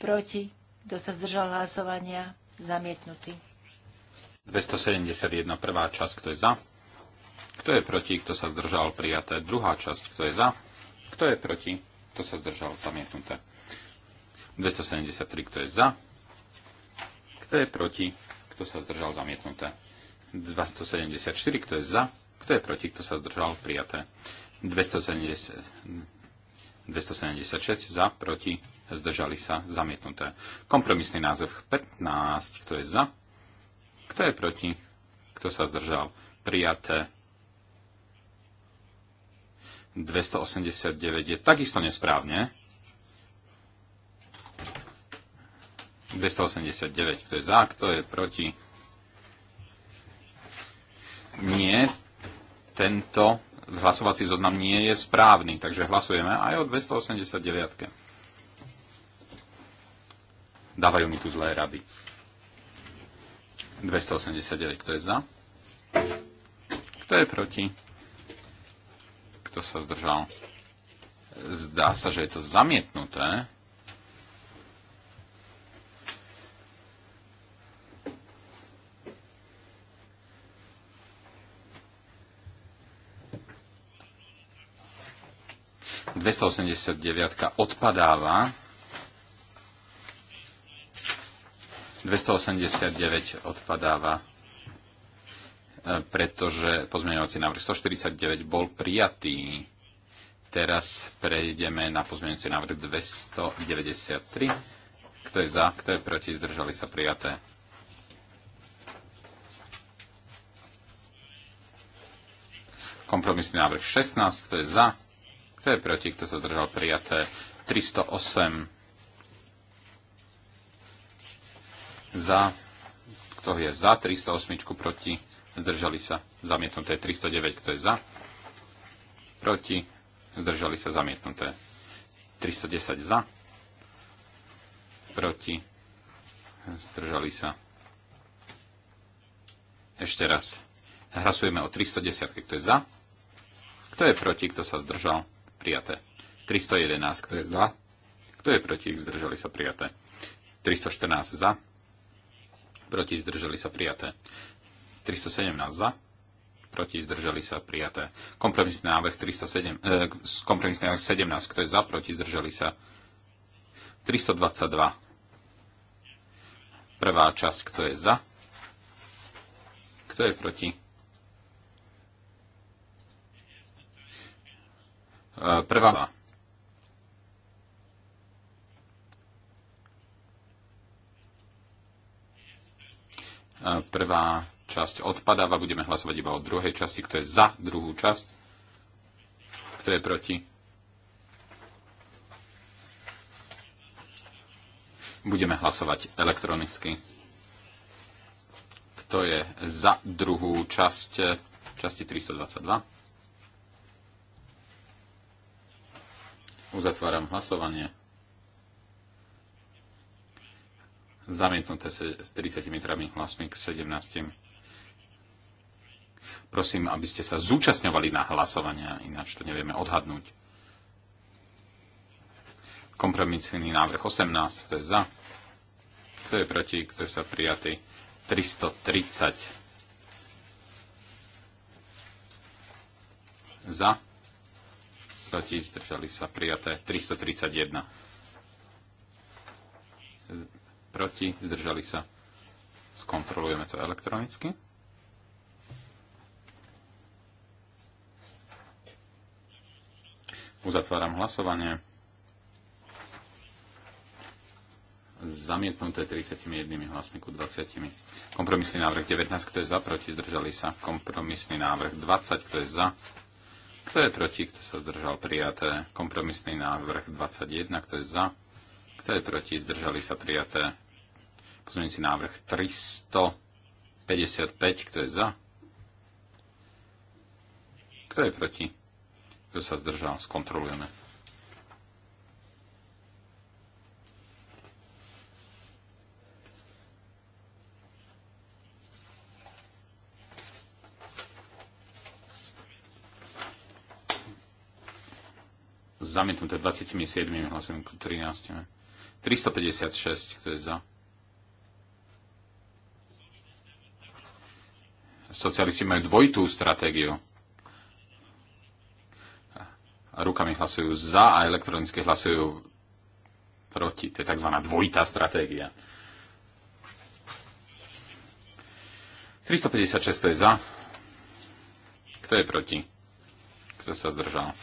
proti, kto sa zdržal hlasovania, zamietnutý. 271, prvá časť, kto je za, kto je proti, kto sa zdržal, prijaté. Druhá časť, kto je za, kto je proti, kto sa zdržal? Zamietnuté. 273. Kto je za? Kto je proti? Kto sa zdržal? Zamietnuté. 274. Kto je za? Kto je proti? Kto sa zdržal? Prijaté. 270, 276 za, proti, zdržali sa, zamietnuté. Kompromisný název 15. Kto je za? Kto je proti? Kto sa zdržal? Prijaté. 289 je takisto nesprávne. 289, kto je za, kto je proti. Nie, tento hlasovací zoznam nie je správny, takže hlasujeme aj o 289. Dávajú mi tu zlé rady. 289, kto je za? Kto je proti? Kto sa zdržal? Zdá sa, že je to zamietnuté. Dvestoosemdesiatdeviatka odpadáva. 289 odpadáva pretože pozmeňovací návrh 149 bol prijatý. Teraz prejdeme na pozmeňovací návrh 293. Kto je za, kto je proti, zdržali sa prijaté. Kompromisný návrh 16. Kto je za, kto je proti, kto sa zdržal prijaté. 308 za, kto je za 308 proti zdržali sa, zamietnuté 309, kto je za, proti, zdržali sa, zamietnuté 310 za, proti, zdržali sa. Ešte raz. Hlasujeme o 310, kto je za, kto je proti, kto sa zdržal, prijaté. 311, kto je za, kto je proti, zdržali sa, prijaté. 314 za, proti, zdržali sa, prijaté. 317 za, proti zdržali sa prijaté. Kompromisný návrh, 307, eh, kompromisný návrh 17, kto je za, proti zdržali sa 322. Prvá časť, kto je za, kto je proti. E, prvá. E, prvá časť odpadáva. Budeme hlasovať iba o druhej časti. Kto je za druhú časť? Kto je proti? Budeme hlasovať elektronicky. Kto je za druhú časť časti 322? Uzatváram hlasovanie. Zamietnuté 30 metrami hlasmi k 17. Prosím, aby ste sa zúčastňovali na hlasovania, ináč to nevieme odhadnúť. Kompromisný návrh 18, kto je za, kto je proti, kto je sa prijatý. 330 za, proti, zdržali sa prijaté 331 proti, zdržali sa. Skontrolujeme to elektronicky. Uzatváram hlasovanie. Zamietnuté 31 hlasmi ku 20. Kompromisný návrh 19, kto je za, proti, zdržali sa. Kompromisný návrh 20, kto je za, kto je proti, kto sa zdržal, prijaté. Kompromisný návrh 21, kto je za, kto je proti, zdržali sa, prijaté. Pozmeňujúci návrh 355, kto je za, kto je proti? Kto sa zdržal? Skontrolujeme. Zamietnuté 27 hlasujem k 13. 356, kto je za? Socialisti majú dvojitú stratégiu rukami hlasujú za a elektronicky hlasujú proti. To je tzv. dvojitá stratégia. 356 to je za. Kto je proti? Kto sa zdržal?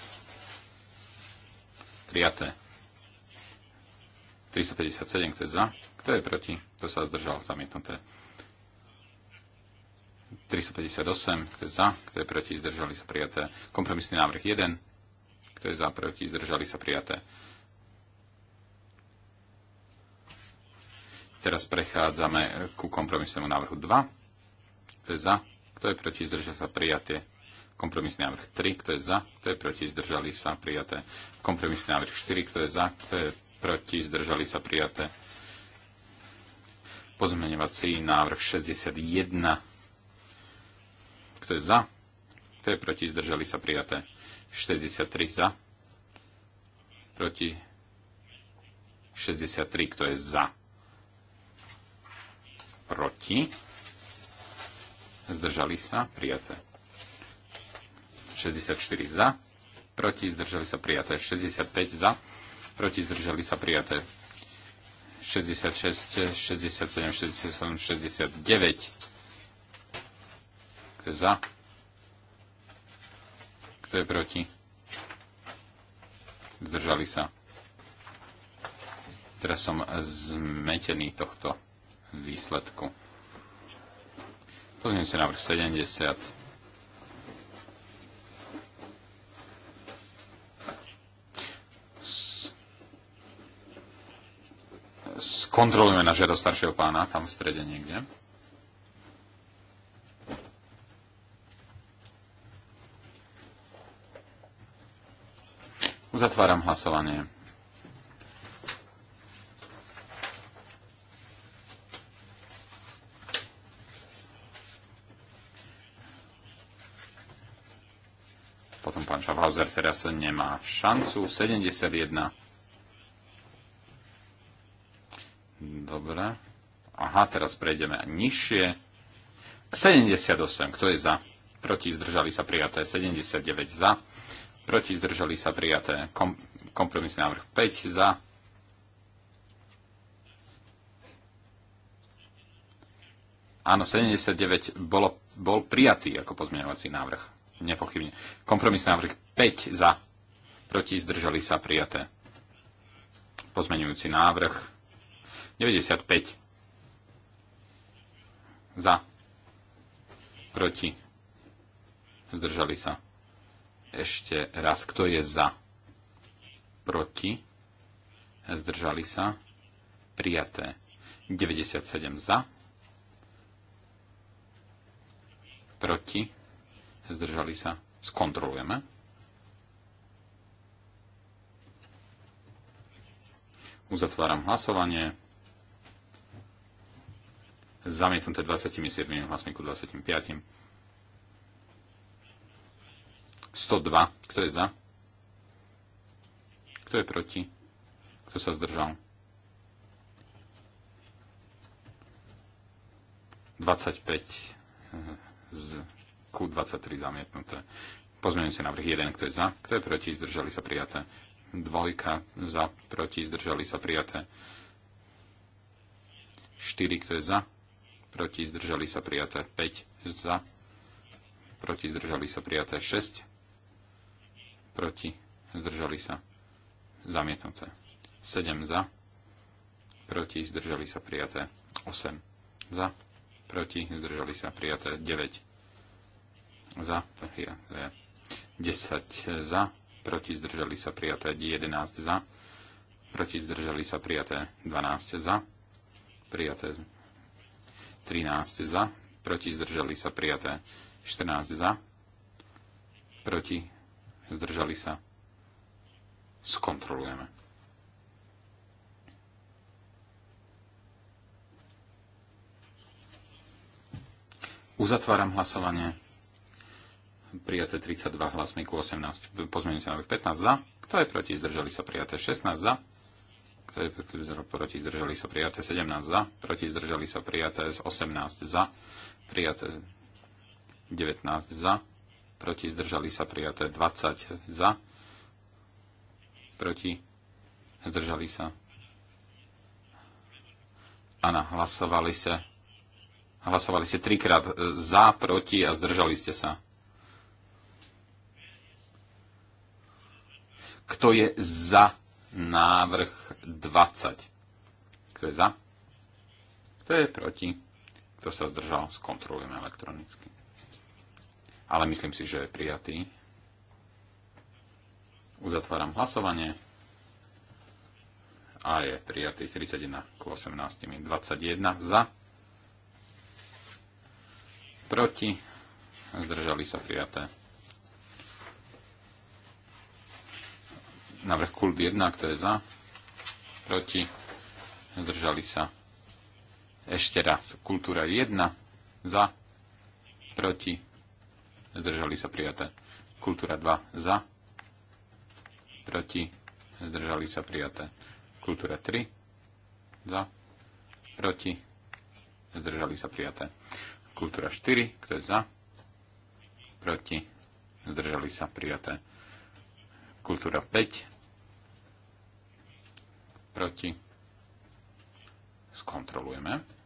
Prijaté. 357, kto je za? Kto je proti? Kto sa zdržal? Zamietnuté. 358, kto je za? Kto je proti? Zdržali sa prijaté. Kompromisný návrh 1. Kto je za, proti, zdržali sa prijaté. Teraz prechádzame ku kompromisnému návrhu 2. Kto je za, kto je proti, zdržali sa prijaté. Kompromisný návrh 3, kto je za, kto je proti, zdržali sa prijaté. Kompromisný návrh 4, kto je za, kto je proti, zdržali sa prijaté. Pozmeňovací návrh 61. Kto je za? Kto je proti? Zdržali sa prijaté. 63 za, proti 63, kto je za, proti, zdržali sa, prijaté. 64 za, proti, zdržali sa, prijaté. 65 za, proti, zdržali sa, prijaté. 66, 67, 67, 69. Kto je za? Kto je proti? Zdržali sa. Teraz som zmetený tohto výsledku. Pozrieme si návrh 70. Kontrolujeme na žiadosť staršieho pána, tam v strede niekde. Uzatváram hlasovanie. Potom pán Schaffhauser teraz nemá šancu. 71. Dobre. Aha, teraz prejdeme nižšie. 78. Kto je za? Proti zdržali sa prijaté 79 za proti, zdržali sa prijaté. Kom, kompromisný návrh 5 za, Áno, 79 bolo, bol prijatý ako pozmeňovací návrh. Nepochybne. Kompromisný návrh 5 za. Proti zdržali sa prijaté. Pozmeňujúci návrh 95 za. Proti zdržali sa. Ešte raz, kto je za? Proti? Zdržali sa? Prijaté. 97 za. Proti? Zdržali sa? Skontrolujeme. Uzatváram hlasovanie. Zamietnuté 27 hlasmi ku 25. 102. Kto je za? Kto je proti? Kto sa zdržal? 25 eh, z Q23 zamietnuté. Pozmením si návrh 1, kto je za, kto je proti, zdržali sa prijaté. Dvojka za, proti, zdržali sa prijaté. 4, kto je za, proti, zdržali sa prijaté. 5 za, proti, zdržali sa prijaté. 6 proti, zdržali sa, zamietnuté. 7 za, proti, zdržali sa, prijaté. 8 za, proti, zdržali sa, prijaté. 9 za, prijaté. 10 za, proti, zdržali sa, prijaté. 11 za, proti, zdržali sa, prijaté. 12 za, prijaté. 13 za, proti, zdržali sa, prijaté. 14 za, proti, zdržali sa, skontrolujeme. Uzatváram hlasovanie. Prijaté 32 hlasmi ku 18. sa na 15 za. Kto je proti? Zdržali sa prijaté 16 za. Kto je proti? Zdržali sa prijaté 17 za. Proti? Zdržali sa prijaté 18 za. Prijaté 19 za proti, zdržali sa prijaté 20 za, proti, zdržali sa. Áno, hlasovali sa. Hlasovali ste trikrát za, proti a zdržali ste sa. Kto je za návrh 20? Kto je za? Kto je proti? Kto sa zdržal? Skontrolujeme elektronicky ale myslím si, že je prijatý. Uzatváram hlasovanie a je prijatý 31 k 18, 21 za, proti, zdržali sa prijaté. Navrh kult 1, kto je za, proti, zdržali sa. Ešte raz, kultúra 1, za, proti, zdržali sa prijaté. Kultúra 2 za, proti, zdržali sa prijaté. Kultúra 3 za, proti, zdržali sa prijaté. Kultúra 4, kto je za, proti, zdržali sa prijaté. Kultúra 5, proti, skontrolujeme.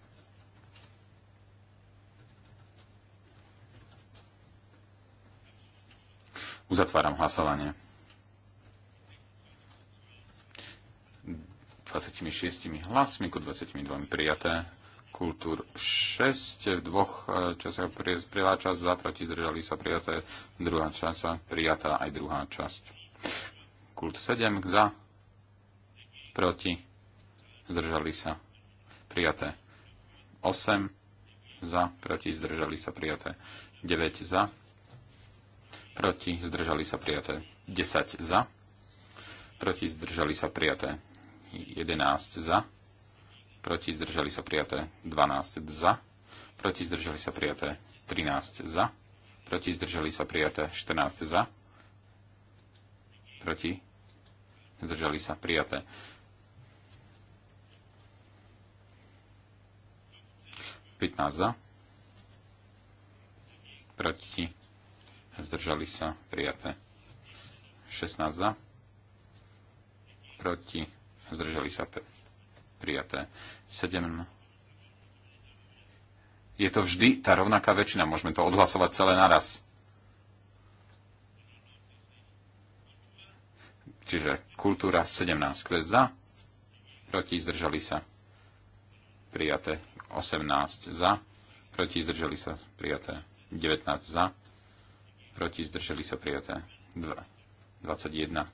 Uzatváram hlasovanie. 26 hlasmi ku 22 prijaté. Kultúr 6 v dvoch e, časoch prvá časť za, proti zdržali sa prijaté, druhá časť sa prijatá aj druhá časť. Kult 7 za, proti zdržali sa prijaté. 8 za, proti zdržali sa prijaté. 9 za, proti, zdržali sa prijaté 10 za, proti, zdržali sa prijaté 11 za, proti, zdržali sa prijaté 12 za, proti, zdržali sa prijaté 13 za, proti, zdržali sa prijaté 14 za, proti, zdržali sa prijaté 15 za, proti, zdržali sa, prijaté. 16 za, proti, zdržali sa, prijaté. 7 je to vždy tá rovnaká väčšina. Môžeme to odhlasovať celé naraz. Čiže kultúra 17. Kto je za? Proti zdržali sa. Prijaté. 18 za. Proti zdržali sa. Prijaté. 19 za proti, zdrželi, sa prijaté. 2. 21.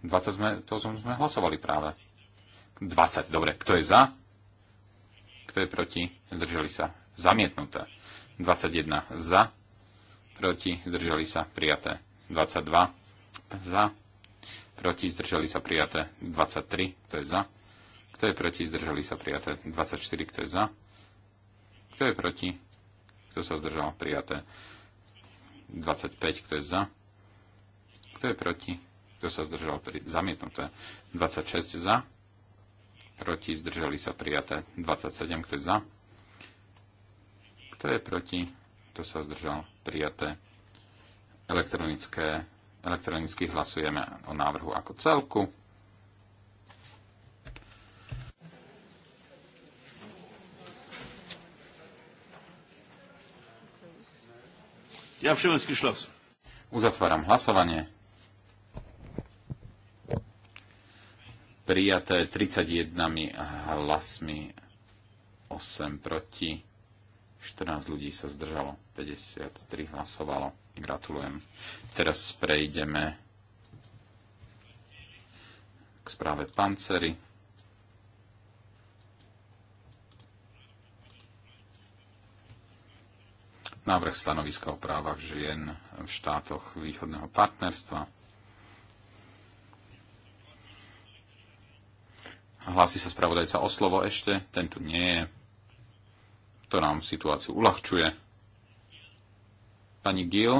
20 sme, to sme hlasovali práve. 20, dobre. Kto je za? Kto je proti? Zdržali sa. Zamietnuté. 21 za, proti, zdržali sa, prijaté. 22 za, proti, zdržali sa, prijaté. 23, kto je za. Kto je proti, zdržali sa, prijaté. 24, kto je za. Kto je proti, kto sa zdržal? Prijaté. 25. Kto je za? Kto je proti? Kto sa zdržal? Pri... Zamietnuté. 26 za. Proti. Zdržali sa prijaté. 27. Kto je za? Kto je proti? Kto sa zdržal? Prijaté. Elektronické, elektronicky hlasujeme o návrhu ako celku. Ja všetky šlas. Uzatváram hlasovanie. Prijaté 31 hlasmi, 8 proti, 14 ľudí sa zdržalo, 53 hlasovalo. Gratulujem. Teraz prejdeme k správe Pancery. návrh stanoviska o právach žien v štátoch východného partnerstva. Hlási sa spravodajca o slovo ešte, ten tu nie je. To nám situáciu uľahčuje. Pani Gil,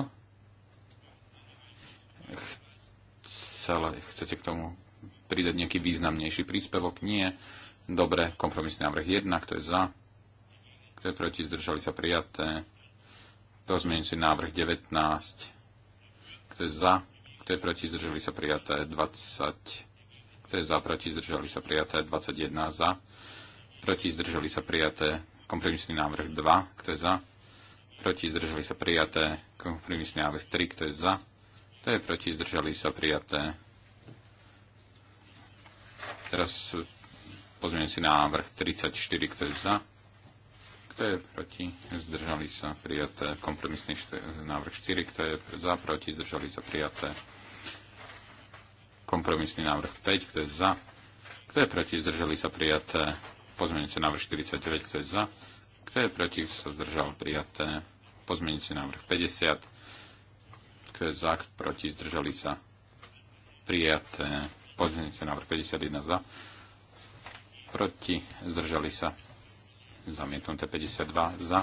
chcete k tomu pridať nejaký významnejší príspevok? Nie. Dobre, kompromisný návrh 1, kto je za? Kto je proti? Zdržali sa prijaté si návrh 19. Kto je za? Kto je proti? Zdržali sa prijaté 20. Kto je za? Proti? Zdržali sa prijaté 21. Za. Proti? Zdržali sa prijaté kompromisný návrh 2. Kto je za? Proti? Zdržali sa prijaté kompromisný návrh 3. Kto je za? Kto je proti? Zdržali sa prijaté. Teraz si návrh 34. Kto je za? kto je proti, zdržali sa prijaté. Kompromisný št- návrh 4, kto je za, proti, zdržali sa prijaté. Kompromisný návrh 5, kto je za, kto je proti, zdržali sa prijaté. Pozmeňujúci návrh 49, kto je za, kto je proti, kto sa zdržal prijaté. Pozmeňujúci návrh 50, kto je za, proti, zdržali sa prijaté. Pozmeňujúci návrh 51 za, proti, zdržali sa prijaté zamietnuté 52 za,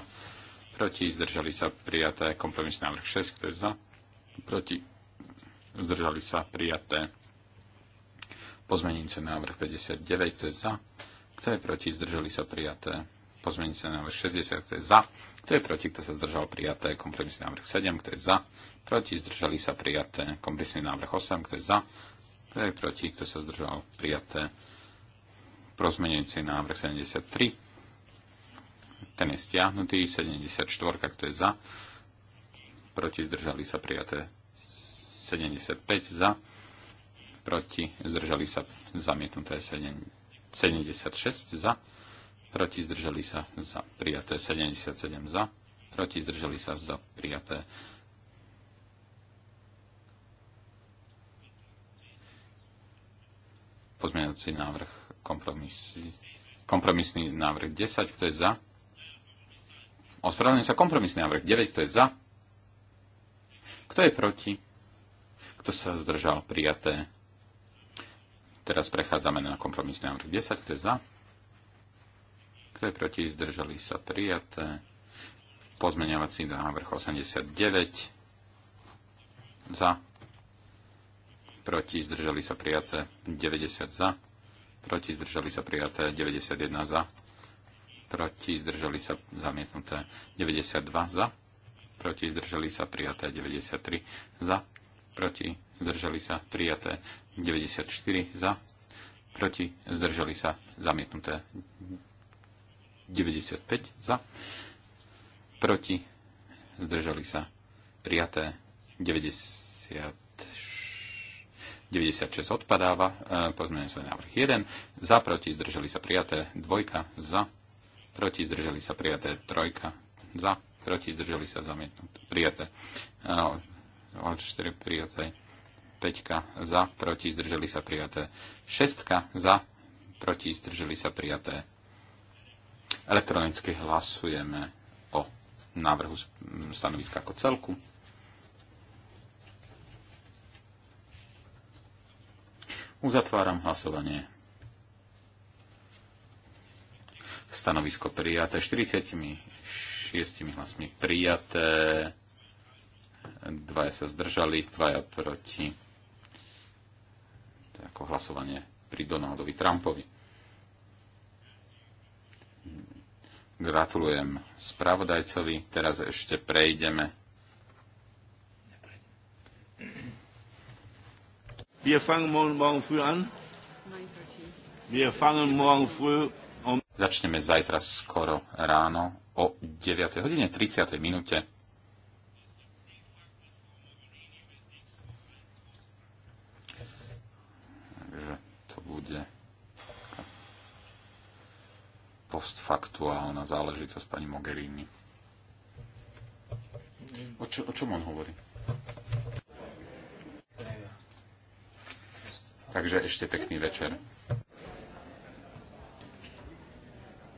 proti, zdržali sa prijaté kompromisný návrh 6, kto je za, proti, zdržali sa prijaté pozmenujúce návrh 59, kto je za, kto je proti, zdržali sa prijaté pozmenujúce návrh 60, kto je za, kto je proti, kto sa zdržal prijaté kompromisný návrh 7, kto je za, proti, zdržali sa prijaté kompromisný návrh 8, kto je za, kto je proti, kto sa zdržal prijaté pozmenujúci návrh 73, ten je stiahnutý, 74, kto je za, proti zdržali sa prijaté 75 za, proti zdržali sa zamietnuté 76 za, proti zdržali sa za prijaté 77 za, proti zdržali sa za prijaté 10. pozmeňujúci návrh kompromis, kompromisný návrh 10, kto je za, Ospravedlňujem sa kompromisný návrh 9. Kto je za? Kto je proti? Kto sa zdržal? Prijaté. Teraz prechádzame na kompromisný návrh 10. Kto je za? Kto je proti? Zdržali sa? Prijaté. Pozmeňovací návrh 89. Za. Proti zdržali sa prijaté 90 za. Proti zdržali sa prijaté 91 za proti zdržali sa zamietnuté 92 za, proti zdržali sa prijaté 93 za, proti zdržali sa prijaté 94 za, proti zdržali sa zamietnuté 95 za, proti zdržali sa prijaté 90, 96 odpadáva, e, pozmeňujem svoj návrh 1, za proti zdržali sa prijaté 2 za, proti zdržali sa prijaté trojka, za, proti zdržali sa zamietnúť. prijaté O, 4 prijaté 5 za, proti zdržali sa prijaté 6 za, proti zdržali sa prijaté. Elektronicky hlasujeme o návrhu stanoviska ako celku. Uzatváram hlasovanie. Stanovisko prijaté 46 hlasmi. Prijaté. Dvaja sa zdržali, dvaja proti. To je ako hlasovanie pri Donaldovi Trumpovi. Gratulujem spravodajcovi. Teraz ešte prejdeme. Wir fangen morgen früh an. Wir fangen morgen früh Začneme zajtra skoro ráno o 9. hodine 30. minúte. Takže to bude postfaktuálna záležitosť pani Mogherini. O, čo, o čom on hovorí? Takže ešte pekný večer.